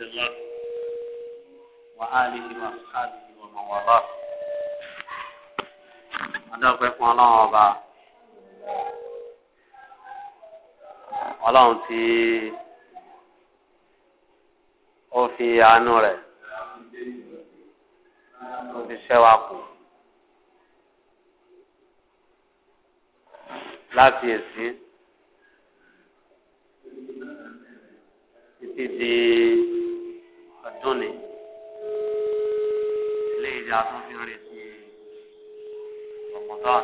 رسول الله وآله وأصحابه ومن والاه adáwọ̀pẹ́ fún ọlọ́run ọba ọlọ́run tí ó fi àánú rẹ̀ ó fi ṣẹ́wà kù láti èsì títí di dúnni eléyìí ni a tún fi ń retí ọmọdán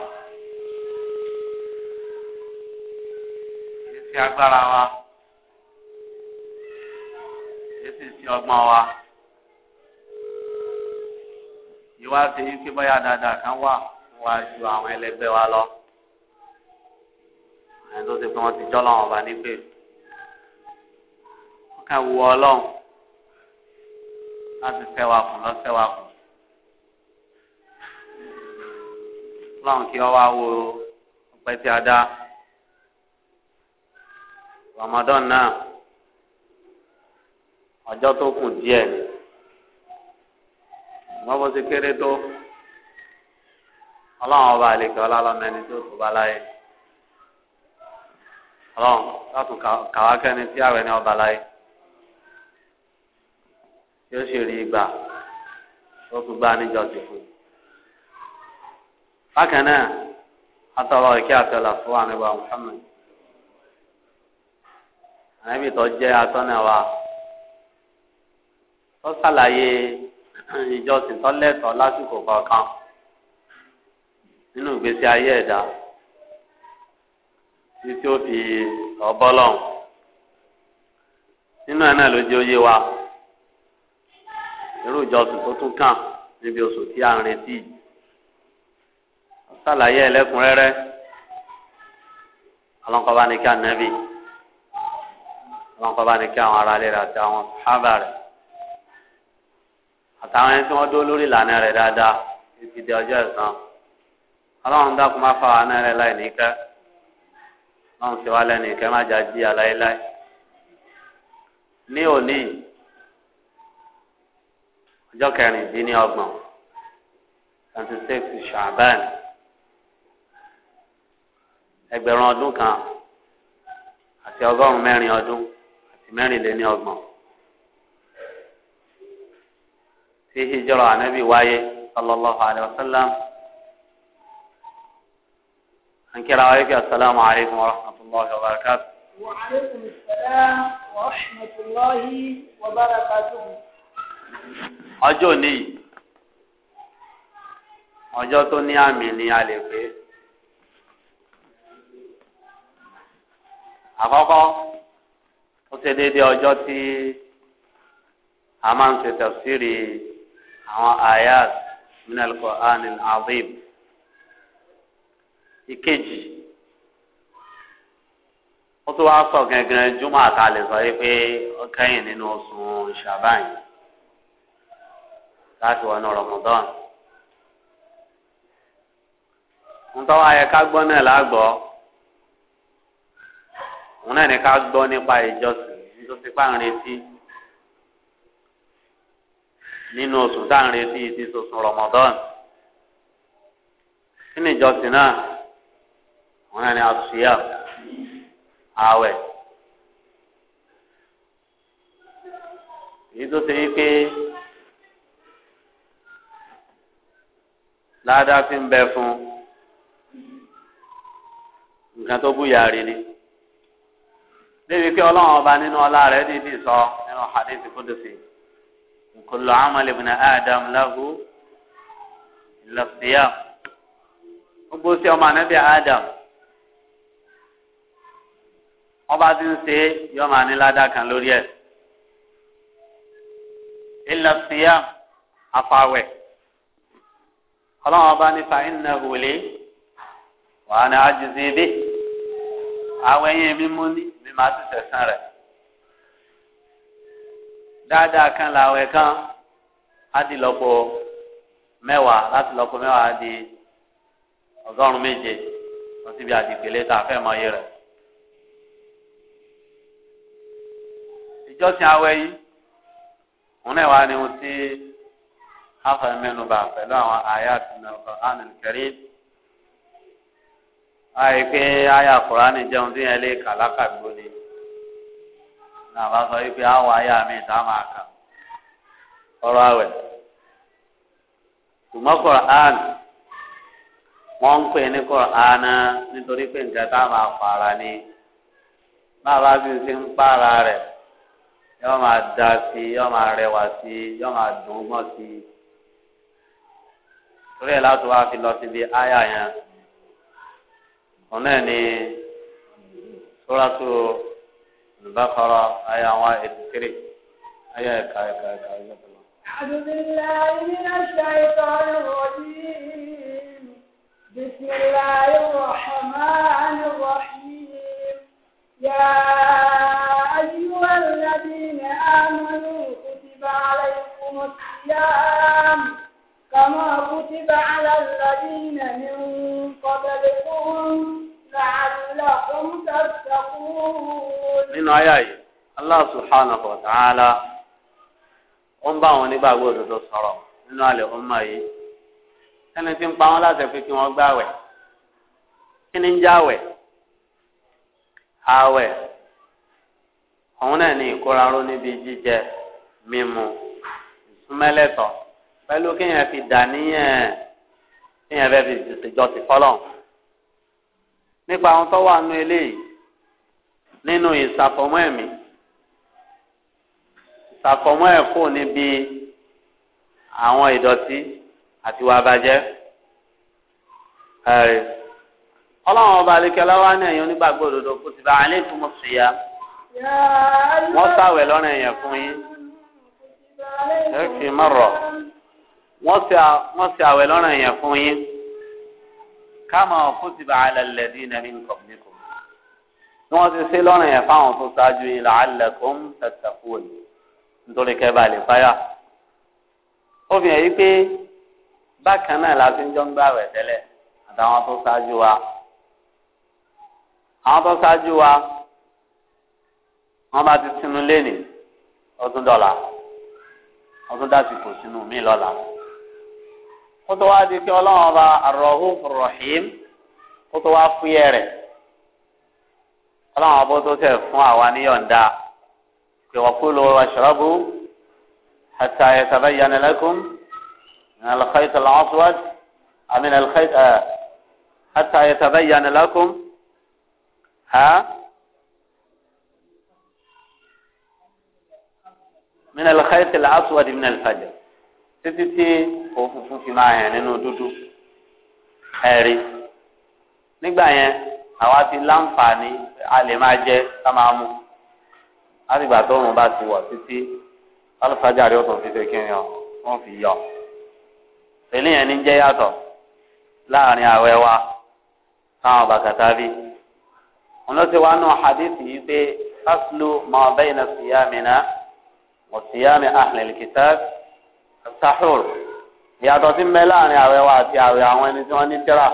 èsì agbára wa èsì sí ọgbọ́n wa ìwà ṣe yí pé bóyá dáadáa kan wà fún wa ju àwọn ẹlẹgbẹ́ wa lọ ẹni tó ti pé wọ́n ti jọ́ lọ́wọ́ ọba nígbè wọ́n kàn wú ọlọ́run láti sẹ́wà kù lọ́sẹ̀wà kù. Ọlọ́run kí ọ wá wo ọpẹ́ tí a dá. Ramadan náà ọjọ́ tó kù díẹ̀ ni. Wọ́n bó ti kéré tó. Ọlọ́run ọba àlekè ọlọ́lọ́mọ ẹni tó tó bá láyé. Ọlọ́run látùn kàwákẹ́ni tí àwẹ̀ ní ọba láyé. yóò igba rí gbà ó fi gbá níjọ sí fún un. bákan náà atọ́lọ́ ìkí àtọ́lá fún wa nígbà Muhammad ànábì tó jẹ́ atọ́nà wa tó ṣàlàyé ìjọsìn tó lásìkò nínú ìgbésí ayé ẹ̀dá títí ó fi ọ̀bọ́lọ́hùn nínú ẹ̀ náà ló jẹ́ wa. irú ìjọsìn tó tún kàn níbi oṣù tí a ń retí ṣàlàyé ẹlẹ́kùnrẹ́rẹ́ ọlọ́nkọ́ba ní kí ànábì ọlọ́nkọ́ba ní kí àwọn aráalé rẹ̀ àti àwọn sábà rẹ̀ àtàwọn ẹni tí wọ́n dó lórí ìlànà rẹ̀ dáadáa títí di ọjọ́ ẹ̀san ọlọ́run dákun má fa àwọn ẹrẹ láì níkẹ́ ọlọ́run ṣe wá lẹ́nu ìkẹ́ má jà jí aláìláì ní òní yìí ọjọ́ kẹrìndínlọ́gbọ̀n twenty six ṣàbẹ́ẹ̀nì ẹgbẹ̀rún ọdún kan àti ọgọ́rùn-ún mẹ́rin ọdún àti mẹ́rìnlélọ́gbọ̀n tí hijira anabi wáyé sallallahu alayhi wa sallam ankira wa yake assalamu alaikum wa rahmatullahi wa barakatuh. wa alaikum assalam wa rahmatullahi wa barakatuh ọjọ́ òní yìí ọjọ́ tó ní àmì ni a lè pè é àkọ́kọ́ ó ṣe déédéé ọjọ́ tí a máa ń ṣe tafsiri àwọn ayat min al azim ìkejì ó tún wá sọ gẹ́gẹ́ jùmọ̀ àtàlẹ́ sọ yìí pé ó kẹ́yìn nínú oṣù ṣàbáyìn láti wọ ní Ramadan ntọ́wọ́ ayẹ ká gbọ́ náà lágbọ́ òun náà ní ká gbọ́ nípa ìjọsìn nítorí pé à ń retí nínú oṣù tá à ń retí ti sọ̀sùn Ramadan kí ni ìjọsìn náà òun náà ní àtúnṣe àwẹ̀ èyí ṣe yí pé. ládàá fi ń bẹ fún nǹkan tó búyàrí ni níbi pé ọlọ́run ọba nínú ọlá rẹ̀ dìdí sọ nínú hadith kudusi kullu amali ibn adam lahu illa siyam gbogbo sí ọmọ anabi adam wọn bá ti ń ṣe yọmọ anilada kan lórí ẹ illa siyam ọlọ́run ọba ní fàáyínà òwòlé wàá ní àjùzí bí àwọn ẹ̀yìn mi mú ní mi máa ti sẹ̀sán rẹ̀ dáadáa kan làwọn ẹ̀kan á di lọ́pọ̀ mẹ́wàá láti lọ́pọ̀ mẹ́wàá di ọgọ́rùn-ún méje lọ síbi àdìgbélé tá a fẹ́ mọ iye rẹ̀. ìjọsìn awẹ́ yìí òun náà wà ní ohun tí. afẹ́mẹ́nuba pẹ̀lú àwọn àyà tìǹbù ánì kẹrí. àyè pé àyà kùránì jẹun tí yẹn lè kalaka lákàgbó ni náà bá sọ wípé mi ìta máa kà ọ̀rọ̀ àwẹ̀. ṣùgbọ́n kùránì wọ́n ń pè ní kùránì nítorí pé fara ni bàbá bí o ṣe ń pààrà rẹ̀ da si rẹwà si dùn torí ẹ̀ láti wá fi lọ síbi àyà yẹn ọ̀nà ẹ̀ ní sóràtú àyà wọn ètùkiri àyà ẹ̀ka ẹ̀ka ẹ̀ka ẹ̀ka بسم الله الرحمن الرحيم يا أيها الذين آمنوا كتب عليكم الصيام كما كتب على الذين من قبلكم لعلكم تتقون nínú ayé yìí Allah subhanahu wa ta'ala ó ń bá àwọn onígbàgbọ́ òdodo sọ̀rọ̀ nínú àlẹ́ ọmọ yìí ẹni tí ń pa wọn láti fi kí wọ́n gbàwẹ̀ kí ni ń jáwẹ̀ àwẹ̀ òun náà ní ìkóraró níbi jíjẹ mímu ìsúnmẹ́lẹ́tọ̀ọ́ pẹ̀lú kéèyàn fi dà níyẹn kéèyàn fẹ́ fi ṣèjọ ti fọ́lọ̀ nípa àwọn tó wà nù eléyìí nínú ìsàfọ̀mọ́ ẹ̀mí ìsàfọ̀mọ́ ẹ̀ kò níbi àwọn ìdọ̀tí àti wàá bàjẹ́ ẹ̀rí ọlọ́run ọba àlekẹ́lá wa ní ẹ̀yìn onígbàgbọ́ òdodo kò sì bá alẹ́ tó mọ̀ sí ya wọ́n sáwẹ̀ lọ́rùn ẹ̀yẹ̀ fún yín ẹ̀ mọ̀rọ̀ wọ́n ṣe wọ́n ṣe àwẹ̀ lọ́rùn yẹn fún yín káma kutiba ala alladhina min qablikum ni wọ́n ti ṣe lọ́rùn yẹn fáwọn tó ṣáájú yín la'allakum tattaqun nítorí kẹ́bà lè fáyà obìnrin yìí pé bákan náà la fi ń jọ ń gbà wẹ̀ tẹ́lẹ̀ àtàwọn tó ṣáájú wa àwọn tó ṣáájú wa wọ́n bá ti sinú lẹ́nìí ọdún dọ́là ọdún dásìkò sínú mi lọ́la. kó tó wá di pé ọlọ́run ọba Ar-Rahuf Ar-Rahim kó tó wá fúyẹ́ rẹ̀ ọlọ́run ọba tó tẹ̀ fún àwa níyọ̀ǹda pé wọ́n kúlò washrabu hatta yatabayyana lakum من الخيط الأسود من الخيط حتى يتبين لكم ها من الخيط الأسود من الفجر títí tí òun funfun fi máa hàn nínú dúdú ẹ̀rí nígbà yẹn àwa ti láǹfààní a lè máa jẹ ká máa mú látìgbà tó òun bá ti wọ̀ títí alùpàjáde ọ̀tún fi ṣe kí ni ọ wọ́n fi yọ eléyẹn ní jẹ́ yàtọ̀ láàrin àwẹ̀ wa táwọn bàkàtà bí wọn lọ sí wa nù hadith yìí pé fásitì ma bayna siyamina wa siyami ahlil kitab sahur ìyàtọ̀ sí mẹ́ láàrin àwẹ̀ wa àti àwẹ̀ àwọn ẹni tí wọ́n ní tẹ́ra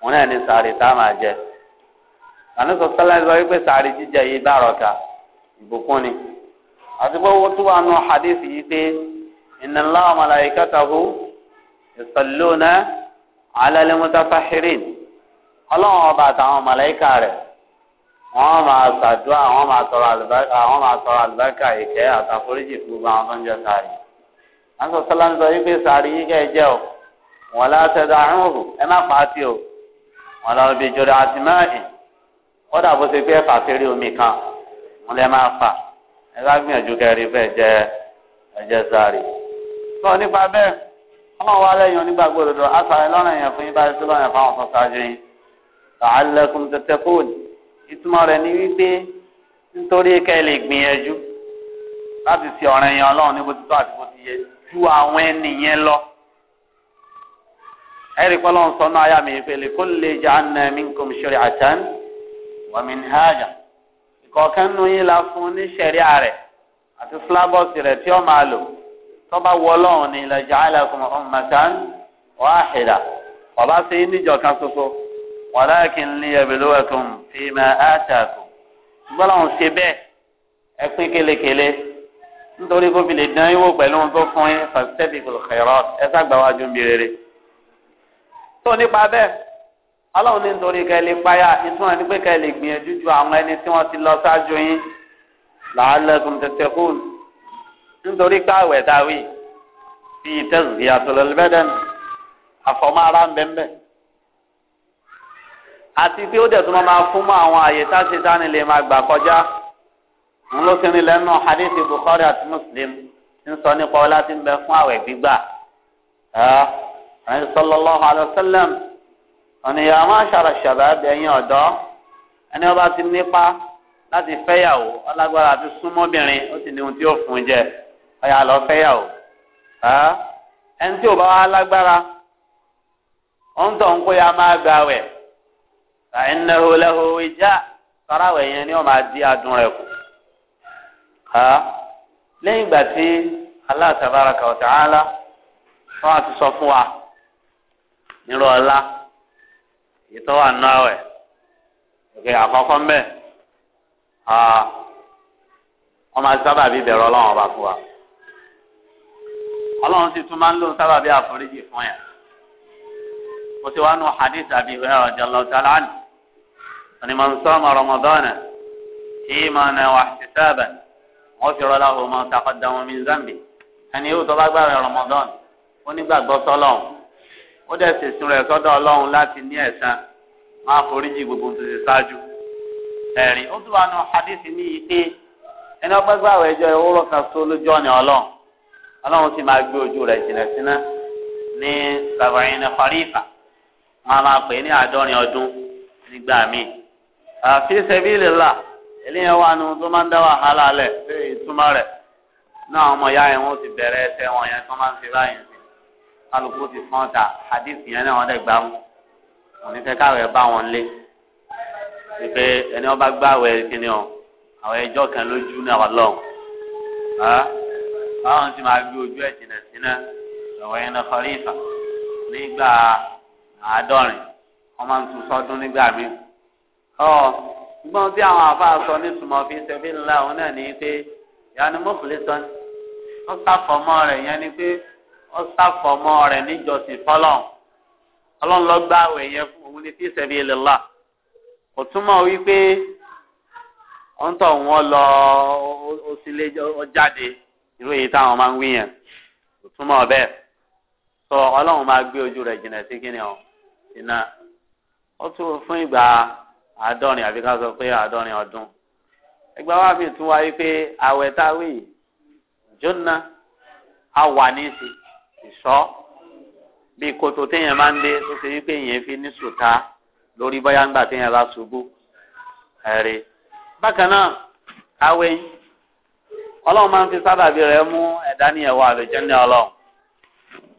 wọn náà ní sàárì tá a máa jẹ àníṣọ sọlá ń sọ wípé sàárì jíjẹ yìí bárọ̀kà ìbùkún ni àti pé wọ́n tún wà nù hadith yìí pé inna Allaha wa malaikatahu yusalluna ala al-mutatahirin ọlọ́run ọba àtàwọn màláìkà rẹ̀ wọ́n máa ṣàdúrà wọ́n máa tọrọ àlùbáríkà ìkẹ́ àtàforíjì fún gbogbo àwọn àǹsọ̀ sọ́lá ń sọ yí pé sàárì yí kẹ́ ẹ jẹ́ o wọn lọ sẹdọ àrùn òhù ẹ má pa á sí o wọn lọ bí jòrò àti máàdì kódà bó ṣe fẹ́ fà fẹ́rẹ́ omi kan wọn lẹ máa fà ẹ bá gbìyànjú kẹrin fẹ́ jẹ ẹjẹ sáré. sọ nípa bẹ́ẹ̀ ọmọ wa lẹ́yìn onígbà gbòdòdó aṣàlẹ̀ lọ́nà yẹn fún yín bá ṣe lọ́nà fáwọn tó ṣáájú yín tààlẹ́kùn tẹ̀tẹ̀ fóònù ìtumọ̀ rẹ̀ ni wípé nítorí kẹ́ lè gbìyànjú láti ṣe ọ̀rẹ́ yẹn ọlọ́run ní ti tó àti bó ti yẹ ju àwọn ènìyàn lọ ẹ̀rí pọ́lọ́n sọ náà ayá mi pé lè kó lè jà ánà minkum shari'atan wa minhaja ìkọ̀ọ̀kan nù yín la fún ní ṣẹ̀ríà rẹ̀ àti fúlábọ́ọ̀sì rẹ̀ tí ó máa lò tọ́ba wọ ọlọ́run ni la ja'alakum ummatan wahida ọba ṣe é níjọ kan ṣoṣo walakin liyabluwakum fima atakum gbọ́dọ̀ ń ṣe bẹ́ẹ̀ ẹ pín kélekèle nítorí kó fi lè dán yín wò pẹ̀lú ohun tó fún yín fastabiqul khairat ẹ ságbà wájú ń bi rere. tó nípa bẹ́ẹ̀ ọlọ́run ní nítorí kẹ́ lè páyà ìtumọ̀ ní pé kẹ́ lè gbìyànjú ju àwọn ẹni tí wọ́n ti lọ ṣáájú yín la'allakum tattaqun nítorí pé àwẹ̀ dáwì fi tazkiyatul badan àfọ̀mọ́ ara ń bẹ́ẹ̀ àti pé ó dẹ̀ tún máa fún mọ́ àwọn àyè tá máa gbà kọjá òun ló sinmi lẹ́nu hadithi bukhari àti muslim ń sọ nípa ọlá tí ń bẹ fún àwẹ̀ gbígbà ẹ̀ẹ́n sallallahu alayhi wa sallam ọ̀nìyàn máa ṣàrà ṣàbà ẹ̀yìn ọ̀dọ́ ẹni ọba ti nípa láti fẹ́yàwó ọlágbára àti súnmọ́bìnrin ó sì ní ohun tí ó fún un jẹ ọ̀yà lọ fẹ́yàwó ẹni tí ò bá wà lágbára ó ń tọ̀ ń kó ya máa gbà wẹ̀ ẹ̀ẹ́n náà lẹ́hó ìjà sọ́ra wẹ̀ yẹn ni ó máa di adùn rẹ̀ kù. ha lẹ́yìn ìgbà tí ta'ala sọ fún wa wà nù òkè àkọ́kọ́ mbẹ́ wọ́n máa sábà bí bẹ̀rẹ̀ ọlọ́run ọba fún wa ọlọ́run sì tún máa ń lò sábà bí ti wá nù hadith àbí ìwé ọ̀jọ̀ wọ́n fi rọ́lá ọmọ takọ̀dáwọn mi zambi ẹni yóò tọ́ba gbàgbé Ramadan ó nígbàgbọ́ sọ́lọ́hún ó dẹ̀ sèṣin rẹ̀ sọ́dọ̀ ọlọ́run láti ní ẹ̀san máa foríjì gbogbo tó ṣe ṣáájú ẹ̀rí ó tún wà nù hadithi ní ike ẹni ọgbẹ́ gbàgbé ẹjọ́ ìwúrọ̀ kan só lójú ọ̀nà ọlọ́run ọlọ́run sì máa gbé ojú rẹ̀ jìnà síná ní sàbàyìn kọ́rífà eléyẹn wà nù tó máa ń dá wàhálà lẹ̀ pé ìtumọ̀ rẹ̀ náà ọmọ ìyá yẹn wọ́n ti bẹ̀rẹ̀ ẹsẹ̀ wọn yẹn tó máa ń fi báyìí sí kálukú ti fọ́n ta hadith yẹn náà wọ́n dẹ̀ gbà mú wọn ní fẹ́ bá wọn lé wípé ẹni wọn bá gbàwẹ̀ kíni o àwọn ẹjọ́ kan lójú náà wà lọ́hùn báwọn ti máa gbé ojú ẹ̀ jìnà síná lọ́wọ́ yẹn náà kọrí ìfà nígbà àádọ́rin wọ́n máa ń tún sọ́dún nígbà míì ṣùgbọ́n tí àwọn àfa sọ ní sùmọ̀ fi ṣẹ́fí ńlá òun náà ní pé ìyanu mọ́fìlẹ́sán ó sàfọ̀mọ́ rẹ̀ yẹn ni pé ó sàfọ̀mọ́ rẹ̀ níjọsìn fọlọ́n ọlọ́run lọ gbá àwẹ̀ yẹn fún òun ní fi ṣẹ́fí ńlá kò túmọ̀ wípé wọ́n tọ̀ wọ́n lọ ó sì lé jáde irú èyí táwọn máa ń wí yẹn kò túmọ̀ bẹ́ẹ̀ sọ ọlọ́run máa gbé ojú rẹ̀ jìnà sí kíni ọ̀ ìná ó tún fún ìgbà àádọ́rin àbí ká sọ pé àádọ́rin ọdún ẹgbẹ́ wa mi tún wáyé pé àwẹ̀ tá a wí yìí jóná a wà ní ìsọ́ bí kòtò téèyàn máa ń dé tó ṣe wípé èèyàn fi ní sùtá lórí bóyá ńgbà téèyàn bá ṣubú ẹ̀rí bákan náà àwẹ̀ yìí ọlọ́run máa ń fi sábàbí rẹ̀ mú ẹ̀dá níyẹ̀wò àlùjẹ́ni ọlọ́run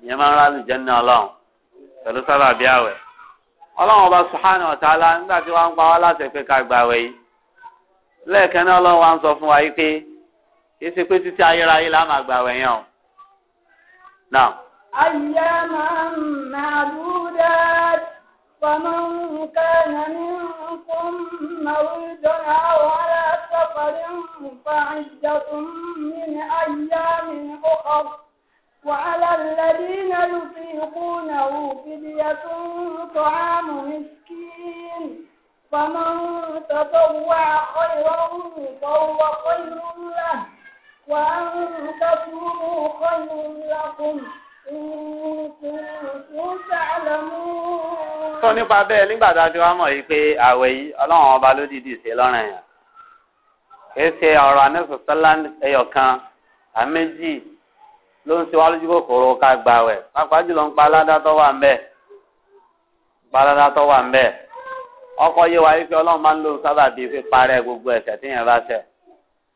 ìyẹn máa ń rà àlùjẹ́ni ọlọ́run pẹ̀lú sábàbí àwẹ̀ ọlọ́run ọba subhanahu wa ta'ala nígbà tí wọ́n ń pa wá láti pé ká gbààwẹ̀ yìí lẹ́ẹ̀kan náà ọlọ́run wa ń sọ fún wa yìí pé kìí ṣe pé títí ayérayé la máa gbààwẹ̀ yẹn o. náà. ayyaman ma'dudat faman kana minkum maridun aw ala safarin fa'iddatun min ayyamin ukhra. وعلى الذين يطيقونه فدية طعام مسكين فمن تطوع خيرا فهو خير له وأن تصوموا خير لكم tó nípa bẹ́ẹ̀ nígbà tá a mọ̀ yìí pé àwẹ̀ yìí ọlọ́run ọba ló dìdì ṣe lọ́rùn yẹn kì ọ̀rọ̀ anẹ́sọ̀sọ́lá ẹyọ̀kan àméjì ló ń ṣe wá lójú kòkòrò ká gbà wẹ̀ pàápàá jùlọ ń pa aládàtọ̀ wà ń bẹ̀ ń pa aládàtọ̀ wà ń bẹ̀ ọkọ̀ yé wa wípé ọlọ́run máa ń lò sábàbí píparẹ́ gbogbo ẹ̀ṣẹ̀ tí yẹn bá ṣẹ̀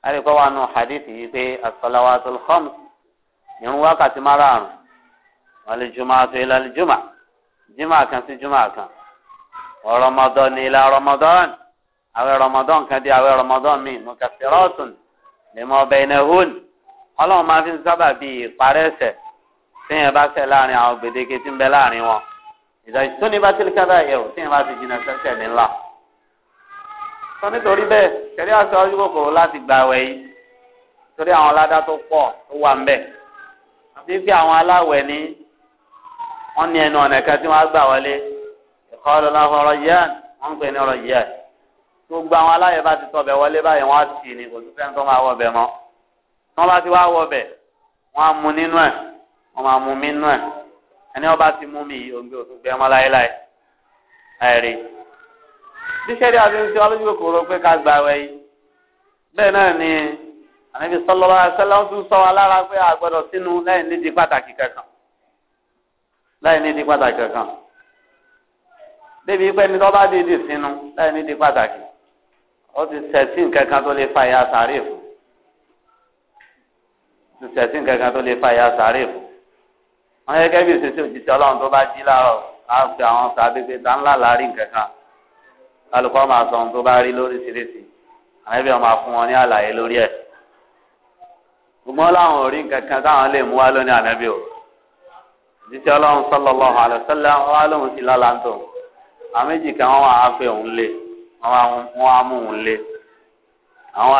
àríkọ́ wa nù hadith yìí pé as-salawatul khams ìrun wákàtí márààrún al-jumu'atu ila al-jumu'ah jùmọ̀ kan sí jùmọ̀ kan Ramadan ila Ramadan àwẹ̀ Ramadan kan di àwẹ̀ Ramadan míì mukaffiratun lima bainahun ọlọ́run máa fi ń sábà bí ìparẹ́ ẹ̀ṣẹ̀ tí yẹn bá ṣẹ̀ láàrin àwọn gbèdéke tí ń bẹ láàrin wọn ìdájọ́ tó ní bá tí kábà ẹ̀rù tí yẹn bá ti jìnnà sẹ́sẹ̀ nílà. sọ nítorí bẹ́ẹ̀ kẹ̀rí àṣọ ojúkòkòrò láti gbà wẹ̀ yìí torí àwọn aládá tó pọ̀ tó wà ń bẹ̀ àti pé àwọn aláwẹ̀ ní wọ́n ní ẹnu ọ̀nà kan tí wọ́n á gbà wọlé ẹ̀kọ́ ọlọ́lọ́fọ́ ọ̀rọ̀ yẹn wọ́n wọ́n bá ti wá wọ bẹ̀ wọ́n á mu nínú ẹ̀ wọ́n máa mu mí nínú ẹni ti mú mi òǹgbẹ òtún ọmọ láéláé ẹ̀rí. bí sẹ́rí àti ń kòkòrò pé ká gba ẹ̀wẹ̀ yìí bẹ́ẹ̀ náà ni ànábi sọlọ́lá ń tún sọ wa lára pé a sínú lẹ́yìn nídìí pàtàkì kankan lẹ́yìn nídìí pàtàkì kankan pé dìídì sínú lẹ́yìn nídìí pàtàkì ó ti sẹ̀sìn kankan tó fa ìyá sàárè fún sẹ̀sìn nǹkan kan tó lè fa ìyá sàárè fún wọn gẹ́gẹ́ bí òṣèṣe òjíṣẹ́ ọlọ́run tó bá jí láàárọ̀ á pe àwọn sàbẹ̀gbẹ̀ tá ńlá láàárín nǹkan kan kálukọ́ máa sọ ohun tó bá rí lóríṣiríṣi àmẹ́bí wọn máa fún wọn ní àlàyé lórí ẹ̀ gbogbo láwọn ò rí nǹkan kan táwọn lè mú wá lónìí àmẹ́bí o òjíṣẹ́ ọlọ́run sallallahu alaihi wasallam wá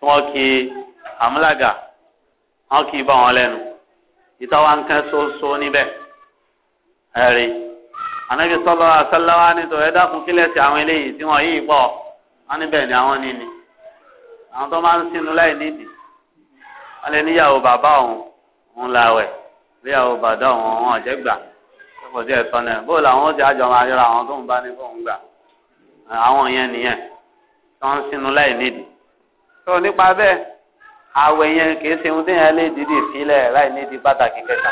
tí wọ́n kí amúlàgà wọ́n kì í bá wọn lẹ́nu ìtọ́ wa ń kẹ́ soso níbẹ̀ ẹ̀rí anabi sọlọ asalawa nítorí ẹ̀dá fún kílẹ̀sì àwọn eléyìí tí wọ́n yìí pọ̀ wọ́n níbẹ̀ ni àwọn níní àwọn tó máa ń sinú láì nídìí wọ́n lè níyàwó bàbá òun òun làwẹ̀ níyàwó bàdá òun òun ọ̀jẹ̀ gbà kò sí ẹ̀tọ́ náà bó làwọn ó ti àjọ máa yọra àwọn tó ń bá ní fóun gbà àwọn yẹn nìyẹn tí ń sinú láì nídìí tó nípa bẹ́ẹ̀ àwẹ̀ yẹn kìí ṣe ohun téèyàn lè dìde ìfilẹ̀ láì ní di pàtàkì kẹta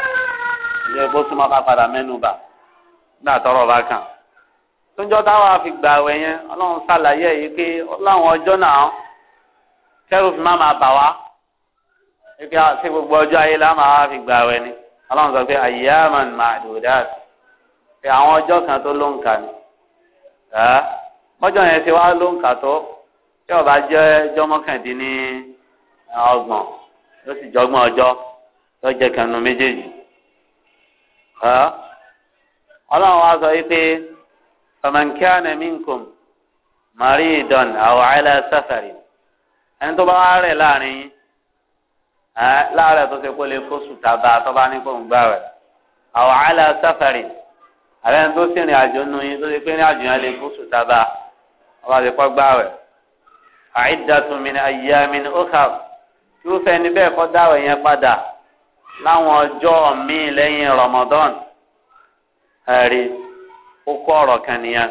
ilé bó súnmọ́ ká padà mẹ́nu bà nígbà tọrọ bá kàn tóńjọ́ táwa fi gbà àwẹ̀ yẹn ọlọ́run ṣàlàyé yìí pé láwọn ọjọ́ náà kẹ́rù fi má máa bà wá pé ṣé gbogbo ọjọ́ ayé la máa fi gbà àwẹ̀ ni ọlọ́run sọ pé ayyaman ma'dudat pé àwọn ọjọ́ kan tó ló ni mọ́jọ́ yẹn ti wá ló tó tí ọba jẹ́ jọmọkàndínní ọgbọ̀n ló sì jọgbọ̀n ọjọ́ lọ́jọ́ kanu méjèèjì ọlọ́run wa sọ wípé famankana minkum maridan aw ala safari ẹni tó bá wá rẹ̀ láàrin yín láàárẹ̀ tó ṣe kó lè kó sùtà bá a tó bá ní kó ń gbà rẹ̀ aw ala safari àrẹ tó sì rìn àjò nù yín tó ṣe pé ní àjò yẹn lè kó sùtà bá a wọ́n bá ti kọ́ gbà rẹ̀ àìdàtún mi ní ayéamin ókà tí ó fẹ́ ní bẹ́ẹ̀ kọ́ dáwọ̀ yẹn padà láwọn ọjọ́ míì lẹ́yìn Ramadan ẹ̀rí ó kọ́ ọ̀rọ̀ kan nìyẹn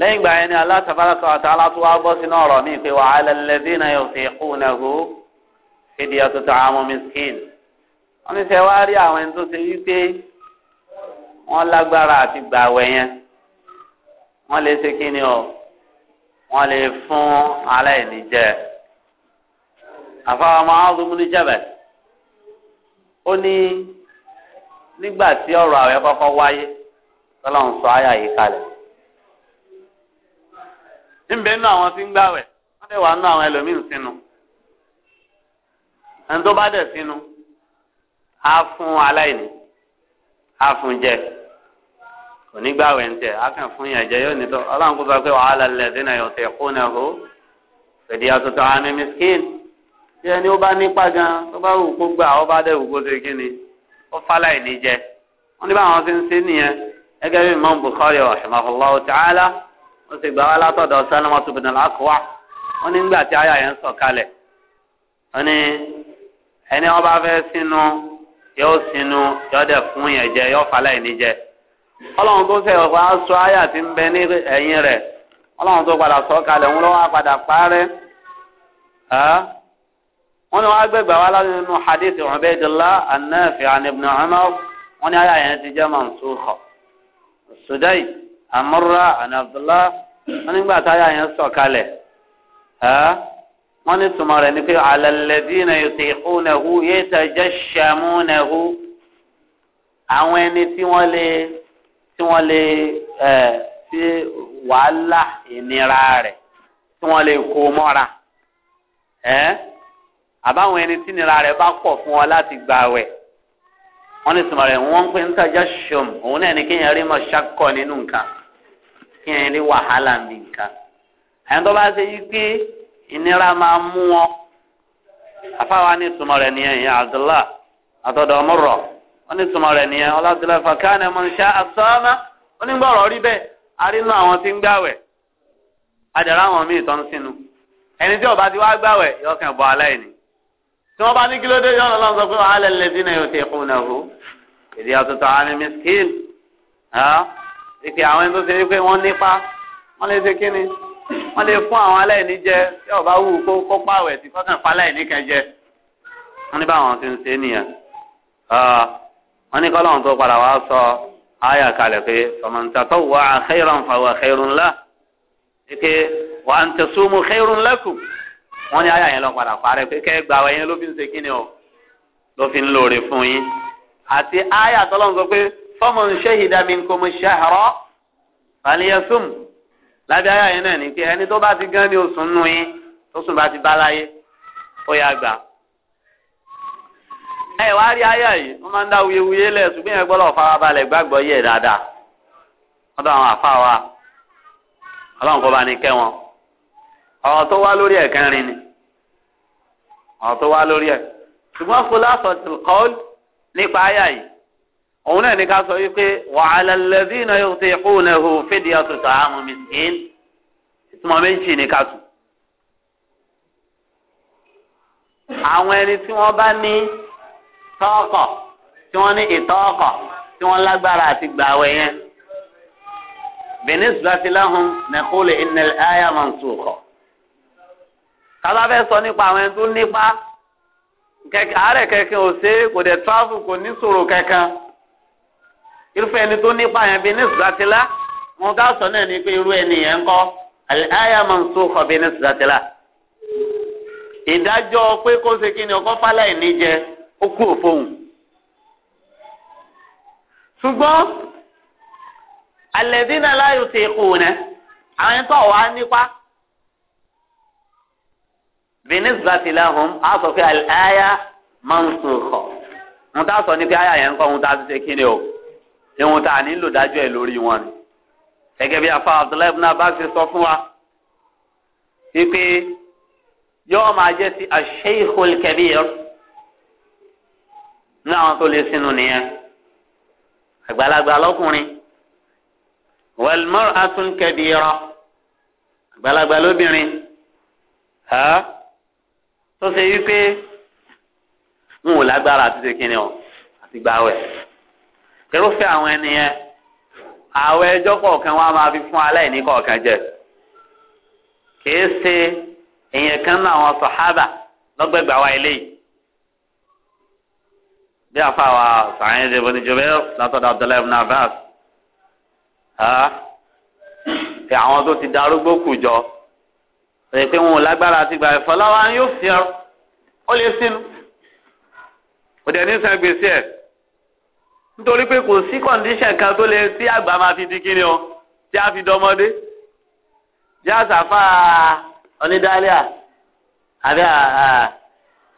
lẹ́yìn ìgbà yẹn ni Allah tabaraka wa ta'ala tún wá bọ́ sínú ọ̀rọ̀ mi pé wa 'ala alladhina yutiqunahu fidyatu ta'amu miskin wọ́n ní sẹ́ rí àwọn ẹni tó ṣe wípé wọ́n lágbára àti gbàwẹ̀ yẹn wọ́n lè ṣe kí ni o wọn lè fún aláìní jẹ àfàwọn ọmọ ní jẹbẹ ó ní nígbà tí ọ̀rọ̀ àwẹ̀ kọ́kọ́ wáyé tọlọ́run sọ àyà yìí kalẹ̀ níbẹ̀ nínú àwọn tí ń gbàwẹ̀ wọ́n lè wà nínú àwọn ẹlòmíín sínú ẹni tó bá dẹ̀ sínú á fún aláìní á fún jẹ onígbàwẹ̀ ń tẹ̀ akàn fún yàn jẹ́ yóò nítọ́ ọlọ́run kó sọ pé wàhálà lẹ́sìn náà yọ̀tẹ̀ kó náà hó fèdí àtúntò àmì miskin tí ẹni ó bá nípa gan tó bá wù kó gbà ó bá dẹ̀ wù kó ṣe kí ni ó fáláì ní jẹ wọn ní báwọn ti ń ṣe nìyẹn gẹ́gẹ́ bí Imam Bukhari rahimahullah ta'ala ó sì gbà wá látọ̀dọ̀ Salamatu bin al-Akwa wọn nígbà tí aya yẹn sọ̀ kalẹ̀ wọn ní ẹni wọn bá fẹ́ sínú yóò sínú yóò dẹ̀ fún yẹn jẹ yóò fáláì ní jẹ ọlọ́run tó fẹ́ wá sọ àyà tí ń bẹ ní ẹ̀yìn rẹ̀ ọlọ́run tó padà sọ kalẹ̀ ń lọ́wọ́ padà parẹ́ wọ́n ní wọ́n agbẹ́gbẹ́ wa láti nínú hadith Ubaydillah an-Nafi an Ibn Umar wọ́n ní àyà yẹn ti jẹ́ mansukha Sudai Amurra an Abdullah nígbà tá àyà yẹn sọ kalẹ̀ wọ́n ní tùmọ̀ rẹ̀ ní pé ala alladhina yutiqunahu yatajashshamunahu àwọn ẹni tí wọ́n lè. tí wọ́n lè ṣe wàhálà ìnira rẹ̀ tí wọ́n lè kó mọ́ra àbáwọn ẹni tí ìnira rẹ̀ bá pọ̀ fún wọn láti gbà wẹ̀ wọ́n ní sùnmọ̀ rẹ̀ wọ́n ń pè ń tajà ṣòm òun náà ni kéèyàn rí mọ̀ ṣàkọ́ nínú nǹkan kéèyàn rí wàhálà ní nǹkan àyàn tó bá ṣe yí pé ìnira máa mú wọn afáwa ní sùnmọ̀ rẹ̀ ní ẹ̀yìn Abdullah àtọ̀dọ̀ ọmọ rọ̀. wọ́n ní sùnmọ́ rẹ̀ nìyẹn ọlọ́dúnlẹ̀ fàkànnì mọ̀ ṣá àtọ́mọ́ ó ní gbọ́rọ̀ rí bẹ́ẹ̀ arínú àwọn tí ń gbàwẹ̀ adàrà àwọn míì tó ń sínú ẹni tí ó bá ti wá gbàwẹ̀ yóò kàn bọ́ aláìní tí wọ́n bá ní kílódé yọ̀ọ́ lọ́n sọ pé wọ́n á lẹ̀ lẹ́sìn náà yóò ti kún náà hù èdè àtúntò àmì miskin ìpè àwọn ẹni tó ṣe wípé wọ́n nípa wọ́n lè ṣe kíni wọ́n lè fún àwọn aláìní jẹ tí ó wù kó kó pàwẹ̀ tí kọ́kàn fa aláìní kan wọ́n ní báwọn ti ń ṣe nìyẹn wọ́n ní kọ́lọ́hún tó padà wá sọ ayà kalẹ̀ pé tọmọ̀ntàtọ̀ wà á xeyìrán fàwà xeyìrún lá ike wà á ń tẹ̀sùmù xeyìrún lẹ́kùn wọ́n ní ayà yẹn lọ padà parẹ́ pé kẹ́ gbà wẹ́yẹn ló fi ń ṣe kí ni o ló fi ń lóore fún yín àti ayà tọ́lọ́hún sọ pé fọ́mọ̀ ń ṣe ìdàmí nǹkan mo ṣe àárọ̀ lábẹ́ ayà yẹn náà ní pé ẹni tó bá ti gán ní oṣù nù yín tó sùn bá ti bá láyé ó yà gbà ẹ wá rí ayé yìí wọ́n máa ń dá wuyewuye lẹ̀ ṣùgbọ́n yẹn gbọ́dọ̀ farabalẹ̀ gbàgbọ́ yẹ̀ dáadáa wọ́n dọ̀ àwọn àfa wa ọlọ́run kó bá ní kẹ́ wọn ọ̀rọ̀ tó wá lórí ẹ̀ kẹrin ni ọ̀rọ̀ tó wá lórí ẹ̀ ṣùgbọ́n kólásọ̀ ti kọ́ọ́lù nípa ayé yìí òun náà ní ká sọ wípé wàhálà lẹ́bí iná yóò ti kú ní ehu fídíà tó tà á ìtumọ̀ méjì ní ká tù. àwọn ẹni tí wọ́n bá ní tọ́ọ̀kọ̀ tí wọ́n ní ìtọ́ọ̀kọ̀ tí wọ́n lágbára àti gbààwẹ̀ yẹn. binisbati lahum naqulu innal aya mansukha. kábà fẹ́ sọ nípa àwọn ẹni tó nípa kẹ̀kẹ́ àárẹ̀ kẹ̀kẹ́ ò ṣe é kò dẹ̀ tọ́ọ̀fù kò ní sòrò kankan. irúfẹ́ ẹni tó nípa yẹn binisbati la wọn ká sọ náà ní pé irú ẹni yẹn ń kọ́ al aya mansukha ìdájọ́ pé kó ṣe kí ni ọkọ́ fálẹ̀ ìníjẹ ó kú òfóhùn. ṣùgbọ́n alẹ́dínà láyò ti kù nẹ àwọn ẹni tó wà nípa binisbati lahum a sọ pé àyà máa ń sùn kọ wọn tá a sọ ní pé àyà yẹn ń kọ wọn tá a ti ṣe kí ni o ìwọn tá a nílò dájọ́ ẹ lórí wọn ni gẹ́gẹ́ bí afa abdullahi ibn abbas sọ fún wa wípé yọọ máa jẹ sí ash-shaykhul ní àwọn tó lè sinú nìyẹn àgbàlagbà lọ́kùnrin wàlmọ́rọ̀ atúnkẹ́bí rọ àgbàlagbà lóbìnrin tó ṣe wípé n ò lágbára àti ṣe kíni ọ àti gbàwẹ̀ irúfẹ́ àwọn ẹnìyẹn àwọn ẹjọ́ kọ̀ọ̀kan wọn máa fi fún aláìní jẹ kìí ṣe èèyàn kan náà wa eléyìí. bí afáwa sàáyìn ṣe fún ìjọba látọ̀dọ̀ Abdullahi ibn Abbas fi àwọn tó ti darúgbó kù jọ rè pé wọn ò lágbára ti gba ìfọláwa yóò fi ọ ó lè sínú òdẹ ní sàn gbèsè ẹ nítorí pé kò sí kọ̀ǹdíṣàn kan tó lè tí àgbà máa fi di kíni o tí a fi dọmọdé jẹ́ àsàfà onídàálíà àbí àà.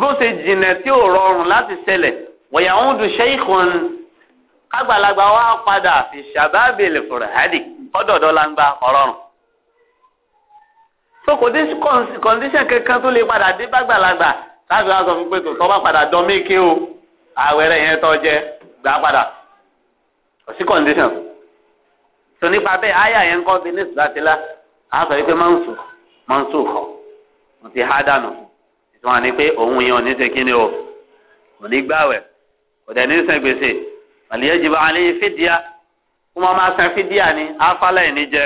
bó ṣe jìnà tí ò rọrùn láti ṣẹlẹ̀ wọ̀yà ń dùn ṣẹ́yìnkùn kágbàlagbà wa padà fi ṣàbábìlì fúrẹ́hádì ọ̀dọ̀dọ̀ la ń gba ọ̀rọ̀rùn. so kò dín kọ́ndíṣàn kankan tó lè padà dé bàgbàlagbà láti wá sọ fún pé tòótọ́ bá padà dán méke o àwẹ̀rẹ̀ yẹn tó jẹ gbà padà kò sí kọ́ndíṣàn. so nípa bẹ́ẹ̀ àyà yẹn ń kọ́ bí ní sùdásílá àá sọ wípé máa ń sùn máa ń kọ́ mo ti há dànù wọn ni pé òun yẹn òní ṣe kíni o òní gbàwẹ̀ kò dẹ̀ ní san gbèsè àlìyé jìbọn àlìyé fídíà kó wọn máa san fídíà ni afálẹ̀ ìní jẹ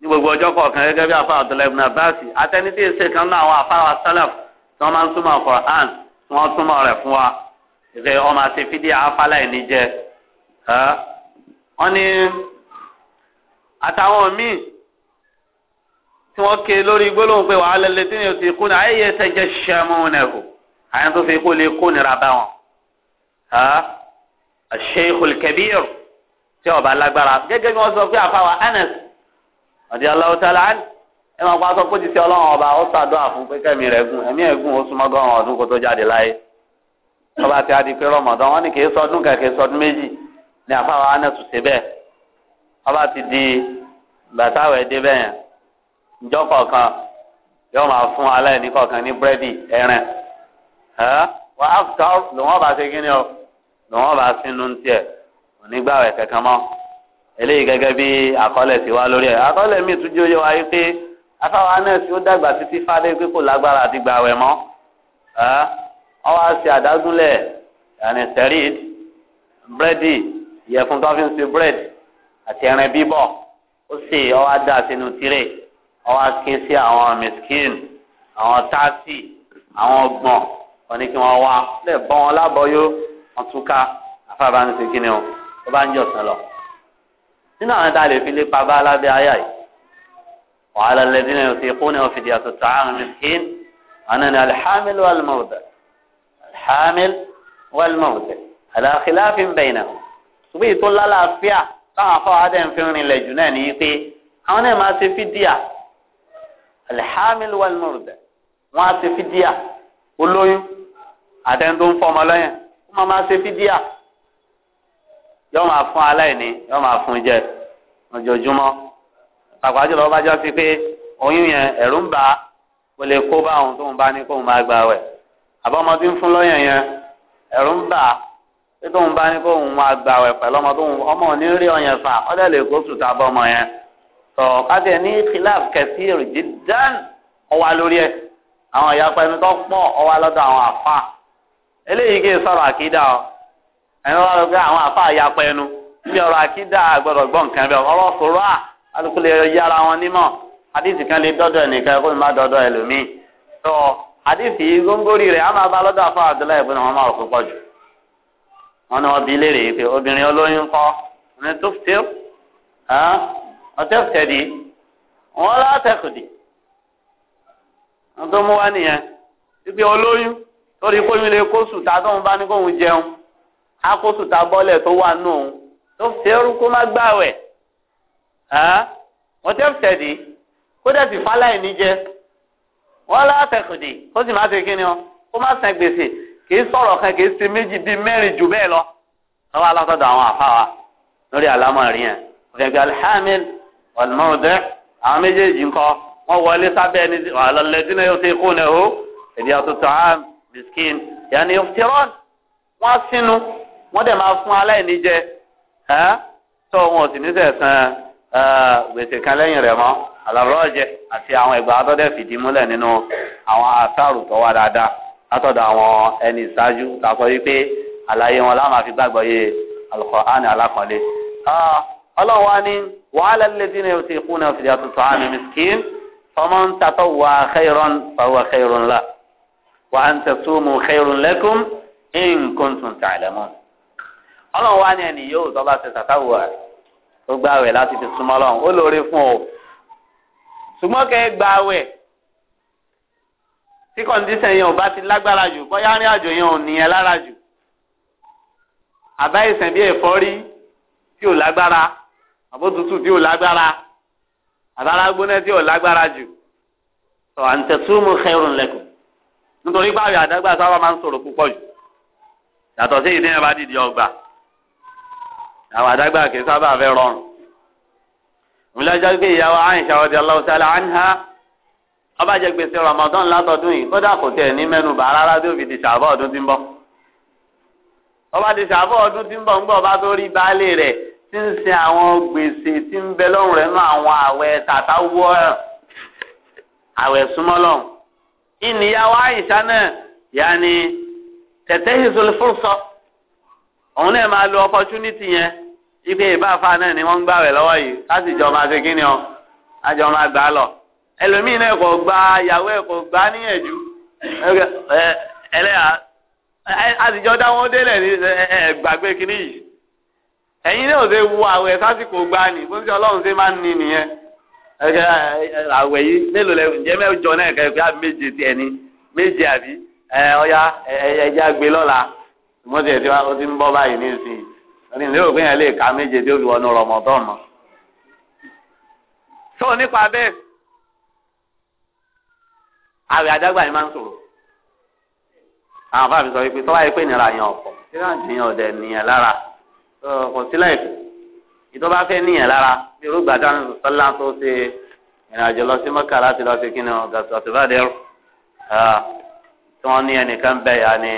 ní gbogbo ọjọ́ kọ̀ọ̀kan gẹ́gẹ́ bí afa àdúrà ibùnà báàsì atẹni tí èsè kan náà àwọn afáwa sálàf tí wọ́n máa ń túmọ̀ Quran tí wọ́n túmọ̀ rẹ̀ fún wa ìfẹ́ wọn máa ṣe fídíà afálẹ̀ ìní jẹ wọ́n ní àtàwọn míì. tí wọ́n ké lórí gbólóhùn pé wàhálà létí ni òsì kú ni ayé ẹsẹ̀jẹ̀ ṣẹ́mú nẹ̀hù àyàn tó fi kó lè kó nira bá wọn. Sheikhul Kabir tí ọba lágbára gẹ́gẹ́ bí wọ́n sọ pé àfàwà Anas ọ̀dí aláwọ̀ tálá ẹ máa pa sọ pé títí ọlọ́run ọba ó sàdúrà fún pé kẹ́mi rẹ̀ gùn ẹ̀mí ẹ̀ ó súnmọ́ gọ́rùn ọdún kó tó jáde láyé ọba ti adi pé rọmọdán wọn ní kì í sọdún kẹkẹ sọdún méjì ní àfàwà Anas ṣe bẹ́ẹ̀ ọba ti di bàtàwẹ̀ dé bẹ́ẹ̀ yẹn ìjọ kọ̀ọ̀kan yóò máa fún aláìní kọ̀ọ̀kan ní búrẹ́dì ẹran wà á lòun bá ṣe kíni o lòun bá sínú ń tiẹ̀ kankan mọ́ eléyìí gẹ́gẹ́ bí àkọọ́lẹ̀ ti wá lórí ẹ̀ àkọọ́lẹ̀ mi tún jẹ́ oyè wáyé pé afáwa náà ó dàgbà títí fádé pé kò lágbára àti gbàwẹ̀ mọ́ ọ wá ṣe àdágúnlẹ̀ yàní sẹ́ríd búrẹ́dì ìyẹ̀fun tó fi ń ṣe búrẹ́dì àti ẹran bíbọ̀ ó sì ọ wá sínú tirẹ̀ ọwọ́ ké sí àwọn miskin àwọn tásì àwọn ọgbọ̀n wọn ni kí wọ́n wá lè bọ́ wọn lábọ́yó wọn tún ká afárá ní sèkínì o ó bá ń jọ̀sán lọ. nínú àwọn tá a lè fi lé pa bá alábẹ́ ayá yìí wàhálà lẹ́dí náà ti kú ní òfìdí àtúntò àrùn miskin àwọn ni alhamil walmawda alhamil walmawda ala khilafin bainahum ṣùgbọ́n ìtòlálàáfíà táwọn afọ adé ń fi rìn lẹ̀ jù náà ní pé àwọn náà máa ṣe fídíà alhamil wal murda wọn á ṣe fídíà olóyún àtẹnudó ń fọmọ lọ́yàn wọn máa ṣe fídíà yóò máa fún aláìní yóò máa fún jẹ ojoojúmọ́ pàpà jùlọ bá jọ sí pé oyún yẹn ẹ̀rù ń bà kó lè kó bá òun tóun bá ní kóun máa gbà wẹ̀ àbọ̀mọdé ń fún lọ́yàn yẹn ẹ̀rù ń bà pé tóun bá ní kóun máa gbà wẹ̀ pẹ̀lú ọmọ tóun ọmọ ò ní rí ọyàn fà ọ́dẹ̀ lè kó sùtà bọ́ ọmọ yẹn tọ káfíà ní khilaf kẹsíìrì jìdán ọwà lórí ẹ àwọn ìyapa ẹni tó pọ̀ ọwà lọ́dọ̀ àwọn àfa eléyìí kì í sọ̀rọ̀ àkídà ọ ẹni wọn lọ pé àwọn àfa ìyapa ẹnu níbi ọ̀rọ̀ àkídà gbọ́dọ̀ gbọ́ nǹkan bẹ ọ̀rọ̀ sọ̀rọ̀ à alùpùpù lè yára wọn nímọ̀ àdìsí kan lè dọdọ ẹnìkan kó má dọdọ ẹlòmíì tọ àdìsí góńgórì rẹ á máa bá lọ́dọ̀ àfa Abdullahi ọ̀tẹ́fẹ̀dì wọn látẹ̀kùdì wọn tó mú wá nìyẹn ibi olóyún lórí kóyún lè kó sùtà tóun bá ní kóun jẹun á kó sùtà bọ́lẹ̀ tó wà nù òun tó fẹ́rù kó má gbàwẹ̀ ọ̀tẹ́fẹ̀dì kó dẹ̀ sì fáláì níjẹ wọn látẹ̀kùdì kó sì má ṣe kí ni ọ kó má san gbèsè kì sọ̀rọ̀ kan kì í méjì bíi mẹ́rin jù bẹ́ẹ̀ lọ lọ́wọ́ alátọ́dọ̀ àwọn àfa wa lórí àlámọ̀ rí yẹn ọ̀fẹ́ alhamdulilayi ọ̀lùmọ́ọ̀dẹ́ àwọn méjèèjì ńkọ wọ́n wọlé sábẹ́ ẹni ọ̀lọ́lẹ́dínlẹ́ yóò ti kú ní o èdè àtúntò àm biskin yàní ọ̀tírọ́n wọ́n sínú wọ́n dẹ̀ máa fún aláìní jẹ tó wọn ò sì ní sẹ̀sán gbèsè kan lẹ́yìn rẹ̀ mọ́ àlọ́rọ́ọ̀jẹ àti àwọn ìgbà àtọ́dẹ̀ fìdí múlẹ̀ nínú àwọn àṣàrù tó wá dáadáa látọ̀dọ̀ àwọn ẹni ìṣáájú tàbí wípé àlàyé wọn láwọn àfi gbàgbọ́ yé Al-Qur'an alákọ̀ọ́lé ọlọ́run wa ní wàhálà lẹ́dínà yóò ti kú náà fìdí àtúntò àmì mìsíkìn ọmọ ń tatọ́ wà xeyrọ́n fàwọ́ xeyrọ́n la wà ń tẹ̀sùn mu xeyrọ́n lẹ́kùn ń kóńtùn tàlẹ́mọ́. ọlọ́run wa ní ẹni yóò tọ́ba ṣe tàtàwọ̀ ó gbàwẹ̀ láti fi súnmọ́ ọlọ́run ó lóore fún ọ. ṣùgbọ́n kẹ́ ẹ gbàwẹ̀ tí kọ́ndíṣẹ̀ yẹn ò bá ti lágbára jù bóyá àjò yẹn ò àbótútù tí ò lágbára àtàrà gbóná tí ò lágbára jù sọ à ń tẹ̀sùmù khairun lakum nítorí báyìí àdágbà sábà máa ń sọ̀rọ̀ púpọ̀ jù yàtọ̀ sí ìdí yẹn bá dìde ọgbà àwọn àdágbà kì í sábà fẹ́ rọrùn ìmúlẹ́jọ́ pé ìyàwó àyìnṣà ọ̀dẹ ọlọ́ọ̀sálà àníhà ọba jẹ gbèsè Ramadan látọdún yìí kódà kò tẹ̀ ní mẹ́nu bá rárá tó fi di ọdún tí ń bọ̀ ọba di ọdún tí ń bọ̀ ń bọ̀ bá tó rí baálé rẹ̀ tí ń ṣe àwọn gbèsè tí ń bẹ lọ́rùn rẹ̀ nínú àwọn àwẹ̀ tàtà wọ́ àwẹ̀ súnmọ́lọ̀ ìníyàwó àyíṣà náà yàní tẹ̀tẹ̀ ìṣòlùfọ́sọ òun náà máa lo opportunity yẹn ipe ìbáfa náà ni wọ́n ń gbàwẹ̀ lọ́wọ́ yìí láti jọ máa ṣe kí ni ọ àjọ máa gbà á lọ ẹlòmíì náà kò gba ìyàwó ẹ̀ kò gbà á níyànjú ẹlẹ́yà àtijọ́ dáwọ́ délẹ̀ ní ẹ gbàgbé kínní yìí. ẹ̀yin náà ṣe wu àwẹ̀ sásìkò gbani bó ń ṣe ọlọ́run ṣe máa ń ni nìyẹn ẹ̀kẹ́ àwẹ̀ yìí mélòó lẹ ǹjẹ́ mẹ́jọ náà kẹ́ méje ti ẹni méje àbí ẹ ọya ẹja gbé lọ́la mọ́tì ó ti ń bọ́ báyìí ní ìsìn ní ìlú òpin yẹn lè ka méje tí ó fi wọnú sọ nípa bẹ́ẹ̀ àwẹ̀ àdágbà máa ń sọ wípé pé ìnira yẹn ọ̀pọ̀ Eh, kò sí láì fún ìtọ́ba fẹ́ níyàn lára bí irúgbà dáhùn sọ́lá tó ṣe ìrìn àjò lọ sí mọ́kà láti lọ sí kíni gàtò àtìbádẹ́rù ah, tí wọ́n ní ẹnìkan bẹ̀ yà ni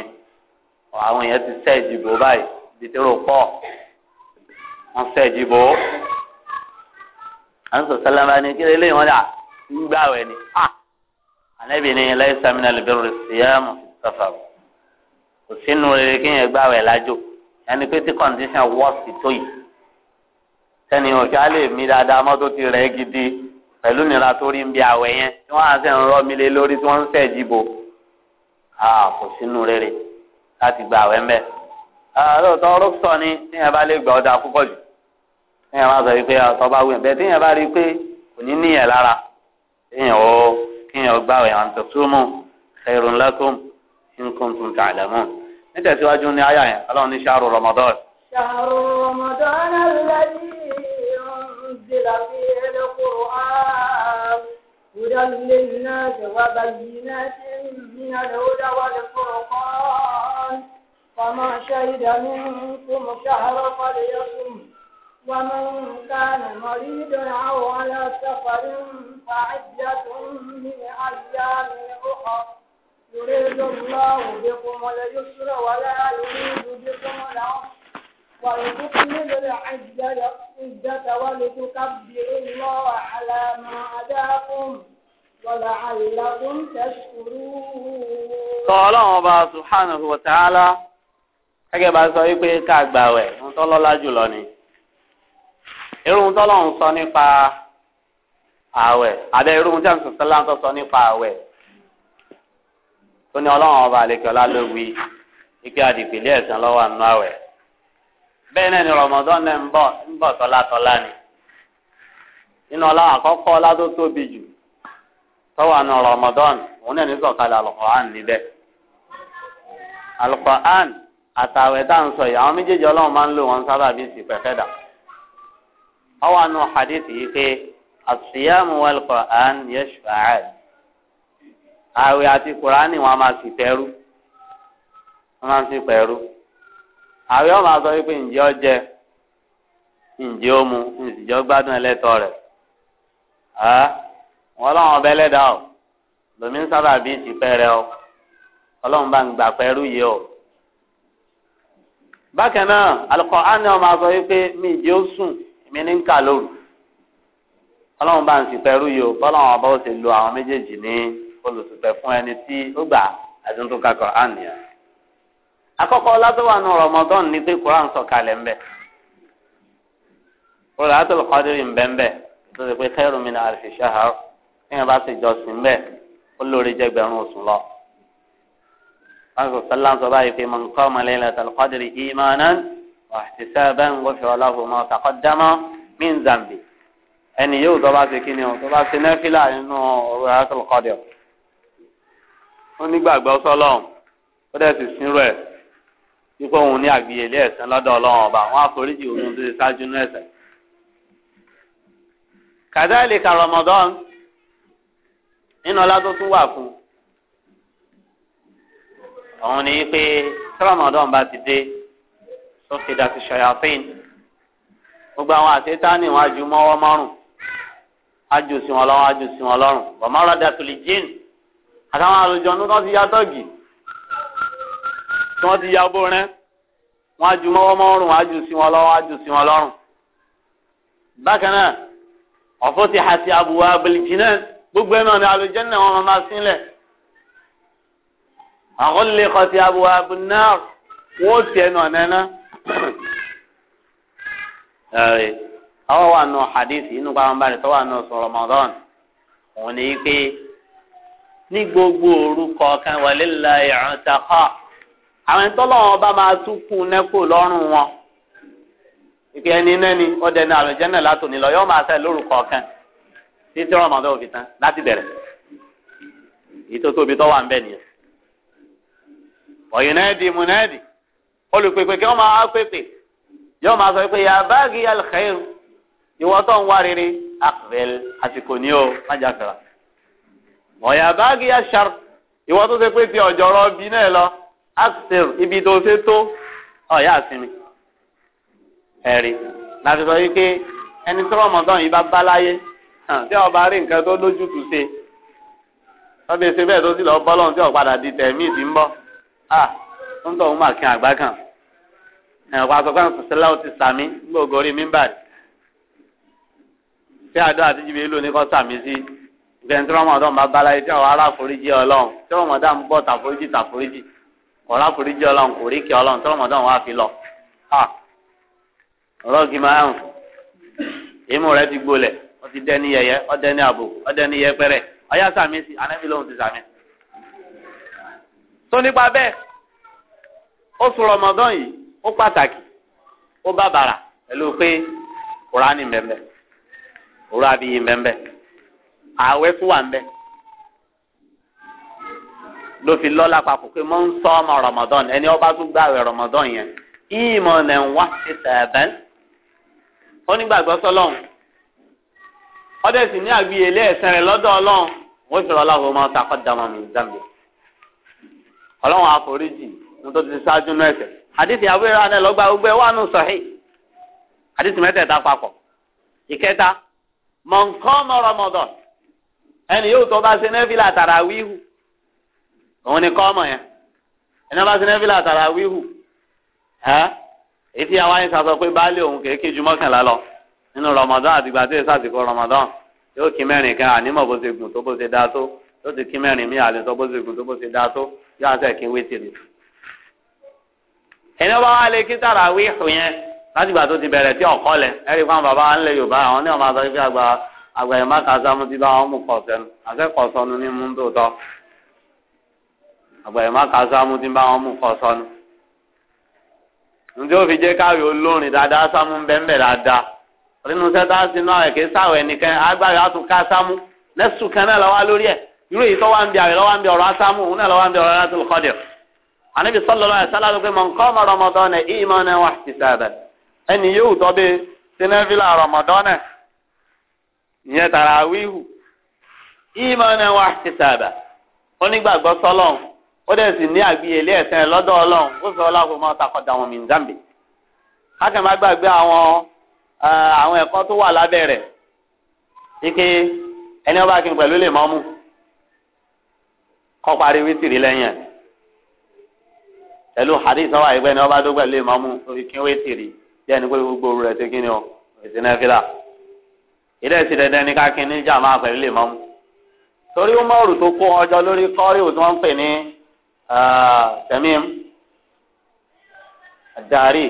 àwọn èèyàn ti sẹ́ ìdìbò báyìí ìdìtẹ́rò pọ̀ wọ́n sẹ́ ìdìbò àwọn sọ̀tẹ́lẹ̀ bá ní kí lélẹ́yìn wọn dà ń gbà wẹ̀ ni ah, ànábì ní ilé ìsàmìnà lè bẹ̀rù síyàmù sọ̀fà kò sínú rere kéèyàn gbà wẹ̀ lájò ẹni pé tí condition worse tó yìí sẹ́ni òkè á lè mí dáadáa mọ́tò ti rẹ̀ gidi pẹ̀lú nira tó rí ń bi àwẹ̀ yẹn tí wọ́n á sẹ́ ń rọ́ mi lé lórí tí wọ́n ń sẹ́ jìbò kò sínú rere láti gba àwẹ̀ ńbẹ́. lóòótọ́ rúkṣọ ni tí yẹn bá lè gbà ọjà púpọ̀ jù tí yẹn bá sọ wípé ọ̀tọ́ bá wù yẹn bẹ́ẹ̀ tí yẹn bá rí i pé kò ní níyẹn lára kéèyàn ó kéèyàn gbàwẹ̀ àǹtọ̀súnmù khairun lakum in kuntum ta'lamun nítẹ̀síwájú ní àyà yẹn ọlọ́run ní ṣáàrù rọmọdọ́ọ̀lù. ṣáàrù rọmọdọ́ọ̀lù lẹ́yìn ọ̀nzìlà fi ẹ̀rẹ́ kúrò áàrù hùdà lè ná ṣẹ̀wá bàyí náà ṣe ń yín àlẹ́ hùdà wà lè kúrò kọ́ọ̀n. fọmọ ṣẹ́yìdà mi ń kú mu ṣàárọ̀ fọlẹ̀ yẹ kú mu. ومن كان مريضا أو على سفر فعدة من أيام يريد الله بكم اليسر ولا يريد بكم العسر ولتكملوا العزة ولتكبروا الله على ما هداكم ولعلكم تشكرون. قال الله سبحانه وتعالى gẹ́gẹ́ bá sọ wípé ká gbàwẹ̀ ń tọ́lọ́lá jùlọ ni irun tọ́lọ́ ń sọ nípa ààwẹ̀ àbẹ́ irun tí a ń sọ sọ́lá ń sọ nípa ààwẹ̀ tó ní ọlọ́run ọba àlekè ló wí ipe àdìpẹ̀lẹ̀ ẹ̀sán lọ́wọ́ àánú àwẹ̀ bẹ́ẹ̀ náà ni rọmọdán náà ń bọ̀ ń bọ̀ tọ́lá ni nínú ọlọ́run àkọ́kọ́ tó tóbi jù tọ́wọ́ òun náà ní sọ̀kalẹ̀ alukọ̀án níbẹ̀ àtàwẹ̀ tá à ń sọ yìí àwọn méjèèjì ọlọ́run máa àwẹ̀ àti kùránì wọn a máa sì tẹ́rù wọn máa sì pẹ̀rù àwẹ̀ wọn máa sọ wípé ọ jẹ Ndị ó mu ǹjẹ́ gbádùn ẹlẹ́tọ̀ rẹ̀ wọn lọ́wọ́n ọbẹ̀ lẹ́dàá o lomi ń sábà bí ìtìpẹ́ rẹ o ọlọ́run bá ń gbà pẹ́rù yìí o. bákan náà wípé mi ìjẹ́ ó sùn èmi ní ń kà lóru ọlọ́run bá ń sì yìí o bọ́lọ́run ọba ó sì méjèèjì ní. olùsùpẹ̀ fún ẹni tí ó gbà àdúntò kakọ̀ àníyàn. akọ́kọ́ látọ̀wà nù Ramadan ní pé Quran sọ̀kalẹ̀ ńbẹ Lailatul Qadri ńbẹ́ńbẹ́ tó ti pé khairun min alfi shahr kéèyàn bá sì jọ́sìn bẹ́ẹ̀ ó lórí jẹgbẹ̀rún oṣù lọ. wọ́n sọ sọ́lá ń sọ báyìí pé man qama Lailatul Qadri imanan wa ihtisaban ghufira lahu ma taqaddama min dhanbi ó nígbàgbọ́ sọ́lọ́run ó dẹ̀ sì sínú ẹ̀ wípé òun ní àgbìyèlé ẹ̀sán lọ́dọ̀ ọlọ́run ọba wọn àforíjì òun tó ṣe ṣáájú ní ẹ̀sẹ̀. kàdáìlì ka Ramadan nínú ọlá tó tún wà fún òun ni pé tí Ramadan bá ti dé ó fi dàtí ṣayatin gbogbo àwọn àṣetáni wọn ajú mọ́wọ́ márùn-ún ajú sí wọn lọ́wọ́ ajú sí wọn lọ́rùn bọ̀mọ́rọ́ dàtúlì jíìnì àtàwọn àlùjọ̀nù tó ti ya tọ́gì tí wọ́n ti ya bó rẹ́ wọ́n á ju mọ́wọ́mọ́rùn wọ́n á ju sí wọn lọ́wọ́ wọ́n á ju sí wọn lọ́rùn. bákan náà ọ̀fọ́ ti hàti àbùwá abèlìjìnà gbogbo ẹ̀ náà ni àlùjànnà wọn máa sílẹ̀. àkọlẹ̀ kọ́ ti àbùwá abùnà wọ́n ti nà nẹ́nà. ẹ̀rẹ̀ àwọn wà nù hadith inú pa àwọn bá tó wà nù sọ̀rọ̀ Ramadan òun ni pé ní gbogbo òru kọ̀ọ̀kan wàlẹ́ la ìrìn takọ́ àwọn ìtọ́lọ́wọ́n bá máa tún kún nẹ́kù lọ́rùn wọn ìpè ẹni náà ni ọdẹ ní àlùjẹ́nà látòní lọ yóò máa fẹ́ lórúkọ kan títí ọ̀rọ̀ mọ́tò òfin tán láti bẹ̀rẹ̀ èyí tó tóbi tó wà ń bẹ̀ nìyẹn. ọ̀yìn náà di mu náà di olùpèpè kí wọ́n máa pèpè yóò máa sọ pé yà báàgì alxeyr ìwọ ń wá rere àpẹẹrẹ àsìkò ní o má ọ̀yà báàgì àṣàr ìwọ tó ṣe pé ti ọ̀jọ̀rọ̀ bí náà lọ àṣìṣe ibi tó ṣe tó ọ̀yà àsinmi ẹ̀rí láti sọ wípé ẹni tí rọmọdán yìí bá bá láyé tí ọba rí nǹkan tó lójútùú ṣe ọbẹ̀ ṣe bẹ́ẹ̀ tó sì lọ bọ́ lọ́hùn tí ọ̀padà di tẹ̀mí ìdí ń bọ́ à ń tọ̀ ń mà kí àgbá kan ẹ̀rọ pa sọ́kàn sọ́sẹ́lá ó ti sàmí gbogbo orí mímbàdì tí àdó àti jìbìlì lónìí kọ́ sàmí sí bẹ́ẹ̀ tí rọmọdún bá bala yìí tí àwọn aláforíjì ọlọ́run tí rọmọdún ń bọ̀ tàforíjì tàforíjì ọ̀rọ̀ ọlọ́run kò rí kí ọlọ́run tí fi lọ. ọlọ́ọ̀gì máa ń ìmú rẹ ti gbolẹ̀ ó ti dẹ́ ní yẹyẹ ó dẹ́ ní àbò ó dẹ́ ní yẹpẹrẹ ọyá sàmì sí ti ààwẹ̀ tún wà ń bẹ ló fi lọ́la papọ̀ pé mọ́ ń sọ ọmọ rọmọdán ẹni ọba tún gbààwẹ̀ rọmọdán yẹn ìmọ̀ nà ń wá ṣe sẹ̀bẹ́n ó nígbàgbọ́ sọlọ́hún ọdẹ sì ní àgbìyẹlé ẹ̀sẹ̀ rẹ̀ lọ́dọ̀ ọlọ́run wọ́n sọ̀rọ̀ ọlọ́run máa takọ́ dàmọ́ mi dàmí ọlọ́run àforíjì ní tó ti ṣáájú náà ẹ̀sẹ̀ àdìsí àbúrò náà lọ́gbà gbogbo ẹ̀ wà nù sọ̀hí àdìsí mẹ́tẹ̀ẹ̀ta papọ̀ ìkẹta mọ̀nkọ́ mọ́ ẹni yóò tó bá ṣe nẹ́fìlà tàràwíhù òun ni kọ́mọ̀ yẹn ẹni bá ṣe nẹ́fìlà tàràwíhù ẹ ètí àwa yẹn sàsọ pé baálé òun kéèké ju mọ́kànlá lọ nínú Ramadan àtìgbà tí èsà àsìkò Ramadan yóò kí mẹ́rin kan ànímọ̀ bó ṣe gùn tó bó ṣe dáa tó yóò ti kí mẹ́rin mí àlè sọ bó ṣe gùn tó bó ṣe dáa tó yóò àṣẹ kí wétìrì. ẹni bá wà lè kí tàràwíhù yẹn látìgbà tó ti bẹ̀rẹ̀ tí ọ̀kọ́ lẹ̀ ẹ̀rí fún àwọn bàbá ńlẹ̀ Yorùbá àwọn ní ọmọ àtọ́jú àgbàyàn má kà sáà mo ti bá wọn mú kọ̀sẹ́nu àfẹ́kọ̀ sọnù ní mú tó tọ́ àgbàyàn má kà sáà mo ti bá wọn mú kọ̀sọ́nu. ǹjẹ́ ó fi jẹ́ káwé olórin dáadáa sámú ń bẹ́ẹ̀ dáadáa nínú sẹ́tà sínú àwọn èké sáwọ̀ ẹnìkan agbára á tún ká sámú lẹ́sùn kan náà lọ́wọ́ lórí ẹ̀ irú èyí tó wá ń bi àwẹ̀ lọ́wọ́ ń bi ọ̀rọ̀ asámú òun náà lọ́wọ́ ń bi ọ̀rọ̀ Lailatul Qadr ànábì sallallahu alaihi wasallam man qama Ramadana imanan wa ihtisaban ẹni yóò tọ́ bẹ́ẹ̀ sínú fílà ìyẹn tàràwíhù ìmọ̀nà wa ti sàbà ó nígbàgbọ́ sọ́lọ́n ó dẹ̀ sì ní àgbéyẹlé ẹ̀sẹ̀ lọ́dọ̀ ọlọ́run ó sọ ọlọ́run máa takọ̀dà wọn min zambi kákan má gbàgbé àwọn àwọn ẹ̀kọ́ tó wà lábẹ́ rẹ̀ ike ẹni ọba kí n pẹ̀lú lè mọ́mú kọ́ parí wítìrì lẹ́yìn ẹ̀ pẹ̀lú hadith ọwọ́ àyẹ̀gbẹ́ ẹni ọba dó pẹ̀lú lè mọ́mú orí kí wítìrì bí ẹni pé gbogbo rẹ̀ ṣe kí ni ọ èsì náà fi là ìdẹ́sí dandan ní kákin ní jàmá pẹ̀lú lè mọ́mú torí ó mọ̀rù tó kó ọjọ́ lórí kọ́rí òtún wọn ń pè ní Tamim Dari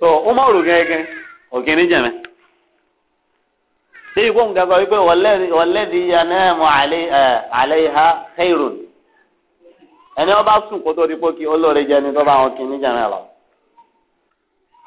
so ó mọ̀rù gẹ́gẹ́ òkè ní jẹ̀mẹ́ tí ìgbóhùn gẹ́gẹ́ wípé wọlẹ́dì yanamu alayha khairun ẹni ọba sùn kó tó di pókí ó lóore jẹ ni tó bá wọn kì ní jẹ̀mẹ́ lọ.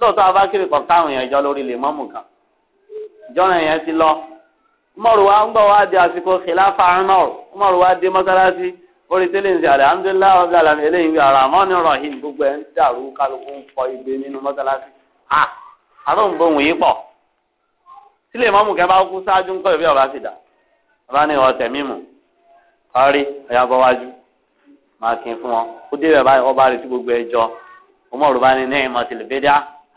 lóòótọ́ abákiri kan káwọn èèyàn jọ lórí lè mọ́mù kan jọ́nà yẹn ti lọ mọ̀rù wa ń gbọ́ wá di àsìkò kìláfà mọ̀rù mọ̀rù wa dé mọ́sálásí orí tẹ́lẹ̀ ń ṣe alhamdulillah ọ̀gá àlàmì eléyìí wí ara mọ́ni rahim gbogbo ẹ̀ ń dàrú kálukú ń fọ igbe nínú mọ́sálásí à àtọ̀hún bóun yìí pọ̀ tí lè mọ́mù kẹ́ bá kú ṣáájú ń kọ́ ìbí ọ̀rá sì dà bá ní ọ̀tẹ̀ mímu kọ́rí ọ̀yà wájú máa kí fún wọn ó dé báyìí ọba rẹ̀ tí gbogbo ẹ jọ ọmọ òrùba ní ní ìmọ̀ tìlẹ̀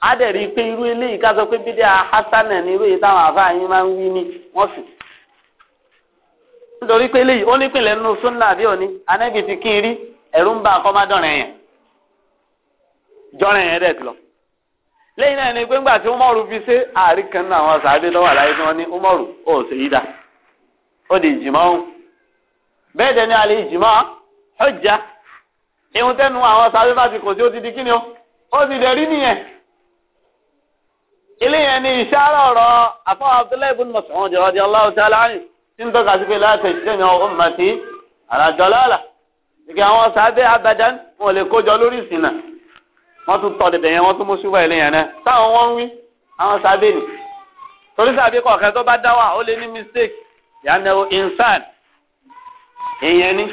a dẹ̀ pé irú eléyìí ká sọ pé bídíà irú yìí táwọn àfáà yín máa ń wí ni wọ́n fi. nítorí pé eléyìí ó nípìnlẹ̀ nínú bí òní ti kí n rí ẹ̀rú ń bá akọ́ má dọ̀rẹ̀ yẹn yẹn lọ. lẹ́yìn náà ni ní umaru ó di ìjìmọ́ bẹ́ẹ̀ ni ìjìmọ́ ọjà ìhun tẹ́nu àwọn sàádé bá ti kò sí di kíni ó ó ti eléyẹn ní iṣẹ́ àárọ̀ ọ̀rọ̀ afọ́ abdullahi ibn Mas'ud radiyallahu ta'ala anhu tí ń tọ́ka sí pé láti ṣiṣẹ́ mi ọ̀hún màtí àràjọlọ́lá ìgbà àwọn sábẹ́ abadan wọn ò lè kójọ lórí ìsìnà wọ́n tún tọ́ dẹ̀dẹ̀ yẹn wọ́n tún mú ṣúgbà eléyẹn náà táwọn wọ́n ń wí àwọn sábẹ́ ni torí sábẹ́ kọ̀ọ̀kan tó bá dá wà ó lé ní mistake yànnà insan èèyàn ni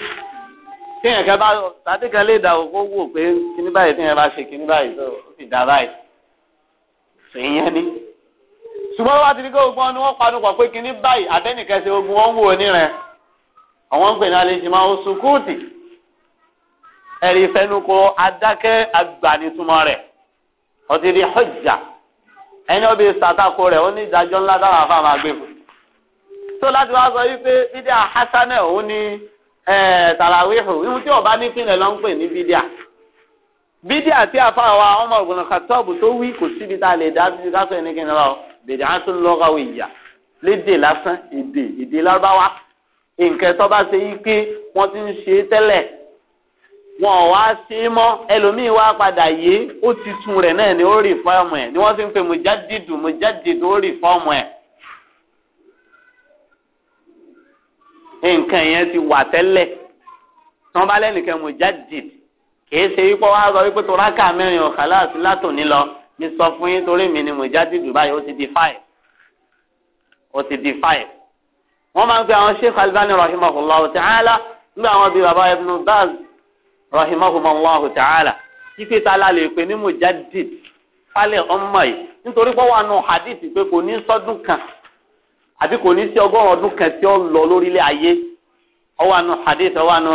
téèyàn kan bá sábẹ́ kan lè dà èèyàn ni ṣùgbọ́n wá ti ní kó gbọ́n ni wọ́n panu pọ̀ pé kínní báyìí àtẹnìkẹsẹ̀ ogun wọn ń wò ní rẹ̀ àwọn ń pè ní alẹ́ ìjìmọ̀ oṣù kúùtì ẹ̀rí ìfẹnukọ adákẹ́ agbanitúmọ̀ rẹ̀ ọtí rí hujja ẹni ọbẹ̀ sàtàkọ rẹ̀ ó ní ìdájọ́ ńlá dára fáwọn agbègbè tó láti wá sọ wípé bídíà hasanẹ òun ní tàràwíhù ihun tí ọba ní kílẹ̀ ló ń pè ní bídíà Bidi àti àfàwà Umar ibn Khattab tó wí kò síbi tá a lè dá bíi káfíń ní kíni lọ bèdè á tún lọ́gàwé ìyá lédè lásán èdè èdè lárúbáwá nǹkan tó bá ṣe yí pé wọ́n ti ń ṣe tẹ́lẹ̀ wọn ò wá ṣe é mọ́ ẹlòmíì wá padà yé ó ti tún rẹ̀ náà ni ó rì fọ́ọ̀mù ẹ̀ ni wọ́n ti ń pè mujaddidu mujaddidu ó rì fọ́ọ̀mù ẹ̀. nǹkan yẹn ti wà tẹ́lẹ̀ tán bá lẹ́nìkan mujaddid kìí ṣe wípé wá sọ wípé tó rákà mẹ́rin ọ̀kà láti látòní lọ mi sọ fún yín torí mi ni mo jáde Dubai ó ti di five ó ti di five. wọ́n máa ń pe àwọn Sheikh Albani rahimahullahu ta'ala nígbà àwọn bíi baba Ibn Baz rahimahullahu ta'ala ipe ta la lè pè ní mo jáde falẹ̀ ọmọ yìí nítorí pé wà nù hadith pé kò ní sọ́dún kan àbí kò ní sí ọgọ́rùn ọdún kan tí ó lọ lórílẹ̀ ayé ọwọ́ ànú hadith ọwọ́ ànú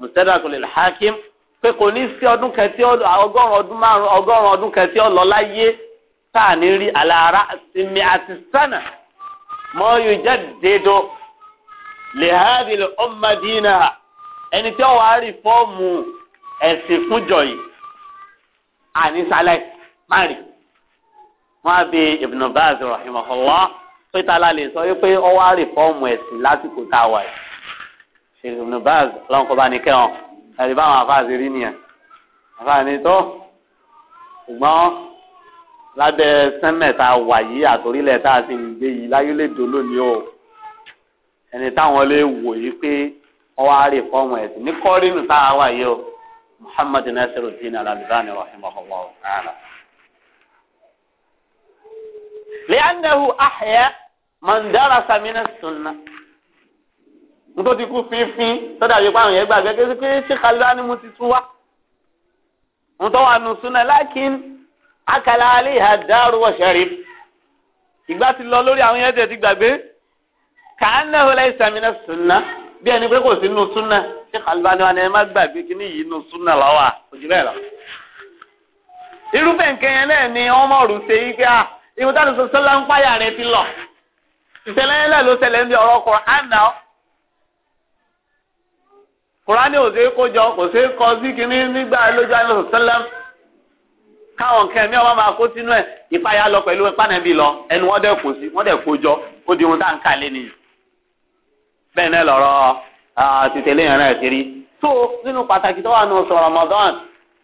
Mustadrak hakim pé kò ní sí ọdún kẹtí ọgọ́rùn ọdún márùn ọgọ́rùn ọdún kẹtí ọlọ́láyé tá à ní rí àlàra sinmi àti sánà mọ yòjá dédó lèhádìí lè ọmọ dínà ẹni tí wọn wá rí fọ́ọ̀mù ẹ̀sìn fúnjọ yìí ànísàlẹ̀ márì wọn á bi Ibn Baz rahimahullah pé tala lè sọ wípé wọn wá rí fọ́ọ̀mù ẹ̀sìn lásìkò tá yìí Ibn Baz lọ́nkọ́ bá ní kẹ́hàn ẹ̀rí báwọn afáàsì rí nìyẹn àfààní tó ṣùgbọ́n lábẹ́ sẹ́mẹ̀ta wà yìí àtòrílẹ̀ tá a ti ń gbé yìí láyélédò lónìí o ẹni táwọn lè wò yìí pé wọ́n wá fọ́ọ̀mù ẹ̀sìn ní kọ́rínù tá a wà yìí o Muhammad Nasiruddin Al-Albani rahimahullah ta'ala. لأنه أحيا من درس من السنة nítorí ti kú fínfín tọ́jà yìí pàrọ̀ yẹn gbàgbé kí pé ṣé kàlíbá ni mo ti tú wá. ń tọ́ wa nù súnà lákìn akàlà alẹ́ ìhà dárò wọ̀ṣẹ̀rì. ìgbà ti lọ lórí àwọn yẹn tẹ̀ ti gbàgbé kàánà ọ̀la ìsàmìnà súnà bí ẹni pé kò sí nù súnà ṣé kàlíbá ni wọn ẹ má gbàgbé kí ni yìí nù súnà lọ́wọ́ òjì bẹ́ẹ̀ lọ. irúfẹ́ nkẹyẹn náà ni ọmọ rù ṣe yí kurani ò ṣeé kó jọ kò ṣeé kọ sí kínní nígbà lójú àná sọlẹm káwọn kẹ mi ọba máa kó sínú ẹ ìpayà lọ pẹ̀lú pánẹbí lọ ẹnu wọn dẹ kó sí wọn dẹ kó jọ ó di ohun tá à ń kà lé nìyí bẹ́ẹ̀ náà lọ̀rọ̀ títẹlẹ yẹn náà ti tó nínú pàtàkì tó wà nù sọ Ramadan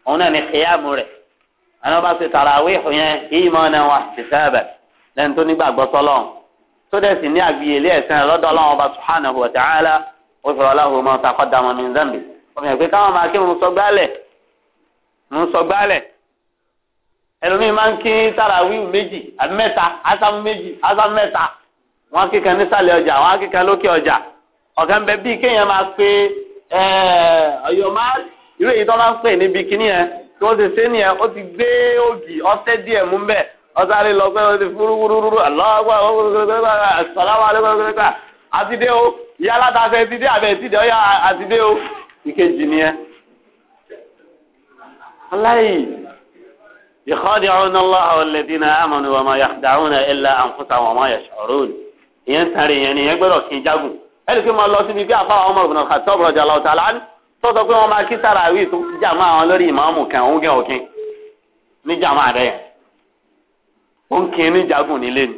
òun náà ní kíyàmù rẹ àwọn bá ṣe tàràwé yẹn yìí mọ náà ó sọ̀rọ̀ aláwo máa ta kọ́dà wọn min zambi ọmọ ma káwọn máa kí wọn sọ gbálẹ̀ wọn sọ gbálẹ̀ ẹlòmíín máa ń kí tarawih méjì mẹ́ta ásámù méjì ásámù mẹ́ta wọn kíkan nísàlẹ̀ ọjà wọn kíkan lókè ọjà ọ̀kan bẹ bíi kéèyàn máa pe ọ̀yọ́ máa irú èyí tó máa ń pè yẹn tí wọ́n ti ṣe nìyẹn ó ti gbé ọ̀sẹ̀ díẹ̀ mú bẹ́ẹ̀ ti àtidé o ìyá alátasẹ ti dé àbẹ ti dé ọyà àtidé o ìkejì nìyẹn. aláì يخادعون الله والذين آمنوا وما يخدعون إلا أنفسهم وما يشعرون ìyẹn sáré yẹn ni ìyẹn gbọ́dọ̀ kí n jágùn ẹni pé mo lọ síbi bí àfa àwọn ọmọ ìbùnà kàtọ́ọ̀bù rọjà lọ tààlà tọ́tọ́ pé wọ́n máa kí sára àwí tó jàmọ́ àwọn lórí ìmáàmù kan òun gẹ̀ òkin ní jàmọ́ àdẹ́yẹ òun kì í ní nílé ni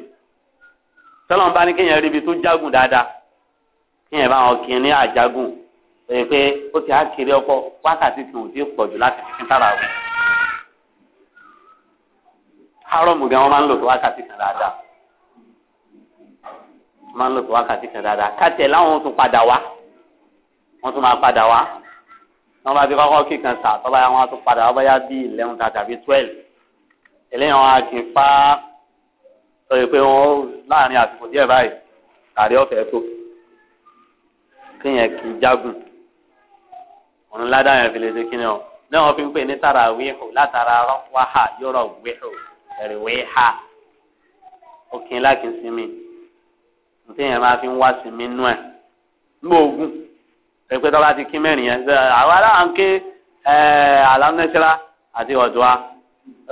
tọ́lọ́n bá ní kéèyàn rí ibi tó jágùn dáadáa kéèyàn bá wọn kí ní àjágùn pé pé ó ti á kiri ọkọ wákàtí tí ò ti pọ̀ jù láti fi kíntàrà wù. hárọ̀mù gan wọn máa ń lò tó wákàtí kan dáadáa máa ń lò tó wákàtí kan dáadáa kátẹ láwọn tún padà wá wọn tún máa padà wá wọn bá ti kọ́kọ́ kí kan sà tọ́ba wọn tún padà wá bóyá bíi eleven tàbí twelve eléyàn wọn á kí n fáá sọ yìí pé wọ́n láàrin àsìkò díẹ̀ báyìí tàrí ọ̀fẹ́ tó kéèyàn kì í jágùn òun ládàá yẹn fi lè ṣe kíni o náà wọ́n fi ń pè ní tara wíhù látara wáhà yọ̀rọ̀ wíhù ẹ̀rì wíhà òkè lákìsímì ntéèyàn máa fi ń wá sinmi nú ẹ̀ ní ogun pẹ̀pẹ́ tó bá ti kí mẹ́rin yẹn ṣe àwọn aláwọ̀ ń ké alámúnẹ́sẹ́lá àti ọ̀dọ́à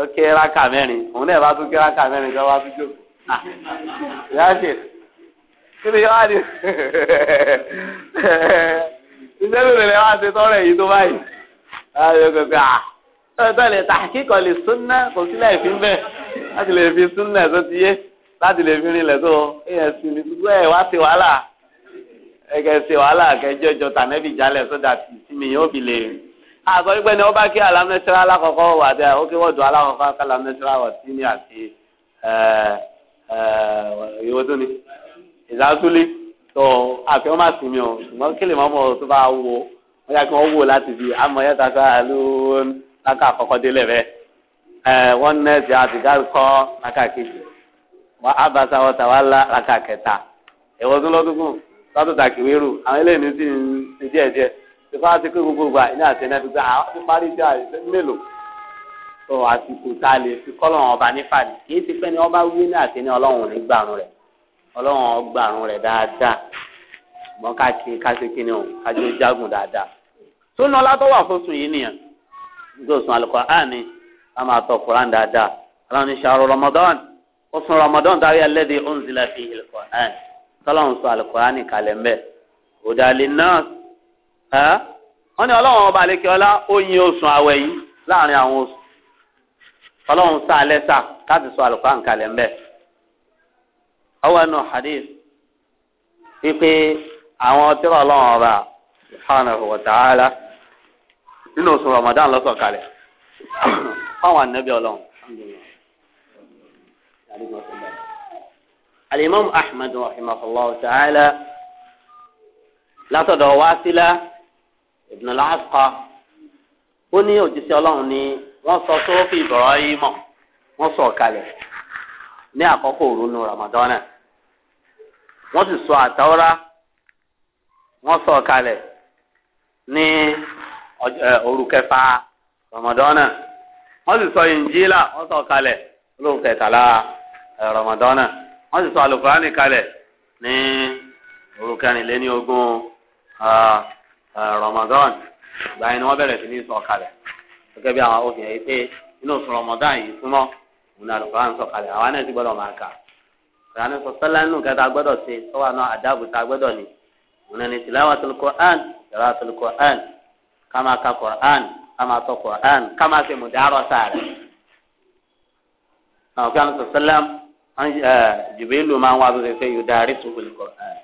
ó ké rákà mẹ́rin òun náà bá tún ké rákà mẹ́rin tó bá tún jókòó yáṣẹ kí ni yọ́wá ni iṣẹ́ mi lè wá ṣe tọ́rọ èyí tó báyìí ayọ̀kọ̀kọ̀ à tọ́lẹ̀ lè tàkíkọ̀ lè súnná kò sí láì fi ń bẹ̀ láti lè fi súnná tó ti yé láti lè fi rinlẹ̀ tó èèyàn sì ní gbogbo ẹ̀ wá ṣe wàhálà ẹ̀kẹ́ ṣe wàhálà kẹjọ jọ tànẹ́bì jálẹ̀ sódà tìmí yóò fi lè rìn àgọ́ ìgbẹ́ ni wọ́n bá kí alámẹ́sẹ̀rá alákọ̀ọ́kọ́ wà dẹ́ ó kí wọ́n dùn alákọ̀ọ́kọ́ alámẹ́sẹ̀rá wọ̀ sí ní àti ẹ̀ẹ́ ìwọ tó ni ìdásúlé tó àfẹ́ wọn máa sìn mí o ṣùgbọ́n kí lè má mọ̀ tó bá wò ó wọ́n yà kí wọ́n wò láti fi àmọ́ yẹ́ta ká ló ń láká àkọ́kọ́ délẹ̀ bẹ́ẹ̀ wọ́n nẹ́ẹ̀sì àtìgáàrí kọ́ láká kejì wọ́n abasa ọ̀tà wà lá láká kẹta ìwọ tó lọ́dúnkùn sọ́tòtà kìwérù àwọn eléyìí ti ń ṣe díẹ̀díẹ̀ ìfọwọ́sí pé gbogbo ìgbà ní àtẹnẹ́ tó àsìkò tá a lè fi kọ́lọ̀ ọba nífàdí kìí ti pẹ́ ni ọba wí ní àti ní ọlọ́run ní gbàrún rẹ̀ ọlọ́run gbàrún rẹ̀ dáadáa ṣùgbọ́n káàkiri káṣíkì ni o kájú jágùn dáadáa tó ná wà yìí nìyẹn ní o àlùkò a máa tọ dáadáa aláwọn oníṣàrò Ramadan oṣù Ramadan dárí alẹ́dẹ ounzila fi tọ́lọ́run sọ kalẹ̀ mbẹ́ ọlọ́run sá alẹ́ sá láti sọ àlùkò àǹkalẹ̀ ń bẹ̀. ọwọ́ ẹnu hadith wípé àwọn tírà ọlọ́run ọba subhanahu wa ta'ala nínú oṣù ramadan ló sọ̀kalẹ̀ fáwọn ànábì ọlọ́run. alimam ahmed rahimahullah ta'ala látọ̀dọ̀ wáṣílá ibn al-asqa ó ní òjíṣẹ́ ọlọ́run ní. wọ́n sọ sófì mọ̀, wọ́n sọ kalẹ̀ ní àkọ́kọ́ òru nu Ramadan wọ́n sì sọ àtàwọ́rá wọ́n sọ kalẹ̀ ní òru kẹfà Ramadan wọ́n sì sọ Injila wọ́n sọ kalẹ̀ olóhùn kẹtàlá Ramadan wọ́n sì sọ alukurani kalẹ̀ ní òru kẹrìnlélógún Ramadan ìgbà ni wọ́n bẹ̀rẹ̀ sí ní sọ kalẹ̀. gẹ́gẹ́ bí àwọn obìnrin yìí pé inú oṣù rọmọdán yìí súnmọ́ òun náà lọ́kọ́ à ń sọ̀kalẹ̀ àwa náà ti gbọ́dọ̀ máa kà kàánù sọ sọ́lá nínú kẹta gbọ́dọ̀ ṣe sọ́wọ́ àná àdáàbò tá a gbọ́dọ̀ ní òun náà ní tilawatul Qur'an tilawatul Qur'an ká máa ka Qur'an ká máa tọ Qur'an ká máa ṣe mùdárọ̀ sáré. àwọn kàánù sọ sọ́lá eh, Jibrilu máa ń wá bí fẹ́ yóò darí sùkúlù Qur'an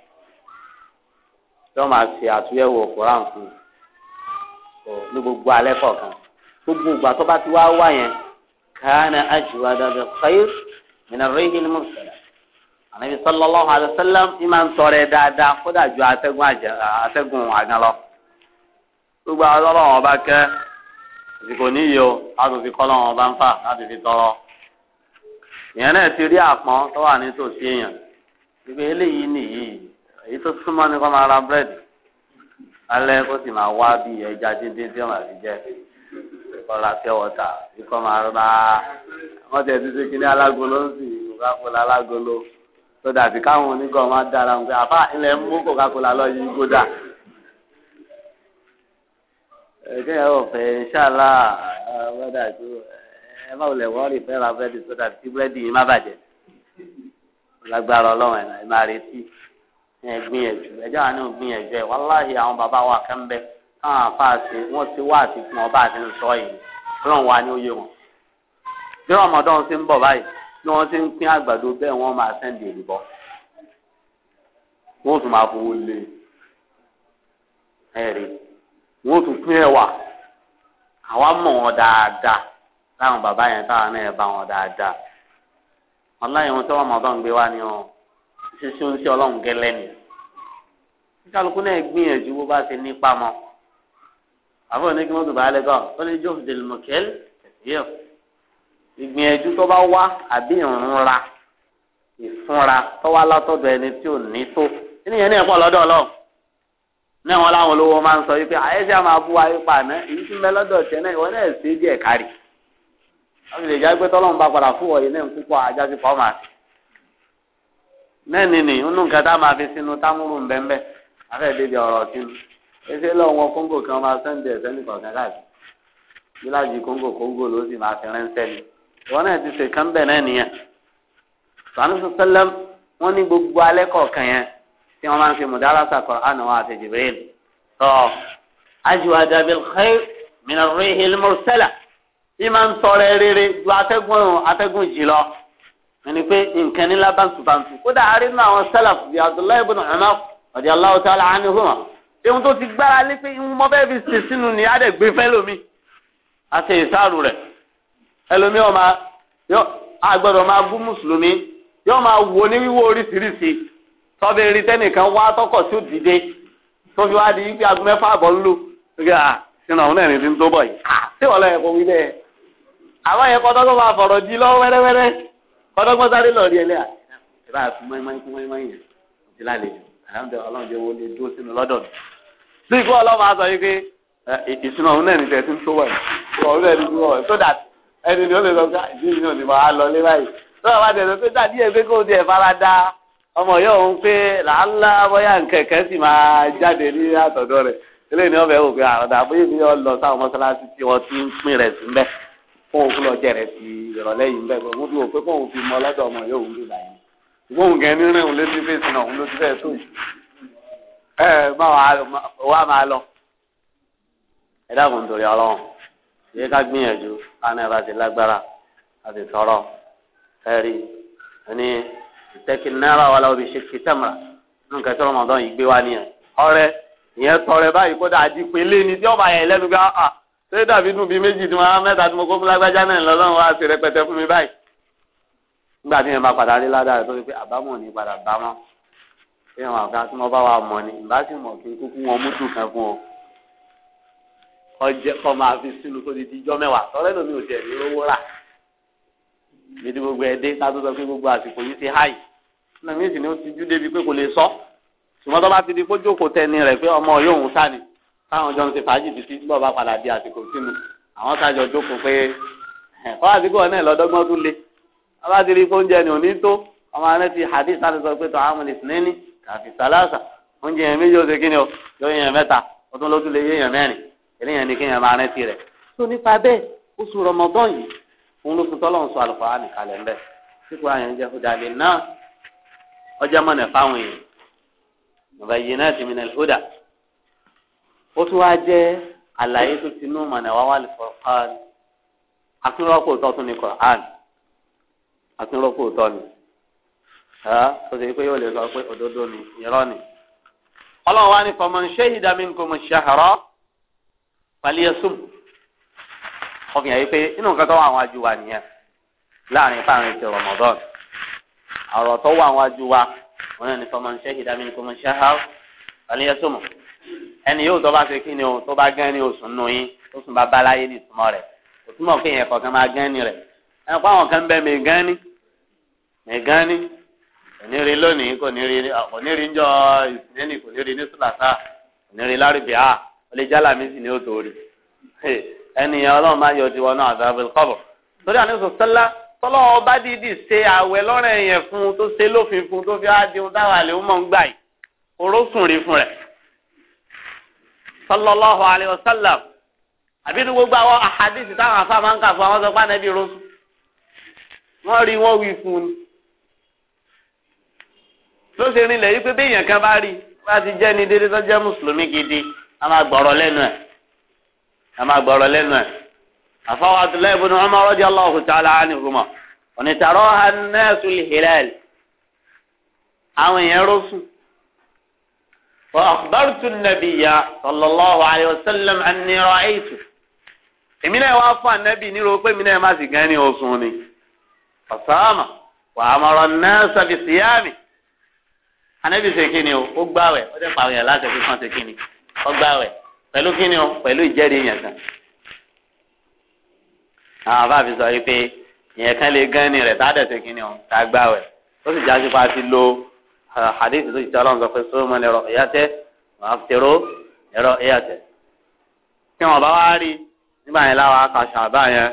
yóò máa ṣe àtúnyẹ̀wò Qur'an fún ní gbogbo alẹ́ kọ̀ọ̀kan gbogbo ìgbà tó bá ti wá wá yẹn kàánà ajwada bil khair min ar-rih al-mursala ànábi sallallahu alayhi wa sallam ìmà ń tọrẹ dáadáa kódà ju atẹ́gùn àgàn lọ gbogbo àwọn ọlọ́wọ́n bá kẹ́ àsìkò níyì o láti fi kọ́ lọ́wọ́n bá ń fà láti fi tọrọ ìyẹn náà ti rí àpọ́n tó wà nítòsí èèyàn ìgbé eléyìí nìyí èyí tó súnmọ́ ní kó máa ra búrẹ́dì alẹ́ kó sì máa wá bí ẹja díndín tí ó máa fi jẹ́ kọ́ra kẹwọ́ta ikọ́ máa rọra wọ́n tẹ̀ ti ṣe kíní alágolo ń sì kókákólá alágolo tó dàbí káwọn onígọ̀ máa dára wọn pé àbá ilẹ̀ ń mú kókákólá lọ yí gbódà. kéèyàn ò fẹ́ ṣáàlà wẹ́dà tó ẹ má wulẹ̀ wọ́n rí fẹ́ ra búrẹ́dì tó dàbí kí búrẹ́dì yìí má bàjẹ́ lágbára ọlọ́run ẹ̀ máa retí ẹ̀ gbìyànjú ẹ̀jẹ̀ àwọn gbìyànjú ẹ̀ wàláhì àwọn bàbá wa kẹ́ táwọn afáàṣe wọ́n ti wá àti fún ọba àti nsọ yìí ọlọ́run wa ni ó yé wọn. bí rọmọdán ṣe ń bọ̀ báyìí bí wọ́n ṣe ń pín àgbàdo bẹ́ẹ̀ wọ́n máa sẹ́ǹdì èlùbọ́ wọ́n tún máa fowó lé ẹ̀rí wọ́n tún pín ẹ̀wà àwa mọ̀ wọn dáadáa láwọn bàbá yẹn táwọn náà bá wọn dáadáa ọláyìn ohun tí wọn mọ ọdún gbé wá ni ọ ṣíṣe ń ṣe ọlọ́run ni kálukú náà gbìyànjú bó bá ṣe nípa mọ́ àfọ ní kí wọn tún bá lẹ kọ ó lè jó dèlùmọkẹlì yẹ ìgbìyànjú tó bá wá àbí ìrúnra ìfúnra tó wá látọ̀dọ̀ ẹni tí ò ní tó nínú yẹn ní ẹ̀pọ̀ lọ́dọ̀ ọlọ́run náà wọn láwọn olówó máa ń sọ wípé àyè sí àmà abúwa ipa àná èyí tí bẹ lọ́dọ̀ ọ̀tẹ̀ náà ìwọ náà ṣe díẹ̀ kárì wọn lè já pé tọ́lọ́run bá padà fún wọ̀nyí náà púpọ̀ ajá sí pọ́ọ́mà sí náà nìyí nínú nǹkan tá a máa fi sínú támúrù ń bẹ́ńbẹ́ afẹ́ débi ọ̀rọ̀ ọ̀tí ẹsẹ lọ wọn kóńgò kan máa sẹ́ńdì ẹ̀sẹ̀ nìkan kan káàkiri bíláàjì kóńgò kóńgò ló sì máa fi ránṣẹ́ ni wọn náà ti ṣe kán bẹ̀ náà nìyẹn sànúsọ sẹlẹm wọn ní gbogbo alẹ́ kọ̀ọ̀kan yẹn tí wọn máa ń fi mùdárasà kọ ànáwọn àti Jibril tọ ajwada bil khair min rihil mursala bí máa ń tọrẹ rere ju atẹ́gùn atẹ́gùn jì lọ ẹni pé nǹkan nílá kódà arínú àwọn sẹlẹf bíi Abdullahi ibn Umar radiyallahu ta'ala anhuma ihun tó ti gbára lé pé ihun mọ́ bẹ́ẹ̀ fi ṣe sínú ni á dẹ̀ gbé fẹ́ lómi àti ìsáàrù rẹ̀ ẹlòmí ọ̀ máa yọ àgbọ̀dọ̀ máa bú mùsùlùmí yọ máa wò ní wíwò oríṣiríṣi tọ́bẹ̀ rí tẹ́nìkan wá tọkọ̀ tó dìde tó fi wá di ibi aago mẹ́fà àbọ̀ ń lò gbé à ah, sínú àwọn ẹ̀rín tí ń tó bọ̀ yìí sí ọ̀la ẹ̀kọ́ wí bẹ́ẹ̀ àwọn sáré lọ rí ẹlẹ́à ìbá àfi mọ́ínmọ́ín kú mọ́ínmọ́ín yẹn ti lálejò àlàmdẹ ọlọ́run jẹ́ wo dúró sínú lọ́dọ̀ mi sí ikú ọlọ́mọ aṣọ yìí pé ìsúná òun náà ní tẹ̀sí tó wà yìí òun náà ní tó wà yìí so that ẹni ni ó lè sọ pé ah, ìdí mi ò ní máa lọ lé báyìí tó wà bàtẹ̀ sọ pé dàdí ẹ̀ pé kó o tiẹ̀ fara da ọmọ yóò òun pé làálà bóyá nkẹ̀kẹ́ sì máa jáde ní àtọ̀dọ̀ rẹ̀ eléyìí ni wọ́n fẹ́ wò pé àrọ̀dà ah, bóyá mi yóò lọ sáwọn mọ́sálásí tí wọ́n ti ń pín rẹ̀ sí mbẹ́ fún òun lọ jẹ rẹ̀ sí ìrọ̀lẹ́ yìí mbẹ́ gbogbo bí wò pé kóun fi mọ lọ́dọ̀ ọmọ yóò òun bí báyìí ṣùgbọ́n òun gẹ̀ ní rìn òun létí fèsì náà òun ló ti fẹ́ sóyún ẹ má wàá máa lọ ẹ dákun torí ọlọ́run yìí ká gbìyànjú káni ẹ bá ti lágbára a ti sọ̀rọ̀ ẹ̀rí ẹni ìtẹ́kì náírà wà láwọn ibi ṣe kí tẹ̀mọ̀ra nǹkan tí ọmọdé yìí gbé wá nìyẹn ọrẹ ìyẹn tọrẹ báyìí kó dàá di pélé ni tí ọba yẹn lẹ́nu gbá à ah, ah, ṣé dàbí dùn bíi méjì tí wọn mẹ́ta tí mo kó fún lágbájá náà lọ́lọ́run wá sí rẹpẹtẹ fún mi báyìí nígbà tí yẹn bá padà rí ládàá rẹ tó ti pé àbámọ̀ ní padà bá wọn ṣé àwọn àga tí wọ́n bá wa mọ̀ ni ìbá sì mọ̀ kí n kúkú wọn múdù kan fún ọ. ọjẹ kọ́ máa fi sínú kó di dijọ́ mẹ́wàá tọ́lẹ́ lómi ò tiẹ̀ ní owó rà. gbèdé gbogbo ẹdẹ ká tó sọ pé gbogbo àsìkò yìí ti háì lómi sì ni ó ti jú débi pé kò lè sọ. ṣùgbọ́n tó bá ti di kó jókòó tẹni rẹ̀ pé ọmọ yóò sá ni táwọn jọ ń ṣe fàájì títí bọ́ọ̀ bá padà di àsìkò sínú àwọn sájọ jókòó pé ẹ̀kọ́ àdìgbò náà lọ́dọ́gbọ́n tún le ọba ti rí fóúnjẹ ni ò ní tó ọmọ aráàlú ti hadith sáà sọ pé tọ́ àfi sàlásà oúnjẹ yẹn méjì ó o yóò yẹn o tún lè yé yẹn mẹ́rin eléyẹn ni kéèyàn máa rántí rẹ̀ tó nípa bẹ́ẹ̀ oṣù rọmọdán yìí òun ló fi tọ́lọ́run sọ àlùfáà nìkalẹ̀ ńbẹ́ sípò àyàn jẹ́ hudalẹ̀ náà ọjà mọ̀nà fáwọn èèyàn mubayyinatin minal huda ó tún wá jẹ́ àlàyé tó ti nú mọ̀nà wá wà lẹ́fọ̀ tó ṣe yóò lè sọ pé òdodo ni irọ́ ni. ọlọ́run ni faman shahida minkum ash-shahra falyasum. ọkùnrin yẹn pé inú nǹkan tó wà wa nìyẹn láàrin fáwọn ètò ọ̀rọ̀ tó wà wa wọn ni faman shahida minkum ash-shahra falyasum. ẹni yóò tó bá ṣe kí ni o tó bá gán ní oṣù nù yín tó sùn bá báláyé ní ìtumọ̀ rẹ̀ onírin lónìí kò nírin onírin jọ ìsìnlẹ́nì kò nírin ní sùlàtà onírin lárúbíà olèjálà mi sì ní ó torí ẹnìyàn ọlọ́run máa yọ tiwọn náà àzàbẹ̀lẹ̀ kọ́bọ̀ torí àníṣe sọ́lá tọ́lọ́wọ́ bá dìídì ṣe àwẹ̀ lọ́rọ̀ ẹ̀yẹ̀ fún un tó ṣe lófin fún un tó fi á di ohun táwọn àlè ń mọ̀ ń gbà yìí orósùnrin fún rẹ̀ sallallahu alayhi wa àbí ní gbogbo àwọn àhàdìsì táwọn afá máa ń kà fún àwọn sọ pé ànábì rọ́ṣù wọ́n rí wọ́n wí fún un ló ṣe rinlẹ̀ yìí pé béèyàn kan bá rí bá ti jẹ́ ni dédé tó jẹ́ mùsùlùmí gidi a máa gbọ́rọ̀ lẹ́nu ẹ̀ a máa gbọ́rọ̀ lẹ́nu ẹ̀ àfọwọ́ Abdullahi ibn Umar radiyallahu ta'ala anhuma onítàrọ́ anẹ́sù hilal àwọn èèyàn rọ́sùn wa akhbartu an-nabiyya sallallahu alayhi wa sallam anni ra'aytu èmi anabi ṣe kí ni o ó gbàwẹ̀ ó dẹ̀ pàwọn yẹn láti ẹ̀fín kan ṣe kí ni ó gbàwẹ̀ pẹ̀lú kí ni o pẹ̀lú ìjẹ́rìí yẹn àwọn afáàfi sọ yìí pé ìyẹn lè gán ni rẹ̀ tá a dẹ̀ ṣe o tá a gbàwẹ̀ ó sì jáde pa ti lo uh, hadith tó ti tẹ́ ọlọ́run sọ pé sọ́mọ lẹ́rọ ìyàtẹ́ àfẹ́rọ ẹ̀rọ ìyàtẹ́. tí wọn bá wá rí nígbà yẹn láwọn akàṣà àbá yẹn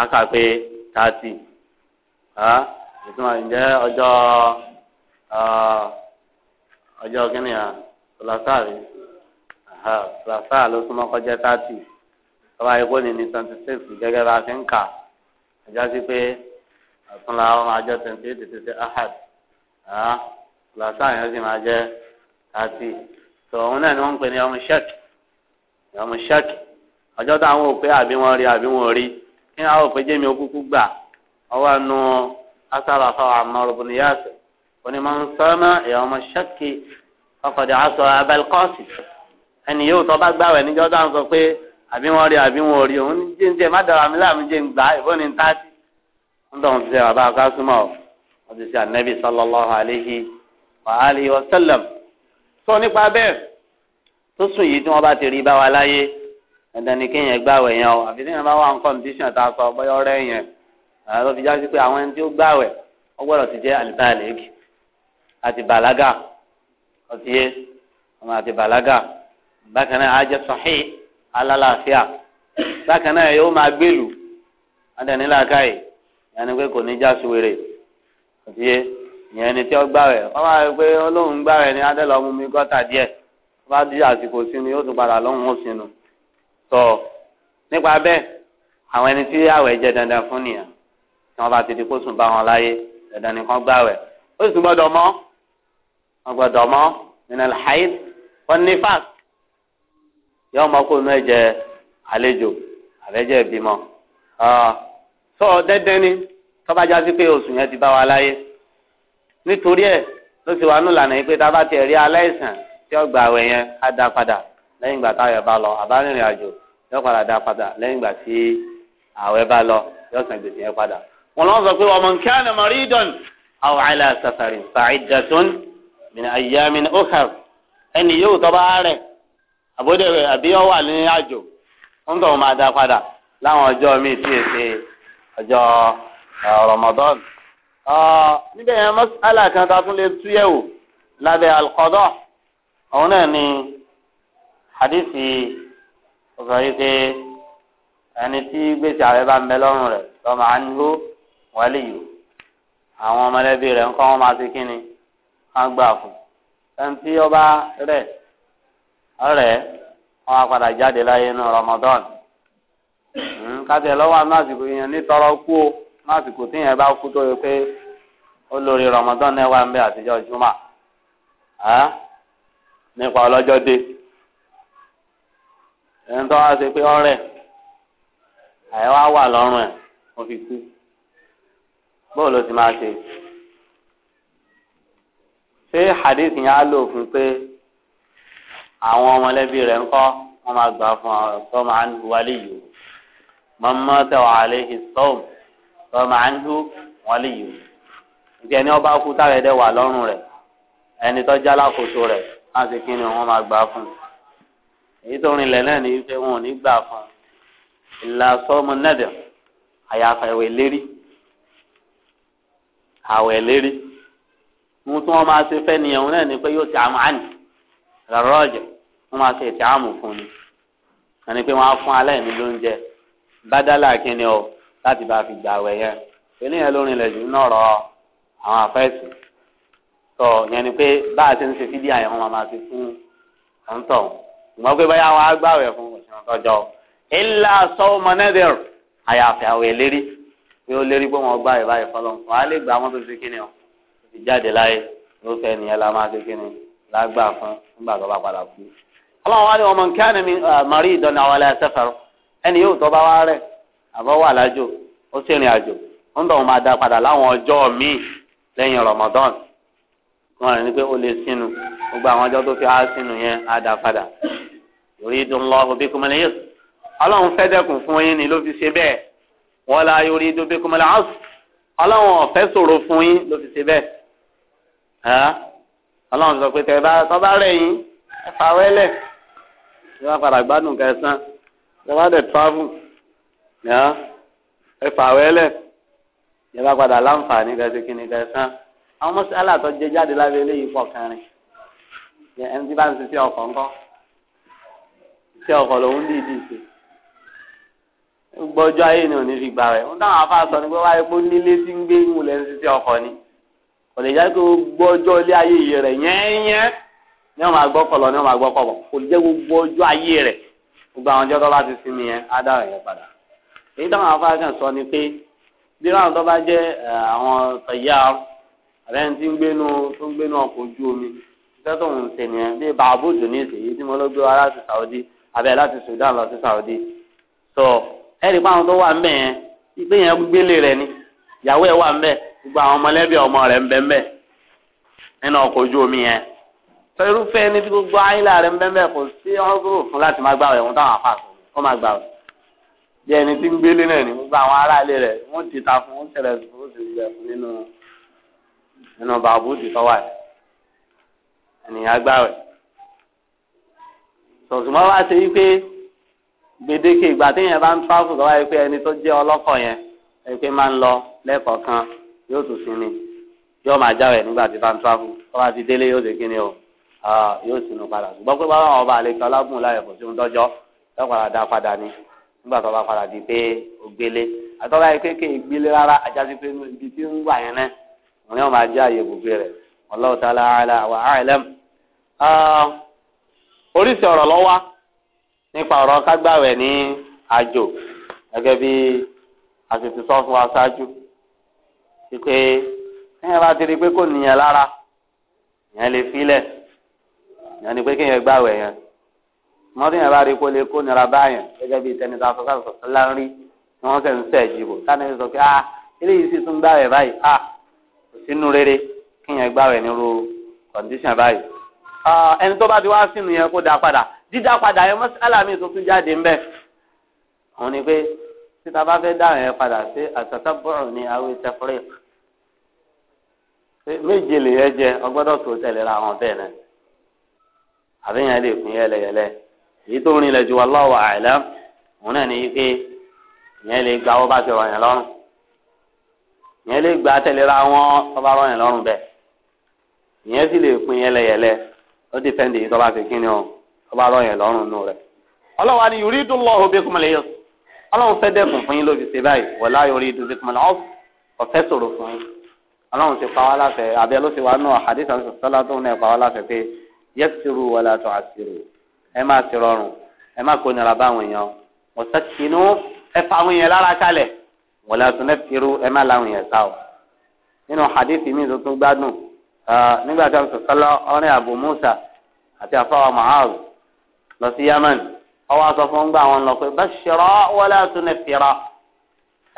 akà pé thirty ah, ìtumọ̀ ìjẹ́ ọjọ́ uh, ọjọ́ kínní à tòlásà rí tòlásà ló súnmọ́ kọjá tààtì tọ́ba ikú ni ní twenty six gẹ́gẹ́ bá a ti ń kà ọjọ́ sí pé àtúnlá ọmọ àjọ twenty eight ti ṣe ahad tòlásà yẹn sì máa jẹ́ tààtì tó òun náà ni wọ́n ń pè ní ọmọ ṣẹ́kì ọmọ ṣẹ́kì ọjọ́ táwọn ò pé àbí wọ́n rí àbí wọ́n rí kí wọ́n á ò pé jẹ́mi okúkú gbà ọwọ́ nu asábàfà àmọ́ rògbòníyàsẹ̀ onímọ̀ sọ́mọ́ èèyàn ọmọ ṣẹ́kì ọkọ̀dé aṣọ abẹ́lẹ́kọ́ọ̀sì ẹni yóò tọ́ bá gbàwẹ̀ níjọ́ dáhùn sọ pé àbí wọ́n rí àbí wọ́n rí òun jẹ́ ń jẹ́ má dara mi láàmú jẹ́ ń gbà ìbọn ní táàtì ń dọ̀ ń fi bàbá akásùmọ̀ wọ́n ti ṣe ànẹ́bí sallallahu alayhi wa alihi wa sallam sọ nípa bẹ́ẹ̀ tó sùn yìí tí wọ́n bá ti rí bá wa láyé ẹ̀dẹ̀ ni kéèyàn gbàwẹ̀ yẹn o àbí téèyàn bá wà ń kọ́ndíṣàn tá a sọ bọ́yọ́ yẹn àwọn ló fi já sí pé àwọn ẹni tí ó gbàwẹ̀ ó ti jẹ́ àlìbáàlì àti bàlágà ọtí yé ọmọ àti bàlágà bákan náà ajẹ sọhí alálàáfíà bákan náà yóò máa gbèlú adẹnilákàyè yanni pé kò ní já suwèrè ọtí yé ìyẹn ni tí ó gbà rẹ wọn máa pé olóhùn gbà rẹ ni adẹlọ mú mi gọta díẹ̀ wọn bá di àsìkò sínú yóò tún padà lọhùn ó sínú tọ nípa bẹ́ẹ̀ àwọn ẹni tí àwẹ̀ jẹ dandan fún nìyẹn tí wọn bá ti di kó sùn bá wọn láyé dandan nìkan gbà rẹ ó sì tún gbọ́dọ̀ mọ̀ ọgbọ́dọ̀ mọ́ minal haid wọn ní fas yọ ọmọ kó náà jẹ àlejò àbẹ́jẹ́ ìbímọ. sọ dẹ́dẹ́ ni tọ́bajá sí pé oṣù yẹn ti bá wa láyé nítorí ẹ̀ ló ti wà nù lànà yìí pé tá a bá ti rí aláìsàn tí ó gbà wẹ̀ yẹn á dá padà lẹ́yìn ìgbà táwọn bá lọ àbárìnrìn àjò yóò padà dá padà lẹ́yìn ìgbà tí àwẹ̀ bá lọ yóò san gbèsè yẹn padà. wọn lọ sọ pé ọmọ nǹkan àná mọ̀rí dọ̀n àwọn àìlà sàfàrì fàáìdàtún min ayyamin ukhar ẹni yóò tọ́ bá rẹ̀ àbódé àbí ọ wà ní àjò ń tọ́ máa dá padà láwọn ọjọ́ míì tí èsè ọjọ́ Ramadan. níbẹ̀ yẹn mọ́sálà kan tá a tún lè túyẹ̀wò lábẹ́ alqada òun náà ni hadisi ọ̀sán yìí pé ẹni tí gbèsè ààrẹ bá ń bẹ lọ́rùn rẹ̀ lọ́mọ àánú wálé yìí àwọn ọmọlẹ́bí rẹ̀ ń kọ́ wọn máa ti kí ni. agbà fún ẹnití ọba rẹ̀ ọ̀rẹ́ wọn á padà jáde láyé nínú Ramadan hmm, kátìyẹ lọ́wọ́ àná àsìkò yẹn nítorọ kú o má àsìkò tíyẹn bá kú tó yẹ pé olórí rọmọdọn náà wà ń bẹ àtijọ́ juma nípa ọlọ́jọ́ dé ẹni tó ṣe pé ọ̀rẹ́ àyẹ̀wò á wà lọ́rùn ẹ̀ kú bóòlù ti máa ṣe. ṣé hadith yẹn á lò fún pé àwọn ọmọlẹ́bí rẹ̀ ń kọ́ wọ́n máa gbà fún ọ tó máa ń wálé yìí man mata wa alayhi as-sawm tó máa ń hu wálé yìí ìgbẹ́ ni ọba kú táwọn ẹ̀dẹ̀ wà lọ́rùn rẹ̀ ẹni tó jálá kòtò rẹ̀ láti kí ni wọ́n máa gbà fún èyí tó rìnlẹ̀ náà ni wípé wọn ò ní gbà fún ìlà sọ́mu nẹ́dẹ̀ àyàfà ìwé lérí àwẹ̀ lérí ohun tí wọ́n máa ṣe fẹ́ nìyẹn òun náà ni pé yóò ti àmọ́ àní rárá ọ̀jẹ̀ wọ́n máa ṣe ìtì àmọ́ fún ni ẹni pé wọ́n á fún aláìní lóúnjẹ bádálà kíni o láti bá fi gbà wẹ̀ yẹn eléyẹn lórin ilẹ̀ jù náà rọ àwọn àfẹ́sì tó yẹn ni pé bá a ṣe ń ṣe fídíà yẹn wọ́n máa ṣe fún ọ̀ǹtọ̀ ṣùgbọ́n pé báyà wọn á gbà fún òṣèlú ilà sọ́ọ́mọ nẹ́dẹ̀rù àyàfẹ́ àwọn èlérí pé ó lérí pé wọ́n gbà báyìí fọlọ́n ti jáde láyé lófẹ́ ènìyàn la máa kékeré ni lágbà fún nígbà tó bá padà kú. ọlọ́run wá ní ọmọ nǹkan mi mọ̀rí ìdánná àwọn alẹ́ àtẹ́fẹ́rọ ẹni yóò tọ́ bá wá rẹ̀ àbọ̀ wà lájò ó sì rìn àjò ń dọ̀ wọn máa da padà láwọn ọjọ́ míì lẹ́yìn Ramadan wọn rìn ní pé ó lè sínú gbogbo àwọn ọjọ́ tó fi á sínú yẹn á da padà yuridun Allahu bikumul yusr ọlọ́run fẹ́ dẹ́kun fún yín ni ló fi ṣe bẹ́ẹ̀ wala yuridu bikumul usr ọlọ́run ọ̀fẹ́ ṣòro fún yín ló fi ṣe bẹ́ẹ̀ ọlọ́run sọ pé tẹ bá tọ́ bá rẹ̀ yín ẹ fà wẹ́lẹ̀ ẹ bá padà gbádùn kẹsàn-án ẹ bá dẹ̀ travel ẹ fà wẹ́lẹ̀ ẹ bá padà láǹfààní kẹsàn-án kìíní kẹsàn-án àwọn mọ́sálà tó jẹ jáde lábẹ́ eléyìí pọ̀ kẹrin ẹni tí bá ń ṣiṣẹ́ ọkọ̀ ńkọ́ ṣiṣẹ́ ọkọ̀ lòún dìídì ṣe gbọ́jọ́ ayé ni ò ní fi gbà rẹ̀ ń táwọn afáàsọ ni pé wáyé pé nílé tí ń gbé ìwúlẹ̀ ń ṣiṣẹ́ ọkọ̀ ni. kò lè gbọ́ ọjọ́ ilé ayé iye rẹ̀ yẹ́nyẹ́ ní ọmọ agbọ́kọ̀lọ́ ní ọmọ agbọ́kọ̀lọ́ kò gbogbo ọjọ́ ayé rẹ̀ gbogbo àwọn ọjọ́ tó bá ti sinmi yẹn á dára yẹn padà. ni pé bí tó bá jẹ́ àwọn tọ̀yà ń gbénu tó ń gbénu omi iṣẹ́ tó ń nìyẹn bí bàbá òjò ní tí mo Sudan lọ sí Saudi sọ ẹ̀rí pàwọn tó wà ń gbogbo àwọn mọ̀lẹ́bí ọmọ rẹ̀ ń bẹ́ẹ̀ nínú ọkọ̀ ojú omi yẹn sọ irúfẹ́ ní tí gbogbo ayélujára rẹ̀ ń bẹ́ẹ̀ kò sí ọgọ́rò fún láti má gbàwẹ̀ wọn táwọn afáàfin kó má gbàwẹ̀ bí ẹni tí ń gbélé náà ní gbogbo àwọn aráalé rẹ̀ wọ́n ti ta fún wọ́n tẹ̀lé fún oṣù wá ṣe wípé gbèdéke ìgbà téèyàn bá ń tọ́ àkùkọ wáyé pé ẹni tó jẹ́ ọlọ́kọ̀ yẹn ẹ pé máa ń lọ lẹ́kọ̀ọ́ kan yóò tún sinmi yóò máa jáwẹ̀ nígbà tí bá ń tráfù bá ti délé yóò ṣe kí ni o yóò sinú padà ṣùgbọ́n pé báwọn ọba àlejò alágùn láyọ̀ kò sí ohun tọ́jọ́ yóò padà dá padà ni nígbà tó bá padà di pé o gbélé àtọ́lá yìí kéèké gbélé rárá ajásí pé ibi tí ń wà yẹn náà wọn yóò máa jẹ́ àyè gbogbo rẹ̀ Allahu ta'ala ala wa a'lam. oríṣi ọ̀rọ̀ ló wà nípa ọ̀rọ̀ kágbáwẹ̀ ní àjò gẹ́gẹ́ bí a sì ti wípé ẹ̀yìn bá ti rí pé kò níyàn lára ìyẹn lè filẹ̀ ìyẹn ni pé kéèyàn gbàwẹ̀ yẹn mọ́tò yẹn bá rí kó lè kó nira báyẹn gẹ́gẹ́ bíi tẹni tó aṣọ káṣọ sọ́lá ń ni wọ́n kẹ́ ń sẹ̀ jìbò sáni sọ pé ah eléyìí sì tún gbàwẹ̀ báyìí ah kò sínú rere kéèyàn gbàwẹ̀ nírú kọ̀ǹdíṣàn báyìí. Ah, ẹni tó bá ti wá sínú yẹn kó dá padà dídá padà yẹn mọ́sálà mi tó tún jáde ńbẹ̀. òun ni pé títa bá fẹ́ dá yẹn padà sí àtàtàbọ̀rọ̀ ni àwọn ìtẹ̀fọ́rẹ́ méje lè yẹ jẹ ọgbọ́dọ̀ tó tẹ̀lé ra wọn bẹ́ẹ̀ náà àbíyàn lè pín yẹlẹyẹlẹ èyí tó rìn lẹ́jọ́ wa lọ́wọ́ àìlẹ́ òun náà ní pé ìyẹn lè gba ọwọ́ bá ti rọ̀ yẹn lọ́rùn ìyẹn lè gba tẹ̀lé ra wọn tó bá rọ̀ yẹn lọ́rùn bẹ́ẹ̀ ìyẹn sì lè pín yẹlẹyẹlẹ ó ti fẹ́ ndèyí tó fi kíni o tó bá rọ̀ nù rẹ̀ ọlọ́wà ni yuridu Allahu bikumul yusr ọlọ́run fẹ́ dẹ́kun fún yín ló fi ṣe báyìí wala ọlọ́run ti pa wá láfẹ̀ abẹ́ ló ti wá nù hadith sọ́lá tó ń pa wá láfẹ̀ pé yẹ́sìrù wala tu'siru ẹ máa ti rọrùn ẹ má kó nira báwọn èèyàn mọ̀sákìnú ẹ fa àwọn èèyàn lára kalẹ̀ wala tunfiru ẹ má láwọn èèyàn sá o nínú hadith mi tó tún gbádùn nígbà tí wọ́n sọ́lá ọ̀rìn Abu Musa àti àfọwọ́ Mu'az lọ sí Yemen ọwọ́ aṣọ fún gbà wọn lọ pé bashira wala tunfira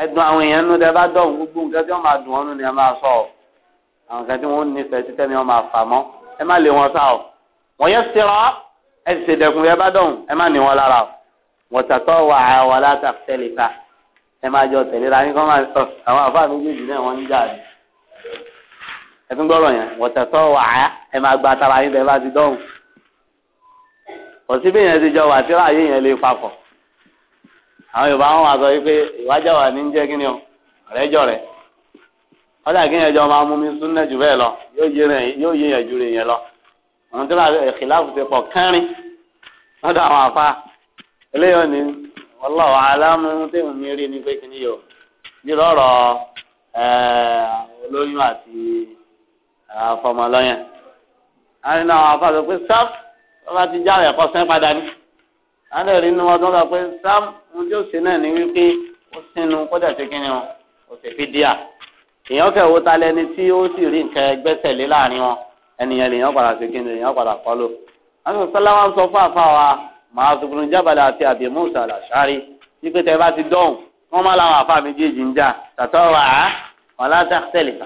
ẹ̀dùn àwọn èèyàn nínú tẹ bá dọ̀hún gbogbo nǹkan tí wọ́n máa dùn wọn nù ni ẹ máa sọ ọ àwọn nǹkan tí wọ́n nífẹ̀ẹ́ títẹ́ ni wọ́n máa fà mọ́ ẹ má lé wọn sá ọ wọ́n yẹ sẹ́rọ̀ ẹ sì ṣe dẹ̀kun ẹ bá dọ̀hún ẹ má ní wọn lára ọ wọ́n tàtọ́ wà á wà láta tẹ́lẹ̀ ta ẹ máa jọ tẹ̀lé ra yín kọ́ máa sọ àwọn àfáà méjèèjì náà wọ́n ń jà ní ẹ tún gbọ́rọ̀ yẹn wọ́n tàtọ́ wà á ẹ máa gba tara yín tẹ́ bá ti dọ̀hún kò àwọn yorùbá wọn wà sọ wípé ìwájà wà ní jẹ́ kí ni o ọ̀rẹ́jọ rẹ̀ ọ̀dà kí yẹn máa mú mi sún náà jù lọ yóò yé yẹn ju rè yẹn lọ àwọn tí wọn ìkìláàfù ti pọ̀ kẹ́rin lọ́dọ̀ àwọn àfa eléyìí ni ọlọ́wọ́ alámú tí mi rí ni pé kí ni yòó nírọ̀rọ̀ olóyún àti afọmọlọ́yẹn. àwọn ìnáwó sọ pé sáf ọba ti já ẹ̀kọ́ sẹ́ padà ní adẹ̀rí inú ọdún la pé sam ohun tí ó ṣe náà ni wípé ó sínú kódà ṣe kí ni o kò sì fi díà èèyàn fẹ́ wo ta lẹni tí ó sì rí nǹkan ẹgbẹ́sẹ̀ lé láàrin wọn ẹnìyẹn lèèyàn padà ṣe kí ni èèyàn padà kọ́ lò. àwọn sọláwà ń sọ fún àfa wa màá sọkùnrin jábàlẹ àti àbí musa àlàṣárí wípé tẹ bá ti dọ̀hùn wọn má làwọn àfa méjèèjì ń jà tàtọ́ wà á wọn láti àtẹ̀lẹ̀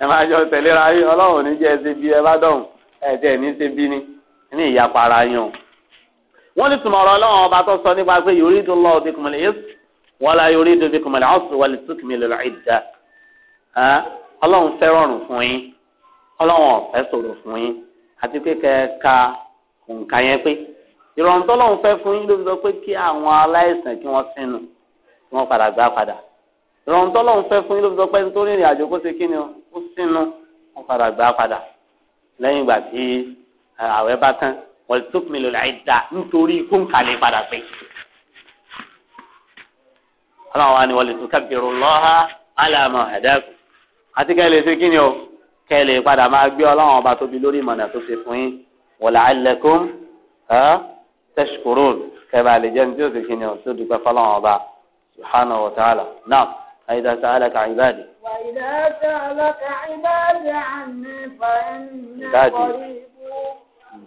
ẹ máa jọ tẹ̀léra yín ọlọ́run ní jẹ́ ẹ ṣe bí ẹ bá dọ̀hùn ẹ tẹ̀ ní ṣe bí ni ní ìyapa ara yín o wọ́n ní tùmọ̀ ọ̀rọ̀ ọlọ́run ọba tó sọ nípa pé yuridu Allahu bikumul yusra wala yuridu bikumul usra wa litukmilul iddah ọlọ́run fẹ́ rọrùn fún yín ọlọ́run ọ̀fẹ́ ṣòro fún yín àti pé kẹ́ẹ̀ka nǹkan yẹn pé ìrọ̀rùn tọ́lọ́run fẹ́ fún yín ló fi sọ pé kí àwọn aláìsàn kí wọ́n sínú kí wọ́n padà gbá padà ìrọ̀rùn tọ́lọ́run fẹ́ wọ́n tó mílò láì da nítorí kó ń kalẹ̀ padà pé. ọlọ́run wa ni wọ́n lè tún kábìrún lọ́ha aláàmọ̀ ẹ̀dẹ́kù àti kẹ́ lè ṣe kí ni o kẹ́ lè padà máa gbé ọlọ́run ọba tóbi lórí ìmọ̀nà tó ṣe fún yín wọ́n là á lẹ́kùn tẹ́ṣkúrún kẹ́bà lè jẹ́ nítorí ṣe kí ni o tó dùpẹ́ fọlọ́run ọba subhanahu wa ta'ala náà. فإذا سألك عبادي وإذا سألك عبادي عني فإني قريب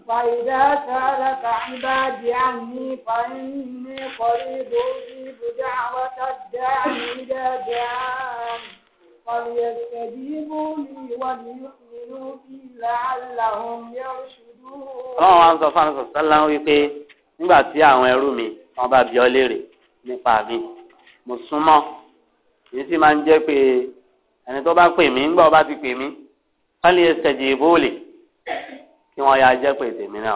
فإذا سألك عبادي عني فإني قريب أجيب دعوة الداع إذا دعان فليستجيبوا لي وليؤمنوا بي لعلهم يرشدون. Ọlọ́run wa ń sọ fún àwọn sọ̀tàn láwọn wípé nígbà tí àwọn ẹrú mi wọ́n bá bi ọ́ léèrè nípa mi mo súnmọ́ èyí sì máa ń jẹ́ pé ẹni tó bá pè mí ńgbà ó bá ti pè mí fálẹ̀ ẹsẹ̀ jì ìbò lè kí wọ́n ya jẹ́ pé tèmi náà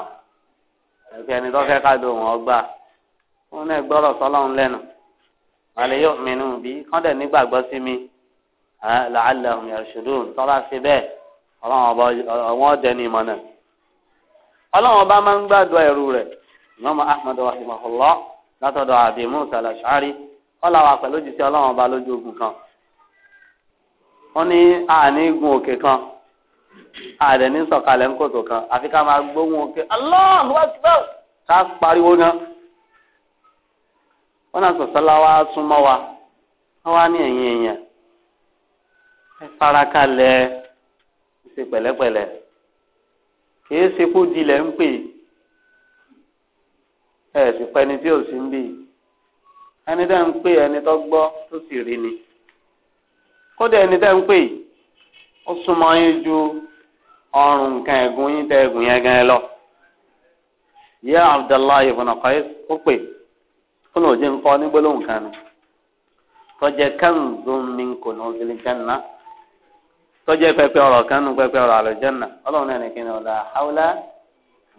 ẹ̀kẹ́ ẹni tó fẹ́ ká do wọn gbà wọn náà gbọ́rọ̀ sọ́lọ́run lẹ́nu wàlẹ́ yóò mìínú bí kán dẹ̀ nígbàgbọ́ sí mi làálẹ̀ ọ̀hún ẹ̀ṣùdùn tọ́lá sí bẹ́ẹ̀ ọlọ́run ọba ọ̀wọ́n dẹni ìmọ̀ náà ọlọ́run ọba máa ń gbàdúrà ẹ̀rù rẹ̀ ìmọ̀mọ́ ahmed rahimahullah látọ̀dọ̀ àbí musa alashari ọ̀là wa pẹ̀lú jù sí ọlọ́run ọba lójú ogun kan wọ́n ní àní gun òkè kan àdẹ ní sọ̀kalẹ̀ ńkòtò kan àfi ká máa gbóhùn òkè Allahu Akbar ká pariwo náà wọn náà sọ̀sọ́lá wa súnmọ́ wa wọn wá ní ẹ̀yìn èèyàn ẹ farakalẹ̀ ṣe pẹ̀lẹ́pẹ̀lẹ́ kì ṣe kó dilẹ̀ ń pè ẹ sì pẹ́ni tí ò sí ń bì ẹni tẹ́ ń pè ẹni tó gbọ́ tó sì ni kódà ẹni tẹ́ ń pè ó súnmọ́ ọrùn nǹkan ẹ̀gún yín tẹ ẹ̀gún yẹn gan lọ. yẹ Abdullahi ibn Qais ó pè fún òjì ń kọ́ ní gbólóhùn kan ni tọ́jẹ́ kanzun min kunuzil janna tọ́jẹ́ pẹpẹ ọ̀rọ̀ kan nu pẹpẹ ọ̀rọ̀ àlùjánnà ọlọ́run náà nìkan ọ̀la hawla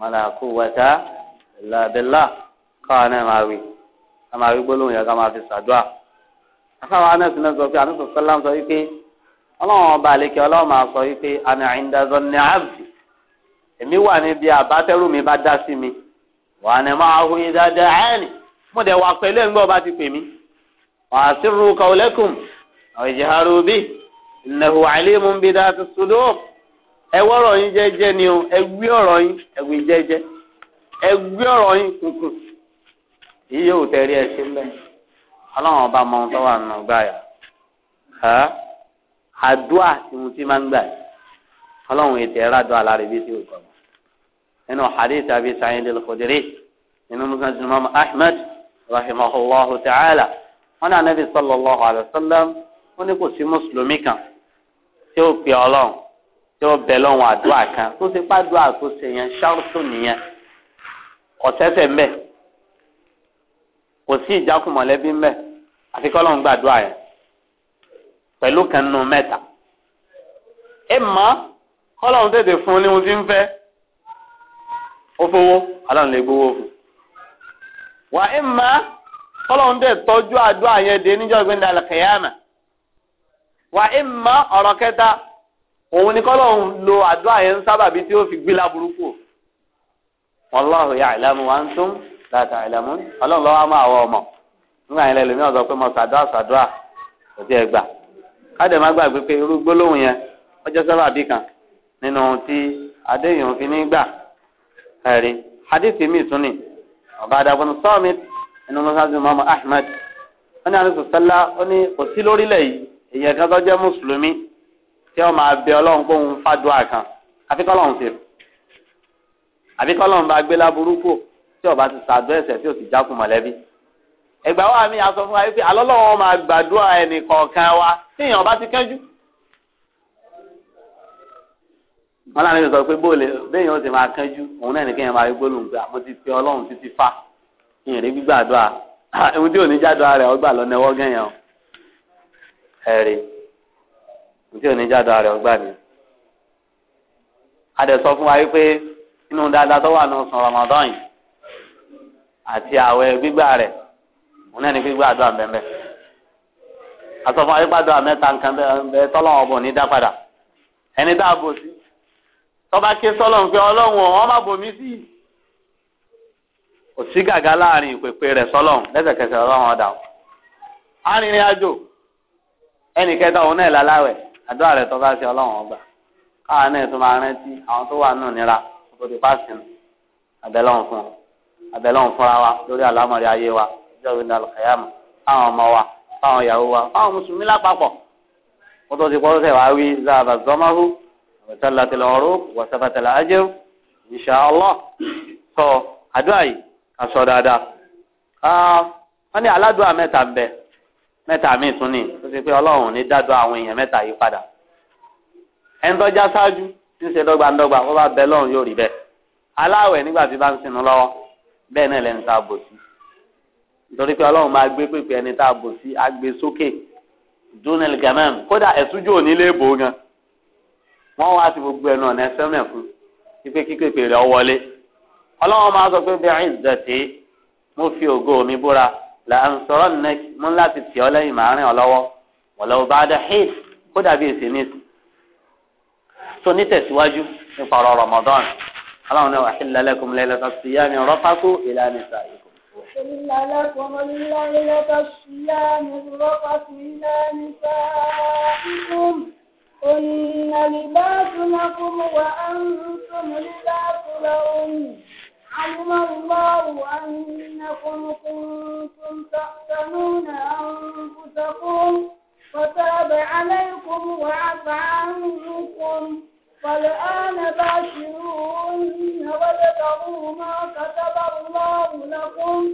wala quwwata illa káwa náà máa wí ká máa wí gbólóhùn yẹn ká máa fi ṣàdúrà. àfáwọn anẹ́sìn náà sọ pé àdúgbò sọ́lá ń sọ wípé ọlọ́run ọba àlekè ọlọ́run máa sọ wípé àmì àìndazọ ní àbì èmi wà níbi àbátẹ́rù mi bá dá sí mi wà ní máa hu ìdájọ ẹni mo dẹ̀ wà pẹ̀lú ẹ̀ ń gbọ́ bá ti pè mí wà á sí ru kọ́ọ̀lẹ́kùn ọ̀jẹ̀hárù ìnáwó àìlèmú bí dá ti sùdó ẹ wọ́rọ̀ yín jẹ́jẹ́ ni o ẹ wí ọ̀rọ̀ yín ẹ wí jẹ́jẹ́ ẹ wí ọ̀rọ̀ yín kùkù yíyí tẹ̀rí ẹ sí ọlọ́run ọba mọ ohun tó gbáyà àdúà tí mo ti máa ń gbà yìí ọlọ́run ètò ẹ̀rọ àdúà alárẹ̀ bí ti o kọ̀ nínú hadith abi sa'id al-khudri nínú musnad imam ahmed rahimahullahu ta'ala wọn náà nabi sallallahu alayhi wa sallam wọn ní kò sí mùsùlùmí kan tí ó pè ọlọ́run tí ó bẹ̀ lọ́wọ́n àdúà kan tó ti pàdúà tó ṣe yẹn ṣáàtú nìyẹn ọ̀tẹ́tẹ̀ ń bẹ̀ kò sí ìjákùmọ̀lẹ́bí ń bẹ̀ àfikọ́ ọlọ́run gbàdúà yẹn pẹ̀lú kan nù mẹ́ta ẹ mọ̀ ọlọ́run tètè fún un ní ohun tí ń fẹ́ ó fowó ọlọ́run lè gbowó fún wà ẹ mọ̀ ọlọ́run tẹ̀ tọ́jú àdúrà yẹn dé níjọ́ ìgbéǹda àlàkẹ́yàmà wà ẹ mọ̀ ọ̀rọ̀ kẹta òun ni kọ́lọ́run lo àdúrà yẹn ń sábàbí tí ó fi gbé láburúkú wallahu ya'lamu wa antum la ta'lamun ọlọ́run lọ́wọ́ á máa wọ ọmọ nígbà yẹn lẹ́lẹ́mí ọ̀sọ́ pé mo ṣàdúrà ṣàdúrà kò tí ẹ gbà kádẹ má gbàgbé pé irú gbólóhùn yẹn ọjọ́ sábàbí kan nínú ohun tí adéyàn fi ní gbà ẹ̀rí hadithi mi tún ni ọba àdàbọ̀n sọ́ọ̀mì ẹnu mọ́sáàsì mọ́mọ́ ahmed wọ́n ní àdúgbò sẹ́lá ó ní kò sí lórílẹ̀ yìí èyàn kan tó jẹ́ mùsùlùmí tí ó máa bẹ ọlọ́run pé òun fàdúrà kan àfi kọ́lọ́run fèrè àfi kọ́lọ́run bá gbé láburú kù tí ọba ti sàdó ẹ̀ṣẹ̀ tí ò sì jákùn mọ̀lẹ́bí ẹgbà wa mi aṣọ fún wa pé alọ́lọ́wọ́ máa gbàdúrà ẹnì kọ̀ọ̀kan wa tíyàn bá ti kánjú. wọn lára mi sọ pé bóòlù béèyàn ó ti máa kánjú òun náà nìkan yẹn máa rí gbólóhùn pé àmọ́ ti fi ọlọ́run títí fà ìyẹn rí gbígbàdúrà ah, ohun tí ò ní jádùá rẹ̀ ọgbà lọ nẹwọ́ gẹ̀yàn o ẹ̀rí tí ò ní jádùá rẹ̀ ọgbà ni. a dẹ̀ sọ fún wa pé inú dáadáa tó wà ní oṣù Ramadan onu náà ní a gbàdúrà bẹ́ẹ̀ àtọ̀fún ayípadà mẹ́ta nǹkan bẹ́ẹ̀ tọ́lọ́wọ́n bò ní dá ẹni dá bò sí tọ́ba ké sọ́lọ́n pé ọlọ́run ọ̀hún má kò sí gàgá láàrin ìpèpè sọ́lọ́n lẹ́sẹ̀kẹsẹ̀ ọlọ́run ọ̀dà o arìnrìn àjò ẹnì kẹta òun náà láláwẹ̀ àdúrà rẹ̀ tọ́ba sí ọlọ́run ọgbà káwọn náà tó máa rántí àwọn tó wà nù nira tó ti pàṣẹ àbẹ̀lọ́run fún jọ̀wé ní alùkàyàmù fáwọn ọmọ wa fáwọn ìyàwó wa fáwọn mùsùlùmí lápapọ̀ wọ́n tó ti pọ́ sẹ́wà wí zaaba zọ́máhù wàtàlàtì lọ́rù wàtàbàtàlà ajẹ́rù inṣàlọ́ sọ àdúrà yìí aṣọ dáadáa. wọ́n ní aládùúrà mẹ́ta ń bẹ mẹ́ta míì tún ní tó ti pé ọlọ́run ní dádùn àwọn èèyàn mẹ́ta yìí padà. ẹni tó já ṣáájú ń ṣe dọ́gbandọ́gba wọ́n bá bẹ lọ́run yóò rí bẹ́ẹ̀. aláwẹ̀ nígbà tí bá ń sinú lọ́wọ́ bẹ́ẹ̀ náà lẹ́nu tá nítorí pé ọlọ́run máa gbé pèpè ẹni tá a bò sí agbè sókè dunel gamam kódà ẹ̀sùjú ò ní lè bò gan wọ́n wá sí gbogbo ẹnu ọ̀nà ẹsẹ̀ mẹ́ fún pípé kípèpè rẹ̀ wọlé ọlọ́run máa sọ pé bí i zẹ̀tì mo fi ògo mi búra là ń sọ̀rọ̀ nìyẹn mú láti tì ọ́ lẹ́yìn màá rìn ọ́ lọ́wọ́ wọ̀lọ́wọ́ bá dá hẹ́ẹ̀ kódà bí èsì ní ìsìn tó nítẹ̀síwájú nípa ọ̀rọ̀ Ramadan ọlọ́run náà wà sí lẹ́lẹ́kùn sí yá mi rọ́fákú ìlànà ìsàyè أحل لكم الليلة الصيام الرفث إلى نسائكم هن لباس لكم وأنتم لباس لهم علم الله أنكم كنتم تحسنون أنفسكم فتاب عليكم وعفى عنكم فالآن باشرون وابتغوا ما كتب الله لكم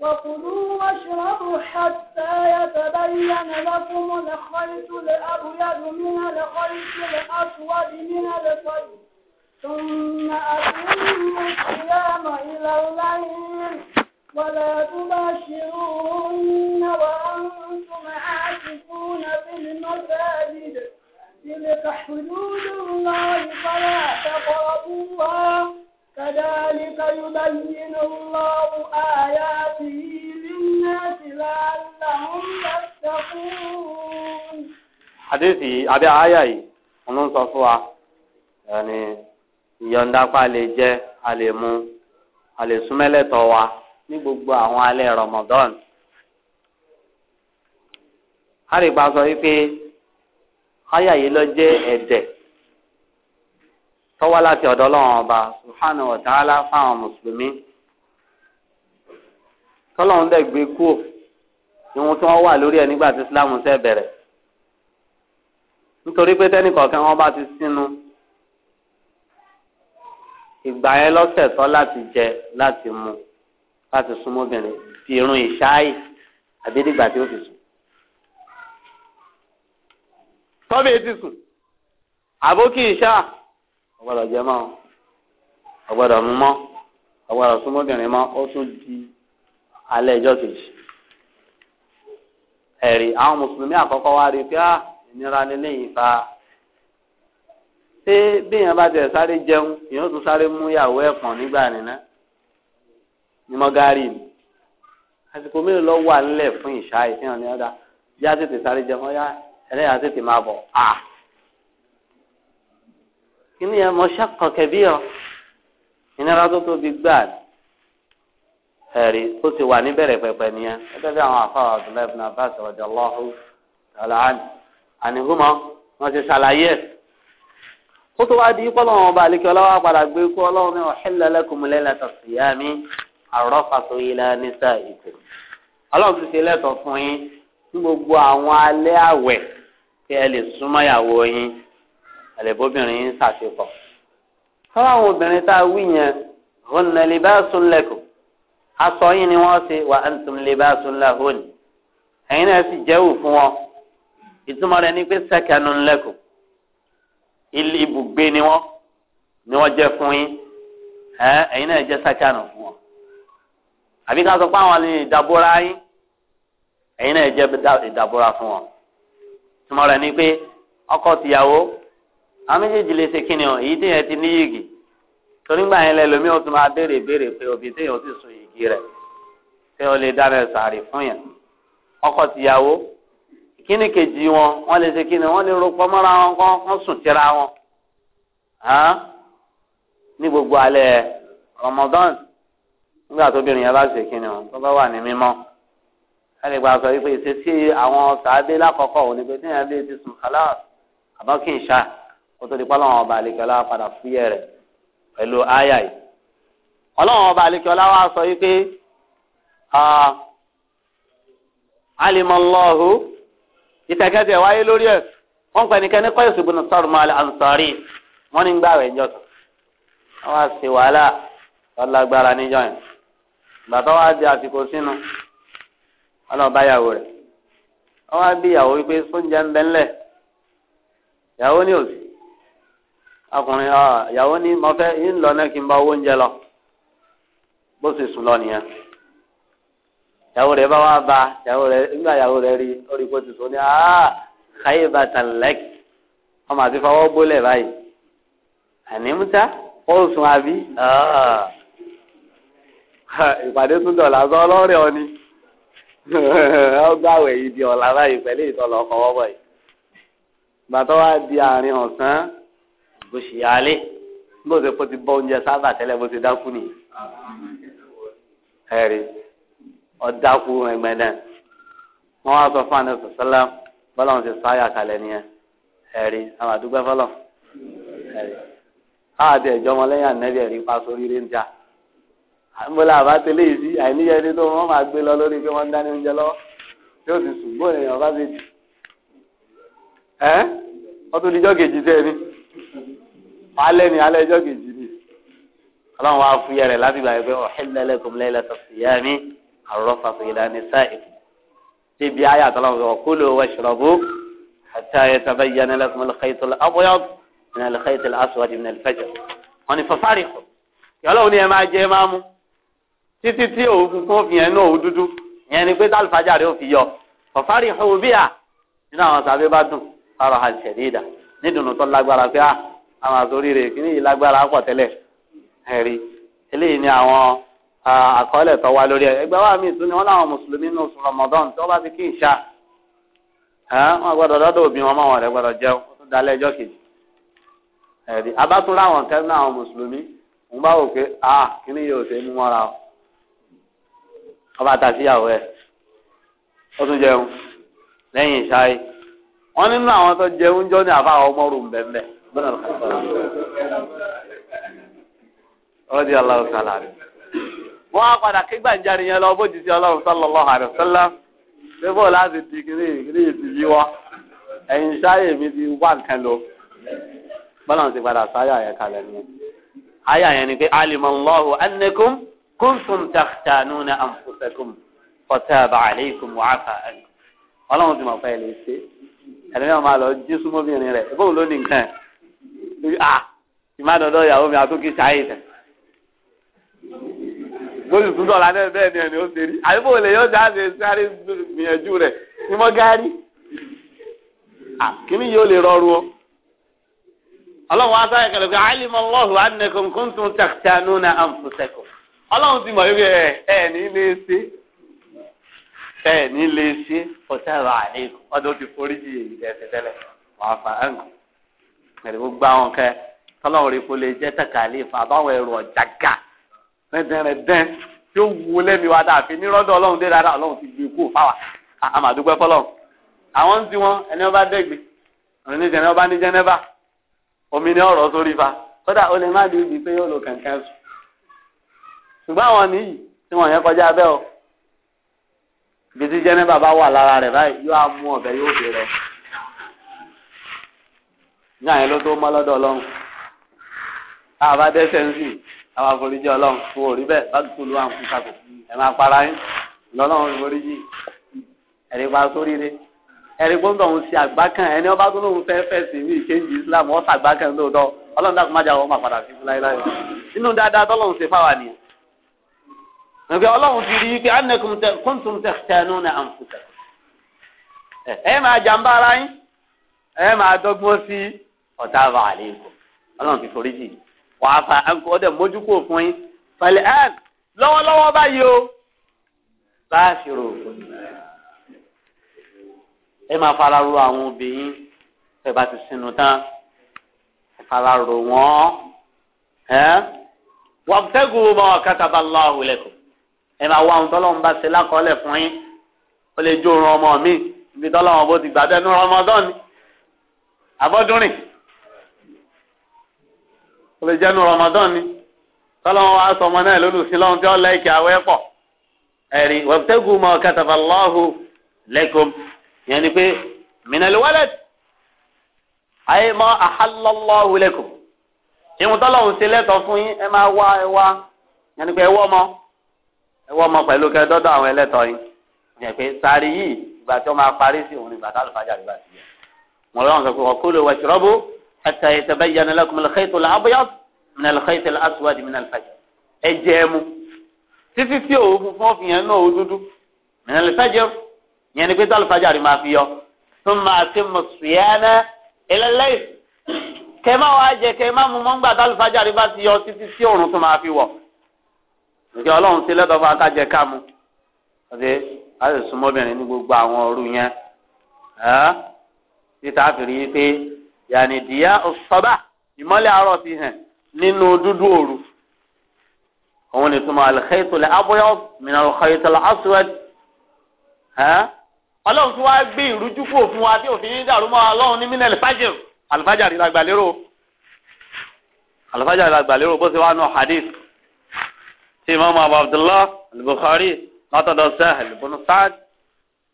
وكلوا واشربوا حتى يتبين لكم الخيط الأبيض من الخيط الأسود من الفجر ثم أتموا الصيام إلى الليل ولا تباشرون وأنتم عاكفون في المساجد تلك حدود الله فلا تقربوها كذلك يبين الله آياته للناس لعلهم يتقون حديثي àbí àyà yìí wọ́n ń sọ fún wa yàní ìyọ̀ǹda pa lè jẹ a lè mu a lè súnmẹ́lẹ̀tọ̀ wa ní gbogbo àwọn alẹ́ Ramadan a lè gba sọ wípé àyà yìí lọ jẹ́ ẹ̀dẹ̀ tọ́wọ́ láti ọ̀dọ̀ ọlọ́run ọba subhanahu wa ta'ala fáwọn mùsùlùmí tọ́lọ́run dẹ̀ gbé kúò ìwọ̀n tí wọ́n wà lórí ẹ̀ nígbà tí islam ṣẹ̀ bẹ̀rẹ̀ nítorí pé tẹ́nìkọ̀ọ̀kan wọn bá ti sínú ìgbà yẹn lọ́sẹ̀ tọ́ láti jẹ láti mu láti súnmọ́bìnrin fi irun ìṣááyì àbí dìgbà tí ó fi sùn. tọ́bí ti sùn àbókì ìṣá ọgbọ́dọ̀ jẹ mọ́ ọgbọ́dọ̀ mú mọ́ ọgbọ́dọ̀ súnmọ́bìnrin mọ́ ó tún di alẹ́ ìjọ kejì ẹ̀rí àwọn mùsùlùmí àkọ́kọ́ wá rí pé á ah, ìnira lélẹ́yìn fa ṣé béèyàn bá tiẹ̀ sáré jẹun èèyàn tún sáré mú ìyàwó ẹ̀pọ̀n nígbà nínú ni mo gárí mi àsìkò mélòó lọ wà nílẹ̀ fún ìṣá ìfihàn ní ọ̀dà bí a tètè sáré jẹun ọ̀yá ẹlẹ́yà tètè máa bọ̀ à kíní yẹn mọ ṣàkọ kẹbí ọ ìnira tó tóbi ti wà níbẹ̀rẹ̀ pẹ̀pẹ̀ nìyẹn ẹgbẹ́ bí àwọn afáwà Abdullahi ibn bá alikẹ́ ọlọ́wọ́ padà gbé kú ọlọ́wọ́ mi wọ́n hilla gbogbo àwọn alẹ́ àwẹ̀ kí ẹ lè súnmọ́ ìyàwó yín àlẹ́bóbìnrin yín ṣàṣepọ̀. fọwọ́ àwọn obìnrin tá a wí yẹn hunna libasun lakum aṣọ yín ni wọ́n ṣe wa antum libasun lahun ẹ̀yin náà sì jẹ́wò fún wọn ìtumọ̀ rẹ̀ ni pé sakanun lakum ilé ibùgbé ni wọ́n ni wọ́n jẹ́ fún yín ẹ̀yin náà jẹ́ sakanu fún wọn àbí ká sọ pé àwọn ni ìdàbọ̀ra yín ẹ̀yin náà jẹ́ ìdàbọ̀ra fún wọn. tùmọ̀ rẹ ni pé ọkọ tìyàwó àwọn lè ṣe kíni ọ èyí téèyàn ti ní gì torí gbà yẹn lẹlòmí ó tún máa béèrè béèrè pé òbí téèyàn ó sì sun yìgì rẹ̀ pé ó lè dára sàárì fún yẹn ọkọ tìyàwó kíni kejì wọn wọn lè ṣe kíni wọn lè mọra wọn kọ wọn sùn wọn ní gbogbo alẹ Ramadan nígbà tóbi rìn yẹn bá ṣe kíni tó bá wà ní ẹnì gba sọ wípé ìṣesí àwọn sàádé lákọ̀ọ́kọ́ òun ni pé tí èèyàn lè ti sùn kálá àbọ̀ kì í ṣá kó tó di pọ́ lọ́wọ́ ọba àlekọ́lá padà fúyẹ́ rẹ̀ pẹ̀lú áyà yìí ọlọ́wọ́ ọba àlekọ́lá wa sọ wípé alimọlọ́hu ìtẹ̀kẹ́tẹ̀ wáyé lórí ẹ̀ wọ́n pẹ̀ nìkan ní kọ́yọ̀sì gbọ́n sọ̀rọ̀ mọ́ wọ́n ní gbàwẹ̀ ń jọ̀tọ̀ wọ́n á ṣe wàhálà ọlágbára níjọ́ yẹn ọlọ́run bá yàwó rẹ̀ wọ́n wá bí ìyàwó wípé sóúnjẹ ń bẹ ńlẹ̀ ìyàwó ní òsì ọkùnrin ìyàwó ní mo fẹ́ ń lọ náà kí n bá owó oúnjẹ lọ bó sì sùn lọ nìyẹn ìyàwó rẹ̀ bá wá ba ìyàwó rẹ̀ nígbà ìyàwó rẹ̀ rí orí kó ti sùn ní aa káyé bá tà lẹ́k ọmọ àti fọwọ́ gbólẹ̀ báyìí ànímúta ó sùn àbí ìpàdé tún dọ̀là sọ ọlọ́rẹ̀ ọ ni ọgbà àwẹ̀ yìí di ọ̀la báyìí pẹ̀lú ìtọ́lọ̀ ọkọ̀ wọ́pọ̀ yìí gbàtọ́ wá di àárín ọ̀sán bó ṣe yálé bó ṣe kó ti bọ́ oúnjẹ sábà tẹ́lẹ̀ bó ṣe dákú nìyí ẹ̀rí ọ̀dákú ẹgbẹ̀dẹ̀ wọ́n wá sọ fún àná sọ̀sọ́lá bọ́lá wọn ti sáyà kalẹ̀ nìyẹn ẹ̀rí àwọn àdúgbò fọlọ́ ẹ̀rí káàdì ẹ̀jọ́ ọmọlẹ́yìn ànẹ́bí ẹ̀rí pa sórí rẹ́ńdíà mọ́lá àbátẹ́lẹ̀ yìí sí àìníyẹ ní tó wọ́n máa gbé lọ lórí pé wọ́n ń dání oúnjẹ lọ́wọ́ yóò ti sùn bóyá èèyàn bá ti dì ẹ́ wọ́n tún dijọ́ kejì tẹ́ ẹ ní alẹ́ ni alẹ́ ijọ́ kejì ni ọlọ́run wàá fún yẹrẹ láti gbà pé ọ̀hẹ́lẹ́lẹ́kùn lẹ́lẹ́ sọ̀tìyàmí àrùrọ̀ fàṣọyìnlá ní sáì débi ayé àtọ́lọ́run sọ̀rọ̀ kúlò wẹ̀ṣọ̀rọ̀bù àti ayé tàbí yanilẹ́kùn lẹ́kẹ́tọ́lá abọ́yọ́ ìnàlẹ́kẹ́tọ́lá aṣọ àti ìnàlẹ́fẹ́jọ́ wọn ni fọ́fárì kọ́ yọlọ́run ni ẹ máa títí tí òwú funfun fi yẹn ní òwú dúdú ni pé rẹ ò fi yọ ọ̀fárí ìhòòhò bíyà nínú àwọn sàbẹ̀ bá dùn fárọ̀ àṣẹ̀dí ìdá nídùnnú tó lágbára pé àwọn àsoríire kí nìyí lágbára eléyìí ni àwọn tó lórí wa mi tún ni mùsùlùmí ní oṣù Ramadan tí bá kí wọn gbọdọ òbí wọn jẹun tún kejì àwọn àwọn mùsùlùmí bá wò ọba ta síyàwó ẹ̀ ó tún jẹun lẹ́yìn ìṣáyé wọ́n nínú àwọn tó jẹun jọ ní àfa ọmọ rò mbẹ́mbẹ́ bọ́nà ọdí aláwọ̀ sálà rẹ̀ wọ́n á padà kí gbàǹjarì yẹn lọ bójútì ọlọ́run sallallahu alaihi wasallam fífò láti di kiri kiri ti yí wọ́ ẹ̀yìn ìṣáyé mi ti wá nǹkan lọ bọ́nà ti padà sáyà yẹn kalẹ̀ ni ayà yẹn ni pé alimallahu annakum kuntum takhtanuna anfusakum fataba alaykum wa afa ankum ọlọ́run ti mọ̀ fẹ́ lè ṣe ẹni náà máa lọ jí súnmọ́bìnrin rẹ̀ ìbò ló ní nǹkan ẹ̀ à ìmádọ́dọ́ ìyàwó mi àtúkì ṣáyé tẹ̀ lórí ìtúndọ̀ la náà bẹ́ẹ̀ ni ẹni ó ṣe rí àyíbò lè yọ jáde sáré gbìyànjú rẹ̀ ní mọ́ gáárí kíní yóò lè rọrùn o ọlọ́run wá sáyẹ̀ kẹlẹ̀ pé alimallahu annakum kuntum takhtanuna anfusakum ọlọ́run ti mọ̀ wípé ẹ ẹ ní lè ṣe ẹ ní lè ṣe ọ̀tẹ́rọ àlékún ọdún ti forí jì èyí tẹ̀sẹ̀ tẹ́lẹ̀ wàá fà á nù ẹ̀rọ gbogbo àwọn kẹ tọ́lọ́run rí kó lè jẹ́ tẹ̀kálí fún abáwọn ẹ̀rọ ọ̀jàgà rẹ́dẹ́rẹ́dẹ́n tí ó wu lẹ́mi wa dáa fi nírọ́dọ̀ ọlọ́run dé dáadáa ọlọ́run ti gbé e kú fáwa àmàdúgbẹ́ fọlọ́run àwọn ń ti wọn ẹni ọba dẹ́gbẹ́ òní jẹ́nẹ́ba ní jẹ́nẹ́ba omi ni ọ̀rọ̀ sórí fa kódà ó ṣùgbọ́n àwọn nìyí tí wọ́n yẹn kọjá bẹ́ẹ̀ o gbèsè jẹ́nẹ́bà bá wà lára rẹ̀ báyìí yóò á mú ọ̀bẹ yóò fi rẹ̀ ní àyẹn ló tó mọ́ lọ́dọ̀ ọlọ́run àbá dẹ́sẹ̀ ń sìn àwọn àforíjì ọlọ́run fún òrí bẹ́ẹ̀ bá tó lu àwọn kúkàkù ẹ̀ máa para yín lọ́lọ́run ìforíjì ẹ̀rí pa sórí rẹ̀ ẹ̀rí gbọ́dọ̀ ń ṣe àgbákan ẹni ọba tó lóun fẹ́ fẹ́ sí ní ìkéjì Islam ọ̀sà àgbákan lóòótọ́ ọlọ́run dàkú má jà wọ́n má padà sí fún láéláé nínú dáadáa tọ́lọ́run ṣe fáwa nìyẹn nàbí ọlọ́run fi rí i pé anakum kuntum takhtanuna anfusakum ẹ máa jàǹbá ara yín ẹ máa dọ́gbọ́n sí ọ̀tá bàálẹ̀ ikọ̀ ọlọ́run ti forí jì wàá fa ọdẹ mójú kò fún yín pẹ̀lẹ́ ẹ lọ́wọ́lọ́wọ́ báyìí o bá a ṣòro ẹ máa fara ro àwọn obìnrin ẹ bá ti sinú tán ẹ fara ro wọn ẹ wabtagu ma kataba Allahu lakum ẹ máa wá ohun tọ́lọ́run bá ṣe lákọọ́lẹ̀ fún yín ó lè jó oorun ọmọ mi ibi tọ́lọ́run bó ti gbà bẹ́ẹ̀ ní rọmọdán ni àbọ́dúnrìn ó lè jẹ́ ní rọmọdán ni tọ́lọ́run wá sọmọ náà lólùsí lọ́run tí ó lẹ́ẹ̀kẹ́ àwẹ́ pọ̀ ẹ̀rí wabtagu ma kataballahu lakum yẹn ni pé minal walad ayé ma ahallallahu lakum ìmùtọ́lọ́run ṣe lẹ́tọ̀ fún yín ẹ máa wá ẹ wá yẹn ni pé ẹ wọ́ ọmọ ẹ wọ́n mọ pẹ̀lú kẹ dọ́dọ̀ àwọn ẹlẹ́tọ̀ yìí yẹn pé sáré yìí ìgbà tí wọ́n máa parí sí òun ìgbà táwọn fàájà rẹ̀ bá ti yẹ. mo lọ́wọ́ sọ pé ọ̀kúlù wa ṣùrọ́bù ẹ̀tà ìtẹ̀bẹ́ yẹn lẹ́kùn mẹ́lẹ̀ xeyìtò la abúyá xeyìtò la aṣùwádìí mẹ́lẹ̀ ẹ jẹ́ ẹ mu títí tí òun funfun fi yẹn jẹ kẹ má mu mọ́ngbà táwọn fàájà rẹ̀ bá ti yọ títí tí òun tó máa fi wọ̀ ǹjẹ́ ọlọ́run ti lẹ́tọ̀ fún akájẹ kámu àti àti súnmọ́bìnrin ní gbogbo àwọn ọ̀rú yẹn títà fìrí pé yàní díà sọ́bà ìmọ́lẹ̀ àárọ̀ ti hàn nínú dúdú òru òun ni túmọ̀ al-khaytul abyad min al-khaytil aswad ọlọ́run tí wàá gbé ìrújú kúrò fún wa tí òfin yín dàrú mọ́ ọlọ́run ní mílẹ̀ alifájẹ̀rù alifájẹ̀rù la gbàlérò alifájẹ̀rù la gbàlérò bó ṣe wà nù hadith tí imaamu abu abdullah al-bukhari látọ̀dọ̀ sahel bunu saad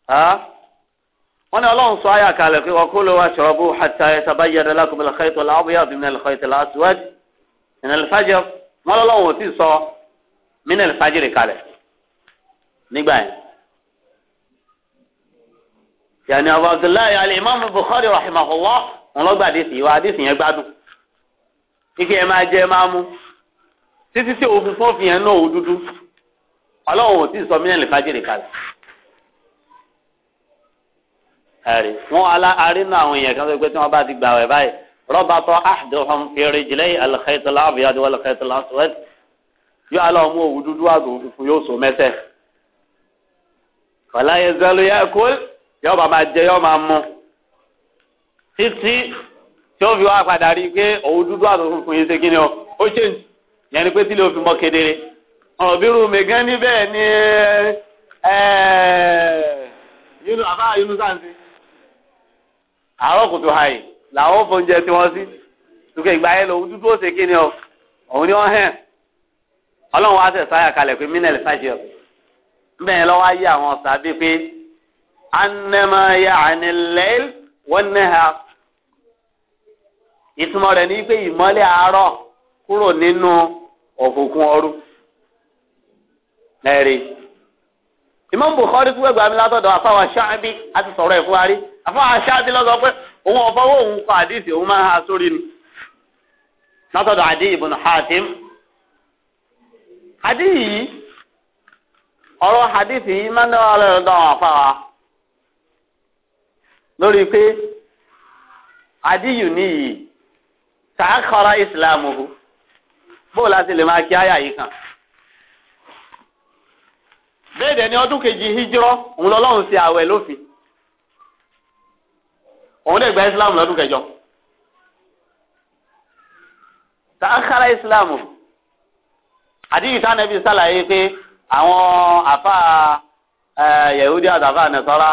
ha wọn ni ọlọ́run sọ ayà kalẹ̀ pé wakulu washrabu hatta yatabayyana lakum al-khayt al-abyad min al-khayt al-aswad min al-fajr wọn lọ́lọ́run ò tí sọ min al-fajr kalẹ̀ nígbà yẹn. yàni abu abdullahi al-imaamu bukhari rahimahullah wọn lọ gba àdìsí wa àdìsí yẹn gbádùn ike ẹ máa jẹ máa mú títí tí òun fífún fi hàn náà ó dúdú ọlọ́run ò tí ì sọ mílíọ̀nù fájìrì kalẹ̀ ẹ̀rí wọn arínú àwọn èèyàn kan tó pé tí wọ́n bá ti gbà wẹ̀ báyìí rọ́bà tó àdùnhàn fèrè jìlẹ̀ alxẹ́tìlá àbíyájú alxẹ́tìlá sọ́wẹ́t yóò alọ́ mú òwú dúdú àtò funfun yóò so mẹ́sẹ̀ kọ́lá yẹn zẹ́lu yẹ kó yóò bá jẹ yóò máa mú títí tí ó fi wá padà rí i pé òwú dúdú àtò funfun yìí ṣe kí ni ó ó ṣèǹtì yẹn ni pé tí lè fi mọ kedere ọ̀rọ̀ bí irú mi gan níbẹ̀ ni yínú àbá yínú sáǹtì àárọ̀ kùtù hàì làwọn fòúnjẹ tí wọ́n sí tukẹ̀ ìgbà yẹn lòun dúdú òsè kí ni ọ òun ni wọ́n hẹ̀ ọlọ́run wá sẹ̀ sáyà kalẹ̀ pé mínẹ́lì fàjẹ́ nbẹ̀ yẹn lọ́wọ́ ayé àwọn sàbí pé anamọ ya àní lẹ́yìn wọ́n nẹ́ ha ìtumọ̀ rẹ̀ ní pé ìmọ́lẹ̀ àárọ̀ kúrò nínú òkùnkùn ọrú ẹ̀rí Imam Bukhari fún ẹgbàá mi látọ̀dọ̀ àfáwà ṣáàbí àti sọ̀rọ̀ ẹ̀ fún wa rí àfáwà ṣáàbí lọ́sọ pé òun ọ̀fọwọ́ òun kọ àdìsí òun máa ha sórí ni látọ̀dọ̀ Adi ibn Hatim àdìsí yìí ọ̀rọ̀ àdìsí yìí máa ń dáwọ́ lọ́dọ̀ àwọn àfáwà lórí pé àdìyù níyì tààkọ́ra ìsìlámù hù. bóòlù àti lè máa kí àyà yìí kàn bẹ́ẹ̀ dẹ̀ ni ọdún kejì hijrọ́ òun lọ́lọ́run ṣe awọ lófin òun lè gba islam lọ́dún kẹjọ. tàkàrà islam àdìyí tá nẹbi sàlàyé pé àwọn àfa yahudi àtàfà nẹsọra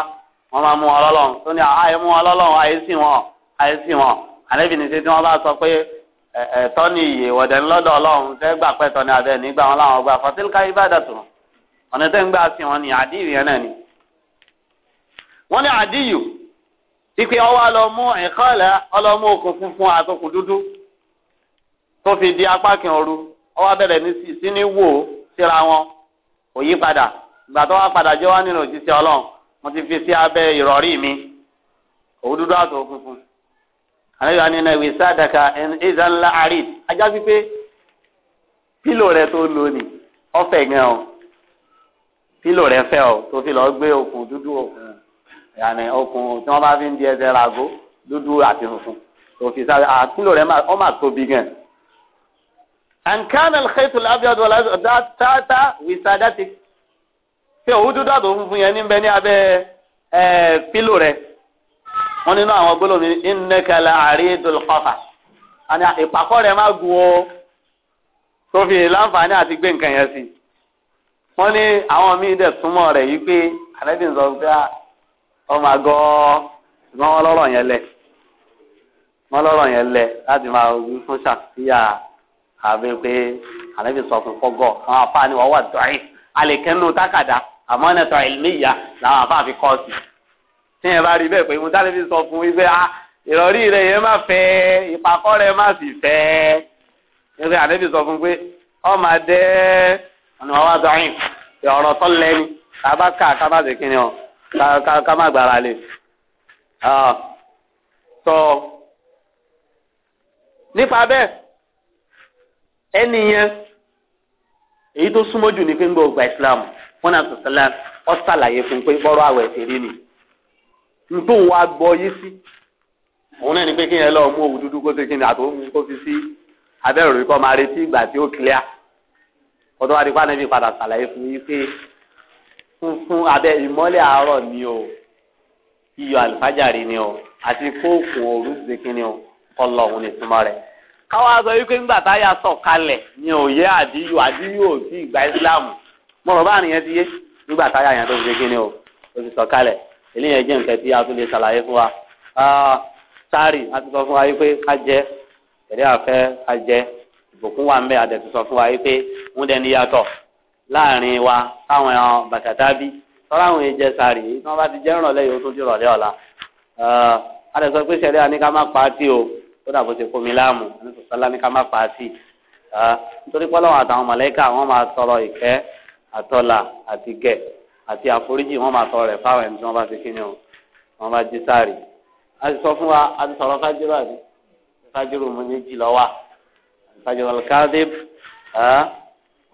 wọn máa mú wọn lọ́lọ́run tó ní àyè mú wọn àyè sí wọn àyè sí wọn sọ pé. ẹ̀tọ́ ní iye wọ̀dẹ̀ ńlọ́dọ̀ ọlọ́run tẹ́ gbà pẹ́tọ́ ní abẹ́ nígbà wọn làwọn gbà fọtílkà ìbàdàn tó ọ̀nà tẹ́ ń gbà sí wọn ní àdìyù yẹn náà ni. wọ́n ní àdìyù ipe ọwọ́ ọlọ́mú ìkọ́lẹ̀ ọlọ́mú okùn funfun àtòkùn dúdú tó fi di apá kan ooru ọwọ́ bẹ̀rẹ̀ ní sí ní wò síra wọn kò yí padà ìgbà tó wá padà jẹ́ wá nínú òjíṣẹ́ ọlọ́run mo ti fi sí abẹ́ ìrọ̀rí mi òwú dúdú àtòkùn funfun àlejò àníná ìwé sádàkà ẹ̀dá ńlá àrí ajá pípé pílò rẹ tó lò ní ọ̀fẹ́ gan o pílò rẹ fẹ́ o tó fi lọ gbé okùn dúdú okùn yàní okùn tí wọ́n bá fi ń di ẹsẹ̀ rago dúdú àti funfun tó fi sáré àpílò rẹ ọ máa tóbi gan. ànkánà lẹ́tù lábíọ́dọ̀ ọ̀dà tààtà wìsádàtì ṣé òwú dúdú àtò funfun yẹn ní bẹ ní abẹ́ pílò rẹ. wọn nínú àwọn gbólómi ìnẹkẹlẹ àrídùl kọfà àni ìpàkọ́ rẹ̀ má o tó fi láǹfààní àti gbé nǹkan yẹn sí wọn ní àwọn míì dẹ̀ yi rẹ̀ yìí pé àlẹ́bí sọ pé ọmọ àgọ́ ṣùgbọ́n wọn lọ́rọ̀ yẹn lẹ̀ wọn lọ́rọ̀ yẹn láti máa wí fún àbí pé sọ fún àwọn afáàní wọn wà tí yẹn bá rí bẹ́ẹ̀ pé mo dáná fi sọ fún wípé ah ìrọ̀rí rẹ̀ yẹn má fẹ́ ìpàkọ́ rẹ̀ má sì fẹ́ ẹgbẹ́ àdébí sọ fún pé ọmọ adé ọ̀nà wa dọ̀yìn ọ̀rọ̀ tó lẹ́nu kábà ká kábà sí kíni ọ ká má gbára lè. sọ nípa bẹ́ẹ̀ ẹni yẹn èyí tó súnmọ́ jù ní pé ń gbọ́ ọgbà ìsìlámù wọn sọ̀tẹ́lá ọ́ sàlàyé fún pé bọ́rọ̀ àwẹ̀ ṣe rí nìyí ntòun wa gbọ́ yé sí òun náà ni pé kéèyàn lọ mú òwú dúdú kó ṣe kíni àtò mú kó fi sí abẹ́rẹ́ òrí kọ́ máa retí ìgbà tí ó clear kó tó wá di pàdé padà ṣàlàyé fún yín pé funfun abẹ́ ìmọ́lẹ̀ àárọ̀ ni o iyọ̀ àlùfájàrí ni o àti kóòkùn òru ṣe kíni o kọ́ lọ òun ní ìtumọ̀ rẹ̀ káwá sọ wípé ńgbà táyà sọ̀ kalẹ̀ ni òye àdíyù àdíyù ò sí ìgbà ìsìlámù mọ̀rọ̀ bá nìyẹn ti yé nígbà táyà yẹn tó ṣe kíni o ó ti sọ̀ kalẹ̀ eléyẹn jẹ́ nǹkan tí a tún lè ṣàlàyé fún wa sáárì a ti sọ fún wa yìí pé ká jẹ ẹ̀rí àfẹ́ ká jẹ ìbùkún wa ń bẹ adẹ̀ ti sọ fún wa yìí pé ń dẹni yàtọ̀ láàrin wa táwọn ẹran bàtàtà bí tọ́lá àwọn èèjẹ sáárì yìí tí wọ́n bá ti jẹ́ ìrànlẹ́ yìí ó tún ti rọ̀lẹ́ ọ̀la adẹ̀ sọ pé sẹ́rí àní má pa á tì o ó dàbò ti kó mi láàmú àní má pa á tì nítorí pọ́lọ́wọ́n àtàwọn mọ̀lẹ́kà wọ́n máa tọrọ ìkẹ́ àtọ́là àti gẹ̀ẹ́ àti àforíjì wọ́n máa tọrọ rẹ̀ fáwọn ẹni tí wọ́n bá ti kíni o wọ́n bá jí sáàrì a ti sọ fún wa a ti sọ̀rọ̀ fájúrò àti fájúrò mo méjì lọ́wọ́ fájúrò alkadib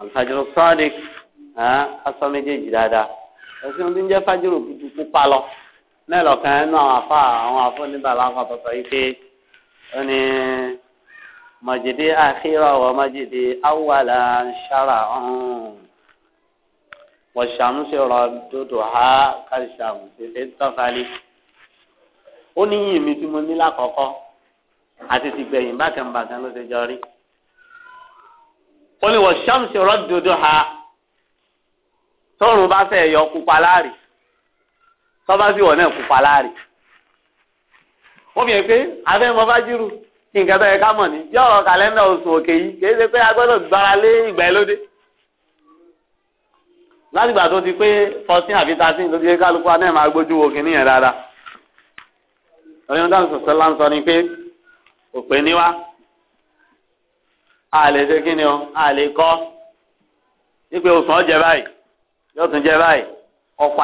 alfájúrò sadiq asọ méjèèjì dáadáa ẹsìn ohun tí ń jẹ́ fájúrò dúdú pupa lọ mẹ́lọ̀ kan nínú àwọn afá àwọn afọ nígbà láǹfà tọ̀tọ̀ yìí pé ó ní mọ̀jìdí àkírọ̀ wọ mọ̀jìdí awàlà ṣàrà ọ̀hún. والشمس رددها كالشمس في الطفل ó ní yìnyín mi tí mo ní lákọ̀ọ́kọ́ àti ti gbẹ̀yìn bákan bákan ló ti jọ rí ó ní والشمس رددها tóòrùn bá fẹ́ yọ pupa láàrì tọ́ba sì wọ̀ náà pupa láàrì wọ́n fi hàn pé afẹ́ bá jírù nǹkan tó ká mọ̀ ní bí ọ̀rọ̀ kàlẹ́ndà oṣù òkè yìí kì í ṣe pé a gbọ́dọ̀ gbára lé ìgbà ẹ lóde. látìgbà tó ti pé fourteen àbí thirteen tó ti yẹ kálukú aná máa gbójú wo dáadáa ọyọ́n dáhùn sọ̀sọ́ láǹsọ ni pé òpè níwá a lè ṣe kí ni o a lè kọ́ wípé oṣù ọ̀jẹ̀ báyìí yóò tún jẹ́ báyìí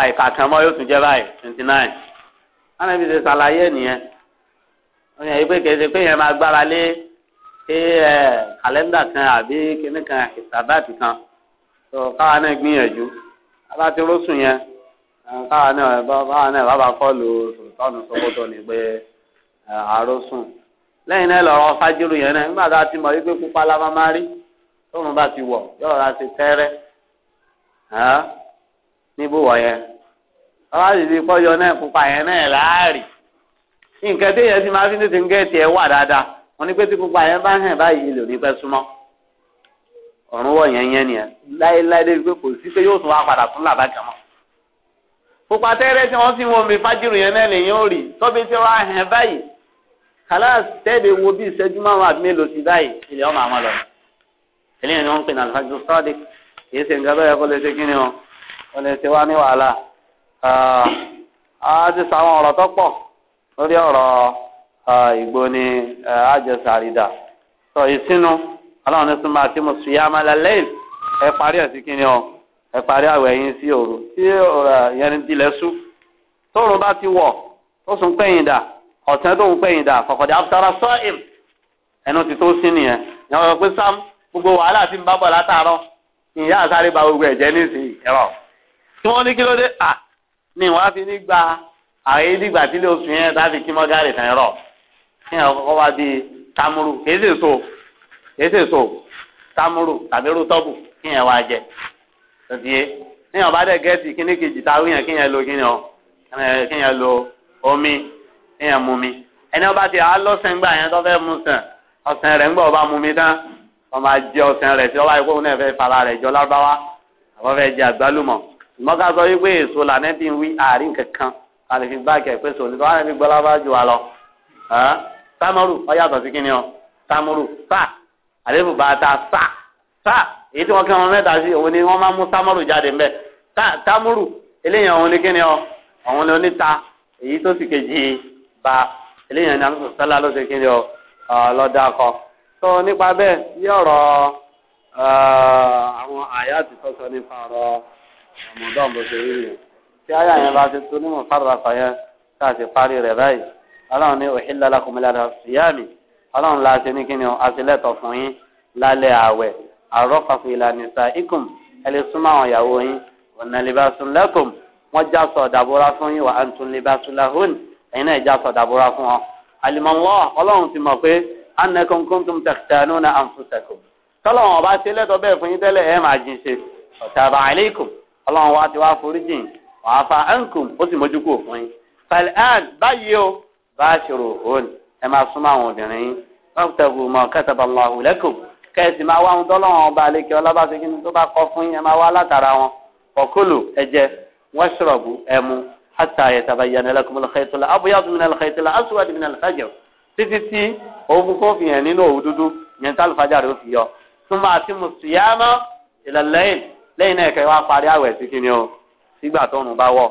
àìkà kan yóò tún jẹ́ báyìí twenty nine wọn fi ṣe ṣàlàyé wọn kan. tó káwa náà gbìyànjú aláti rọ́sùn yẹn káwa náà báwa náà bàbá kọ́ọ̀lù sọ̀tọ́nù sọ́kótó pé àròsùn lẹ́yìn náà lọ́rọ̀ fájírù yẹn náà nígbà tá a ti mọ̀ wípé pupa la máa rí tóun bá ti wọ̀ yóò rà sí tẹ́rẹ́ wọ̀ yẹn sì ti náà pupa yẹn náà láàrì nǹkan ti máa fi ń gẹ̀ẹ́tì ẹ̀ wà dáadáa wọn ni pé tí pupa yẹn bá hàn báyìí lò ní pẹ́ súnmọ́. ọ̀run wọ̀ yẹn yẹn nìyẹn láéláé débi pé kò sí pé yóò tún wá padà tún làbá kan mọ́. pupa tẹ́rẹ́ tí wọ́n sì ń mi fájìrì yẹn náà lèyìn ó tọ́bi tí wọ́n á hẹ̀ báyìí tẹ́ẹ̀dẹ̀ wo bí ìṣẹ́jú márùn-ún mélòó sí báyìí ilẹ̀ ọmọ àwọn lọ. ni wọ́n ń o kó lè ṣe wá ní wàhálà. a ti ọlọ́run ní súnmọ́ àti mo sùn yá máa lálẹ́ ẹ parí ẹ̀ sí kíni ọ ẹ parí àwẹ̀ yín sí òru tí yẹn tilẹ̀ sú tóòrùn bá ti wọ̀ tó sùn pẹ̀yìn dà ọ̀sẹ̀ tó ń pẹ̀yìn dà fọ̀kọ̀dé aftara sọ́ọ̀ìm ẹnu ti tó sí nìyẹn ìyàwó rẹ̀ pé sam gbogbo wàhálà ti ń bá bọ̀ látàárọ̀ ìyá àsáré ba gbogbo ẹ̀jẹ̀ nísìnyí ẹ̀rọ tí wọ́n ní kí ló dé à ní wàá fi ní gba àyè dìgbà tí ilé oṣù yẹn tá a fi kí mọ́gàrì tán ẹ̀rọ kí ẹ̀ kọ́kọ́ wá bíi tamuru kì í sì so kèsè so tamuru tàbí rútọ́bù kíyẹn wá jẹ tòtí níyàn bá dẹ gẹẹsì kíní kejì tá a wíyàn kíyẹn lo kíyẹn o kíyẹn lo omi kíyẹn mu mi ẹni ọba ti alọsẹ ńgbà yẹn tó fẹ́ mu sàn ọsẹ rẹ ńgbà ọba mu mi tán ọmọ ajẹ ọsẹ rẹ tí ọba ìkóhun náà fẹ́ fara rẹ jọ lárúbáwá àwọn fẹ́ jẹ àgbálùmọ̀ ṣùgbọ́n ká sọ wípé èso lànà bí wí àárín kankan a lè fi báàkì ẹ̀pẹ́ sòlù tó wà ní gbọ́lábàjò wa lọ tamuru ó sí kíni o tamuru fa àlébù bá ta sá sá èyí tí wọ́n kí wọn mẹ́ta sí òun ni wọ́n máa mú sámọ́rù jáde mbẹ́ támúrù eléyìí òun ni kí ni ọ òun ni oníta èyí tó sì kejì ba eléyìí ni alùpùpù sálá ló ṣe kí ni ọ lọ́dà kọ. tó nípa bẹ́ẹ̀ bí ọ̀rọ̀ àwọn àyà ti tọ́sọ nípa ọ̀rọ̀ ọ̀mọ̀dọ́n bó ṣe rí rè tí àyà yẹn bá ti tún nímọ̀ fárafà yẹn tá a ti parí rẹ̀ báyìí aláwọn ní òhìnlá lákòmílá rẹ̀ síyáàmì ọlọ́run la ṣe ní kíni o àṣìlẹ́tọ̀ fún yín lálẹ́ ààwẹ̀ àrọ́pàfù ìlànà ìta ikùn ẹ lè súnmọ́ àwọn ìyàwó yín ọ̀nà libasun lakum wọ́n já sọ dàbúrà fún yín wà á tún libasun lahun ẹ̀yin náà já sọ dàbúrà fún ọ. àlìmọ̀lọ́ ọlọ́run ti mọ̀ pé annakum kuntum takhtanuna anfusakum tọ́lọ́run ọba ẹ máa súnmọ́ àwọn obìnrin yín fọ́ọ̀tẹ̀gù mọ̀ kẹtẹ̀bà lọ́hùn lẹ́kùn kẹ́sì máa wá ohun tọ́lọ́wọ́n ọba àlekè ọlọ́bàṣẹ́ kí ni tó bá kọ́ fún yín ẹ máa wá látara wọn ọ̀kọ́lù ẹ̀jẹ̀ wọ́n ṣọ̀rọ̀bù ẹ̀mú hàtà ayẹ̀tàbà yẹn lẹ́kùnmọ́ lọ́kẹ́tọ́lá abúyàtú mi lọ́kẹ́tọ́lá aṣọ́wádìí mi lọ́kẹ́jọ títí tí òun kò fi hàn nínú òwú dúdú yẹn tá alùfájà rẹ̀ ó àti mùsùlùmọ́ ìlàlẹ́yìn lẹ́yìn náà kẹ́ bá wọ̀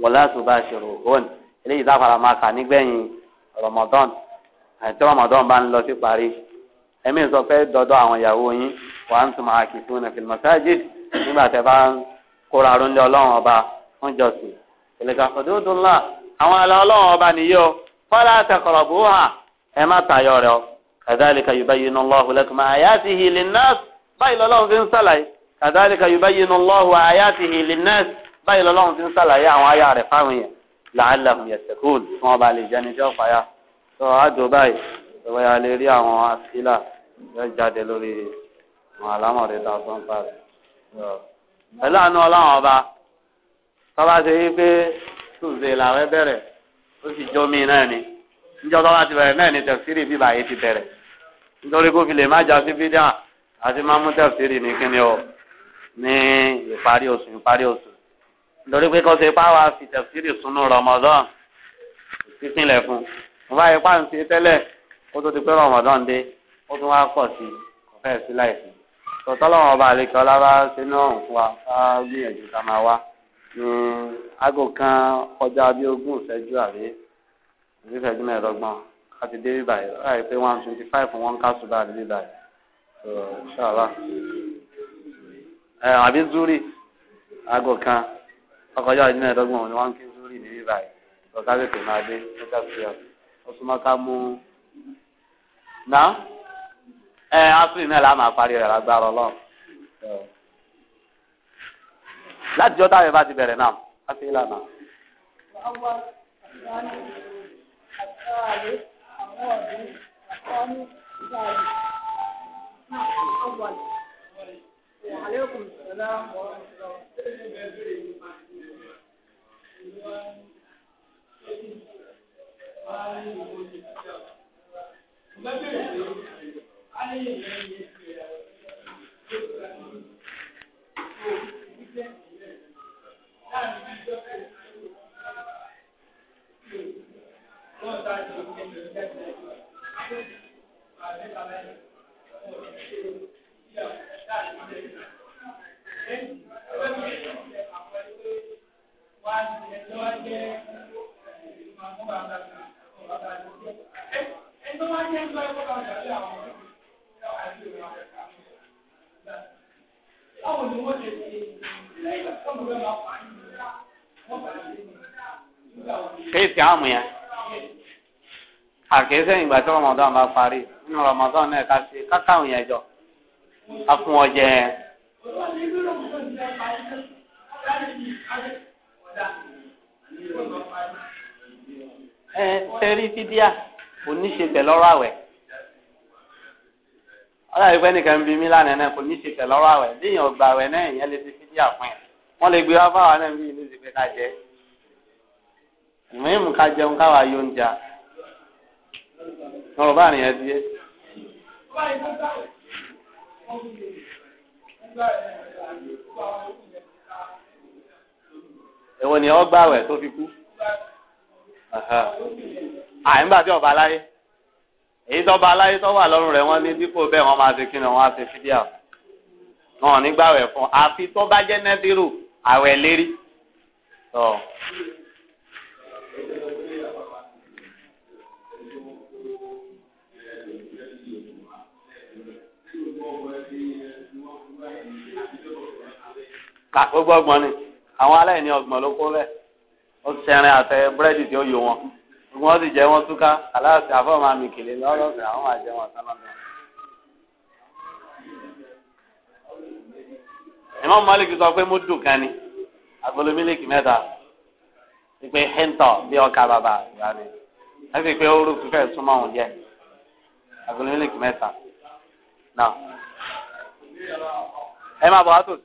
wọ́n láti ṣòro òun eléyìí tá máa kà nígbẹ̀yìn Ramadan àti Ramadan bá ń lọ sí parí ẹ̀mí sọ pé dọ́dọ̀ àwọn ìyàwó yín wà ń túmọ̀ àkìtúnà fil masajid nígbà tẹ́ bá ń kóra arúndé ọlọ́run ọba fún jọ̀sìn ìlẹ̀kà fọdúndúnlá àwọn àlọ́ ọlọ́run ọba nìyó fala taqrabuha ẹ má tayọ rẹ ọ kadhalika yubayyinu Allahu lakum ayatihi linnas báyìí lọ́lọ́run fi ń sàlàyé kadhalika yubayyinu Allahu ayatihi linnas báyìí lọ́lọ́run fi ń sàlàyé àwọn ayá rẹ̀ fáwọn yẹn la'allahum sọ àjò báyìí ìwé a lè rí àwọn asílà yóò jáde lórí àwọn àlámọ̀dé tá a sọ ń parí. pẹ̀lú àánú ọlọ́run ọba tọ́ba ṣe yí pé tùzé làwẹ́ bẹ̀rẹ̀ ó sì jómi náà ni níjọ́ tọ́ba ti bẹ̀rẹ̀ náà ni tẹ̀sírì bíbá yìí ti bẹ̀rẹ̀ nítorí kó fi lè má jásí bídà àti má mú tẹ̀sírì ní kíni o ní ìparí oṣù ìparí oṣù nítorí pé kó ṣe pàwọ́ àfi tẹ̀sírì súnú Ramadan ìpínlẹ̀ fún un mo bá yẹ páànù ṣe tẹ́lẹ̀ ó tó ti pé Ramadan dé ó tún wá pọ̀ sí kò sí láìsí tọ́tọ́ lọ́wọ́ ọba àlekẹ́ ọlábà ṣe ní ọ̀hún fún wa ká gbìyànjú ká máa wá aago kan kọjá bí ogún ìṣẹ́jú àbí ìṣẹ́jú mẹ́ẹ̀ẹ́dọ́gbọ̀n ká ti dé bíbà láì pé one twenty five one ká sùn bá àdé bíbà yìí ẹ àbí zuri aago kan ọkọjá ìdí mẹ́ẹ̀ẹ́dọ́gbọ̀n ni wọ́n ń kí zuri ní bíbà yìí lọ́ká tètè máa dé lọ́ká tètè yàtọ̀ ó súnmọ́ ká mú ná ẹ asúrì náà là máa parí rẹ̀ lágbára ọlọ́run láti jọ táwọn bá ti bẹ̀rẹ̀ náà á ti là náà. Thank you. kìí sẹ́yìn ìgbà tí rọmọdán bá parí nínú rọmọdán náà ká ṣe kákáwọn yẹn jọ ká fún ọ jẹ yẹn. ẹ tẹ́rí fídíà kò ní ṣe pẹ̀lú ọ̀rọ̀ àwẹ̀ ọlọ́run ìfẹ́ nìkan ń bi mí lánàá náà kò ní ṣe pẹ̀lú ọ̀rọ̀ àwẹ̀ léèyàn ọgbà àwẹ̀ náà èèyàn lè fi fídíà fún yẹn wọ́n lè gbé wá fáwọn náà bí ìlú ìsìnkú ká jẹ́ ìmọ̀ ìmù ká jẹun káwa yóò ń jà wọn ò bá rìn yẹn díẹ̀. èwo ni ọ gbàwẹ̀ tó fi kú àyìnbá tí ọba aláyé èyí tó ọba aláyé tó wà lọ́rùn rẹ̀ wọ́n ní dípò bẹ́ẹ̀ wọ́n máa ṣe kí ni wọ́n á ṣe fídíà wọn ò ní gbàwẹ̀ fún àfi tó bá jẹ́ nẹ́bírù àwẹ̀ lérí. kàkógbó ọgbọ́n ni àwọn aláìní ọgbọ́n ló kó bẹ́ẹ̀ ó sẹrin àtẹ búrẹ́dì tí ó yọ wọn gbogbo wọn sì jẹ wọn túká aláàfin àfọwọ́ máa mi kèlè lọ́rọ̀ọ̀fẹ́ àwọn máa jẹ wọn sálọ́dọ̀. Imam Malik sọ pé mo dùn kan ni agolo mílíkì mẹ́ta ìpè hẹ́ńtọ̀ bí ọkà bàbà ìyá ni wọ́n sì pé orúkú súnmọ́ òun jẹ́ agolo mílíkì mẹ́ta náà ẹ máa bọ̀ wá tòsí.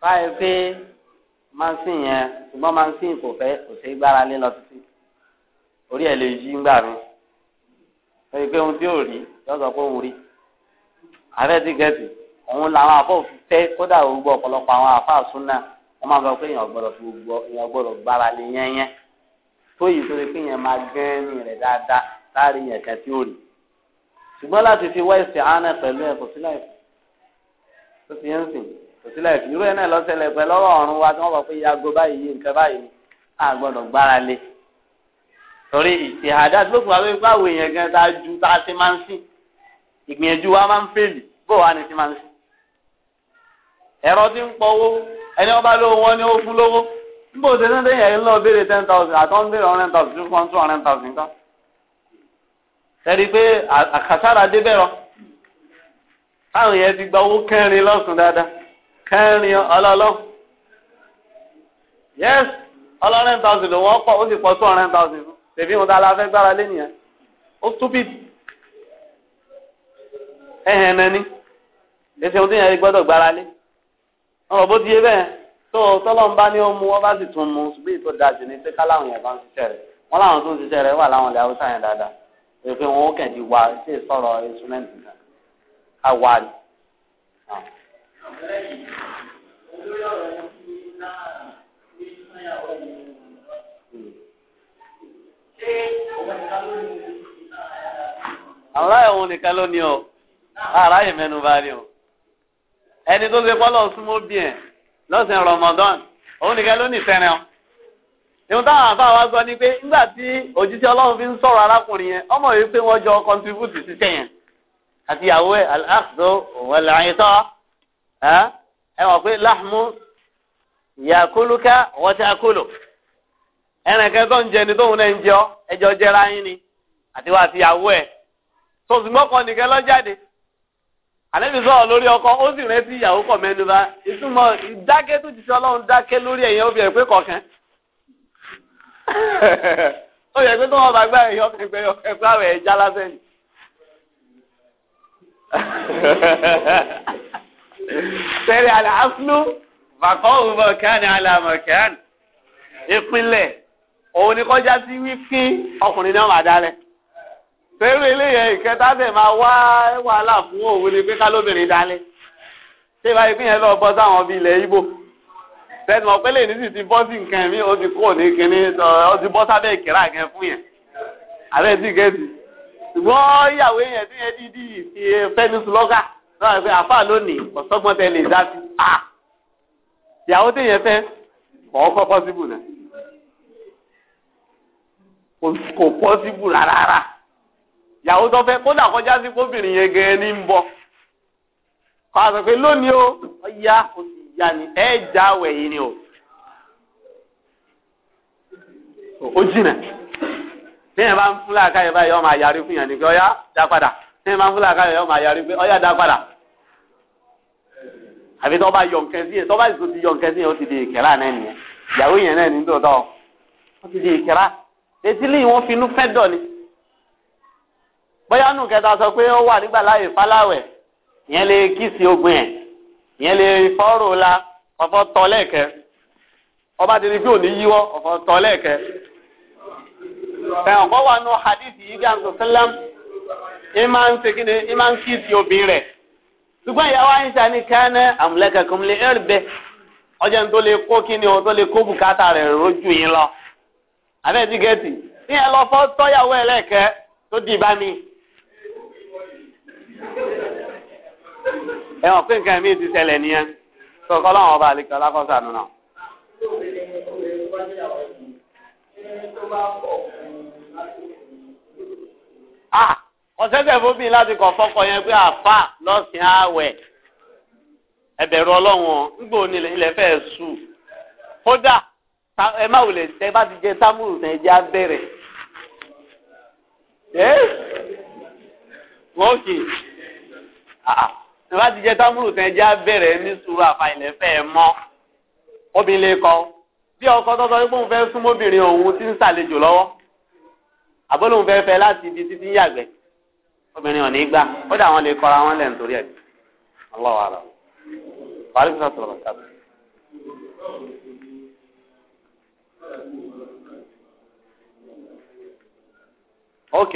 báyìí pé mansin yẹn ṣùgbọ́n mansin kò fẹ́ kò sí gbára lé lọ títí orí ẹ̀ lè yí ńgbà mi pé ohun tí ò rí lọ́sọ̀ ti gẹ̀ẹ́sì òun làwọn afọ́ fẹ́ kódà gbogbo ọ̀pọ̀lọpọ̀ àwọn afáà súnà wọ́n máa sọ pé èèyàn gbọ́dọ̀ fi gbogbo èèyàn gbọ́dọ̀ gbára lé yẹ́nyẹ́ tó yìí torí pé máa rẹ̀ dáadáa láàrin yẹn tí ò rí ṣùgbọ́n láti fi wá ti yẹn òsílẹ̀ ìrú ẹ̀ náà lọ́sẹ̀lẹ̀ pẹ̀lú ọ̀rọ̀ ọ̀run wa tí wọ́n bọ̀ pé yago báyìí yìí nǹkan gbọ́dọ̀ gbára lé torí ìtìhàdá tó kù wáwé báwo èèyàn gan ta ti máa ń sìn ìgbìyànjú wa máa ń fèlì bó wa ni ti máa ń sìn ẹ̀rọ ti ń ẹni lówó wọn ni ó fún lówó ṣe ten thousand àtọ́ ń hundred thousand two hundred two hundred thousand kan pé táwọn yẹn ti gba owó kẹrin lọ́sùn dáadáa. kẹrin ọlọ́lọ́ yes ọlọ́rin thousand ló wọ́n pọ̀ ó sì pọ̀ tó ọ̀rin thousand tèmi wọn dára fẹ́ gbára lé nìyẹn ó stupid ẹ̀hẹ̀n nani èsì ohun tí yẹn gbọ́dọ̀ gbára lé ọ̀rọ̀ bó ti yé bẹ́ẹ̀ tó ń bá ní ó sì tún ṣùgbọ́n ètò ni yẹn bá ń ṣiṣẹ́ rẹ̀ wọ́n láwọn tó ń ṣiṣẹ́ rẹ̀ wà láwọn ilẹ̀ haúsá yẹn dáadáa pé instrument ká wá aláì òun nìkan ló ní o aráyè mẹ́nu bá ní o ẹni tó ṣe fọlọ súnmọ́ bí ẹ lọ́sìn Ramadan òun nìkan ló ní sẹrẹ o ìhun táwọn àbá wa sọ ni pé nígbà tí òjíṣẹ́ Ọlọ́run fi ń sọ̀rọ̀ arákùnrin yẹn ọmọ yìí pé wọ́n jọ kọntribútì síṣẹ́ yẹn àti ìyàwó ẹ ẹ wọ̀ pé láhùmú yàkúlùkà wọ́n ti ń jẹ ni tóun náà ń jẹ ọ́ ẹjọ́ jẹra yín ni àti wá àti ẹ̀ lọ́jáde sọ̀rọ̀ lórí ọkọ ó sì ìyàwó kọ̀ mẹ́nuba ìtumọ̀ ìdákẹ́ tó ti sọ ọlọ́run dákẹ́ lórí ẹ̀yìn pé ó yẹ pé tó wọn bá gbá ẹ̀yìn tẹ́lẹ̀ aláfúlù bàkọ́ òwúbọ̀ kẹ́hìn alámọ̀ kẹ́hìn ìpínlẹ̀ òun ni kọjá sí wífí ọkùnrin náà wà dálẹ̀ tẹ́lẹ̀ eléyẹ ìkẹta tẹ̀ máa wá wàhálà fún òun ni pé kálóbìnrin dálẹ̀ ṣé ìbáyé pín yẹn lọ bọ́ sáwọn bíi ilẹ̀ Ìgbò tẹnu ọ̀pẹ́lẹ̀ ní sì ti bọ́ sí nǹkan mi ó ti kúrò ní kinní ó ti bọ́ sábẹ́ ìkẹ́rà yẹn fún yẹn àbẹ́ tí ṣùgbọ́n ìyàwó yẹn tí yẹn dídí fi fẹ́ni sùlọ́gà náà pé àfáà lónìí ọ̀sọ́gbọ́n tẹ lè dá sí a ìyàwó téèyàn fẹ́ kọ́ kọ́ pọ́síbù náà kò pọ́síbù rárá ìyàwó tó fẹ́ kódà kọjá sí kóbìnrin yẹn gẹ́gẹ́ ní ń bọ̀ kọ́ pé lónìí o ọ̀ya kò sì yá ni ẹ̀ já wẹ̀yìn ni o ó jìnà bí yẹn bá ń fúnlẹ̀ àkáyẹ̀ báyìí ọmọ àyàrí fún yẹn nìkan ọ̀ya dá padà. e máa ń fúlà káyọ̀ yọ̀ máa pé ọ̀yà dá padà àbí tọ́ tọba sí yẹn ti di ìkẹ́rà náà nìyẹn ìyàwó yẹn náà ní tòótọ́ ó ti di ìkẹ́rà etí lè wọ́n fi ni bóyá nù kẹta sọ pé ó wà nígbà láàyè fáláwẹ̀ ìyẹn lè ogun yẹn ìyẹn lè ọba ti òní yíwọ́ ọ̀fọ̀ tọ́ lẹ́ẹ̀kẹ́ ìmá ń ṣe kíni ìmá ń obi sí obìnrin rẹ̀ ṣùgbọ́n ìyàwó àyíṣà ní kánẹ́ àmúlẹ́kẹ̀kùn lè ẹ̀rì bẹ́ ọjà tó o tó lè kó bùkátà roju rojú yín lọ. àbẹ́ ti gẹ̀ẹ́tì ní ẹ lọ fọ́ tọ́yàwó ẹlẹ́kẹ́ tó dì bá mi. ẹ̀wọ̀n pé nǹkan mi ti ṣẹlẹ̀ nìyẹn sọ̀kọ́ láwọn ọba àlekè ọlákọ́sà nù náà. ah ọ̀sẹ̀sẹ̀ fóbìn láti kọ̀ fọ́kọ yẹn pé àfà lọ́sìn àwẹ̀ ẹ̀bẹ̀rù ọlọ́run ńgbò ilẹ̀ fẹ́ sù kódà ẹ má wulẹ̀ tẹ bá ti jẹ sámúrù tẹ jẹ abẹ́rẹ́ ẹ wọ́n kì í ah, tẹ bá ti jẹ sámúrù tẹ jẹ abẹ́rẹ́ ní sùúrù àfà ilẹ̀ fẹ́ mọ́ obìnrin lè kọ́ bí ọkọ tọ́tọ́ yìí pòun fẹ́ súnmọ́bìnrin òun ti ń ṣàlejò lọ́wọ́ àbólóhùn fẹ́ fẹ́ láti ibi títí yàgbẹ́ obìnrin ò ní gbà ó dà wọn lè kọra wọn lẹ́nu torí ẹ̀ ọlọ́wọ́ ara parí sísọ tó lọ́wọ́ sábà. ok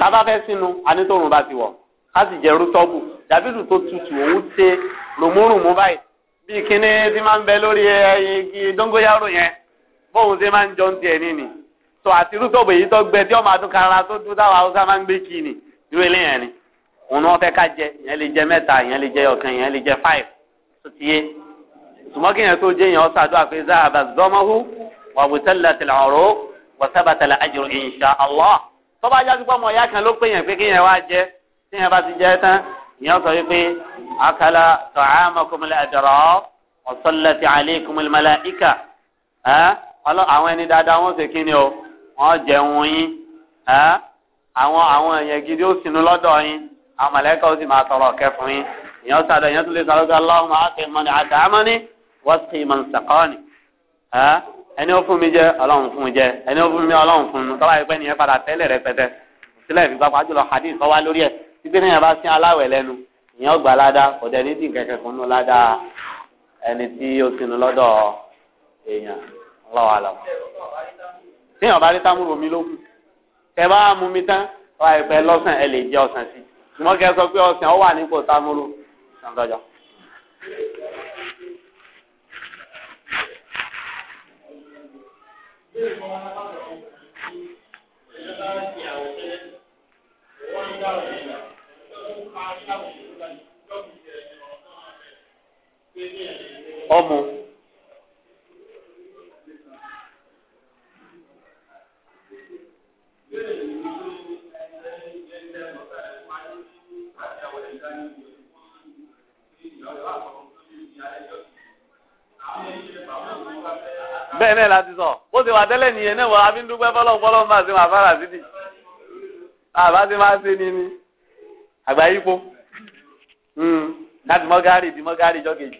sábà fẹ́ sínú anítòrùn bá ti wọ̀ a sì jẹ́ rútọ́bù dàbídù tó tutù òun ṣe rùmúrùmú báyìí bíi kíní tí máa ń bẹ lórí eh, igi dóngóyárò yẹn bóun ṣe máa ń jọ ń tiẹ̀ nínì tó àti irúsọ̀bù èyí tó gbẹ tí ọmọ adúkara tó dún táwọn haúsá máa ń gbé kí ni irú eléyàn ni òun náà fẹ́ ká jẹ ìyẹn lè jẹ mẹ́ta ìyẹn lè jẹ ọ̀kan ìyẹn lè jẹ five tó ti yé sùmọ́kì yẹn tó jẹ́ yẹn ọ̀sà àdúrà pé zá àbàzọ́mọ́hù wàbùtẹ́lẹ̀ tẹ̀lẹ̀ ọ̀rọ̀ wàsábàtẹ̀lẹ̀ àjò insha Allah tó bá jáde pọ́nmọ́ ìyá kan ló pé yẹn pé kí yẹn wá jẹ tí yẹn bá ti jẹ tán ìyẹn sọ wípé akala tọ̀hámọ́kùnmílẹ̀ àdọ̀rọ̀ ọ̀sọ́lẹ̀ ti àlẹ́ kùnmílẹ̀ mẹ́lẹ̀ ìkà àwọn ẹni dáadáa wọ́n ṣe kí ni o wọ́n jẹun yín àwọn àwọn èèyàn gidi ó sinú lọ́dọ̀ yín àwọn mọ̀lẹ́kà ó sì máa tọrọ kẹfún yín èèyàn sàdọ̀ èèyàn tó lè sàlọ́gbà aláwọ̀ máa ṣe mọ́ni àtàmọ́ni wọ́n sì mọ̀ nsàkọ́ni ẹni ó fún mi jẹ ọlọ́run fún mi jẹ ẹni ó fún mi ọlọ́run fún mi tọ́lá ìpẹ́ nìyẹn padà tẹ́lẹ̀ rẹpẹtẹ sílẹ̀ ìfipá pàjùlọ hadith kọ́ wá lórí ẹ̀ títí níyàn bá sin aláwẹ̀ lẹ́nu ìyẹn gbà ládàá kò ní dín kẹ̀kẹ́ fún un ẹni tí ó sinú lọ́dọ̀ èèyàn lọ́wọ́ àlọ́ téèyàn bá rí támúrò mi ló kù tẹ bá mú mi tán wà ìpẹ lọsàn ẹ lè jẹ ọsàn sí ṣùgbọ́n kẹ sọ pé ọsàn ó wà nípò támúrò ṣàǹdọjọ. ọmọ. bẹ́ẹ̀ náà láti sọ bó ti wà tẹ́lẹ̀ nìyẹn náà wà á fi ń dúpẹ́ fọlọ́fọlọ́ máa ṣe máa fara sídìí àbá ti máa ṣe ni ni àgbáyípo hmm. láti mọ́gárì di mọ́gárì jọ́kejì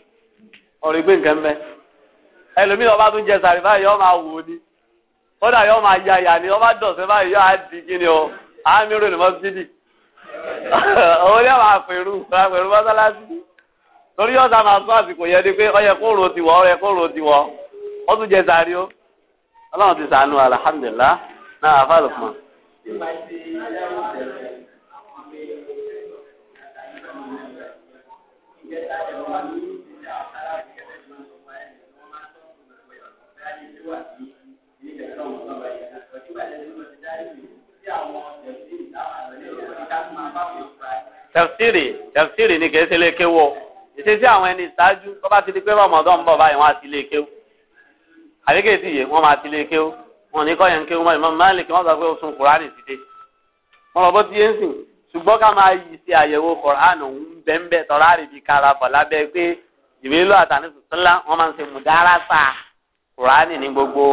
ọ̀rọ̀ ìgbé nǹkan mẹ́ ẹlòmíràn ọba tún jẹ sàrìfáì yọ máa wò ni. kódà yọ ma ya ya ni wọ́n dọ̀sẹ̀ báyìí ni o á ní mọ́sídì òun yóò máa pèrú pèrú mọ́sálásí torí yóò sá máa sọ àsìkò yẹn ni pé ọyẹ kóòrò ti wọ ọyẹ kóòrò ti wọ ó tún jẹ sáré o ọlọ́run ti sànú alhamdulilah náà àfàlù fún tẹ̀síìrì tẹ̀síìrì ni kìí ṣe lè kéwọ́ ìṣesí àwọn ẹni ìṣáájú tó bá ti di pé rọmọdún ń bọ̀ báyìí wọ́n á ti lè kéw àdékèsí yìí wọ́n máa ti lè kéw wọn ní kọ́yẹ̀ ń kéw mọ́ ìmọ̀ máa lè kí wọ́n sọ pé oṣù kùránì ti dé wọn lọ bó ti yé ń sìn ṣùgbọ́n ká máa yí sí àyẹ̀wò kọ̀ránù ń bẹ́ńbẹ́ tọ́ra rìbí karabọ̀ lábẹ́ pé ìwé lọ́ àtàní sùsùnlá wọ́n máa ń ṣe kùránì ní gbogbo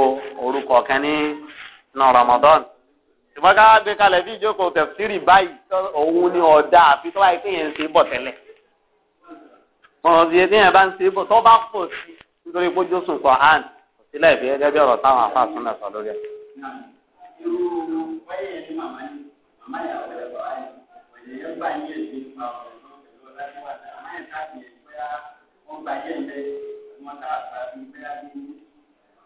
orúkọ kan ní nà Ramadan ṣùgbọ́n ká gbé kalẹ̀ bí ìjókòó tẹ̀síìrì báyìí òun ni ọ̀dà àfi tó báyìí kéèyàn ń ṣe bọ̀ tẹ́lẹ̀ ọ̀rọ̀ bíi kéèyàn bá ń ṣe bọ̀ tó bá pọ̀ sí nítorí pé ojú sùn kọ̀ hàn kò sí lẹ́ẹ̀bí gẹ́gẹ́ bí ọ̀rọ̀ táwọn afá súnmọ̀ sọ lórí ẹ̀. Wọ́n gbàjẹ́ ìbẹ́ wọn ká àgbà bíi bẹ́ẹ̀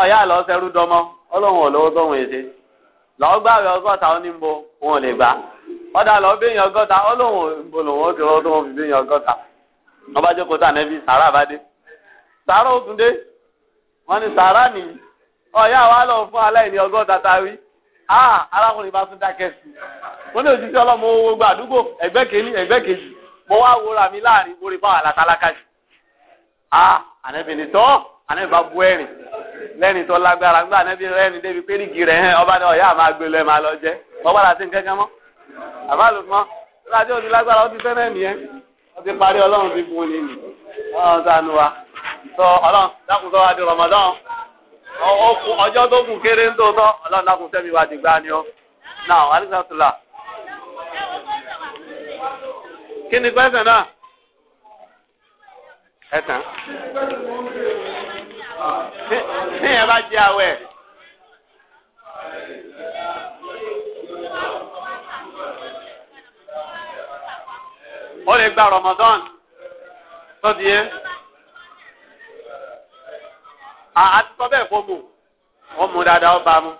ọ̀yá lọ sẹ́rú dọmọ ọlọ́run ọ̀lọ́wọ́ tọ́hún èsè lọ́ọ́ ọgọ́ta ó ní mbọ wọn lè gbà ọ̀dà lọ́ọ́ béèyàn ọgọ́ta ọlọ́run ìbò lòun ó ti ọdún wọn fi béèyàn ọgọ́ta jókòó tà sàrà lọ fún aláìní ọgọ́ta arákùnrin bá tún sí i owó àdúgbò mo ànábì bá bú ẹ̀rìn lẹ́rìn tó lágbára nígbà ànábì rẹ́rìn débi pé rìgì rẹ̀ hẹ́n ọba ni ọ̀yá máa gbé lẹ́ máa lọ jẹ́ wọ́n padà sí nǹkan kan mọ́ àbá lò mọ́ nígbà tí ó ti lágbára ó ti fẹ́rẹ̀ nìyẹn ó ti parí ọlọ́run ti fún un nìyí ọlọ́run sànù wa sọ ọlọ́run dákun sọ wa di rọmọdán ọjọ́ tó kù kéré ń tòótọ́ ọlọ́run dákun sẹ́mi wa dìgbà ni ó náà alexandra kí ni pẹ́sẹ̀ náà ẹ̀sán tíyẹn bá jẹ awẹ. ó lè gba Ramadan tó di yé àti sọ bẹ́ẹ̀ kó mu ó mu dáadáa ó bá mu.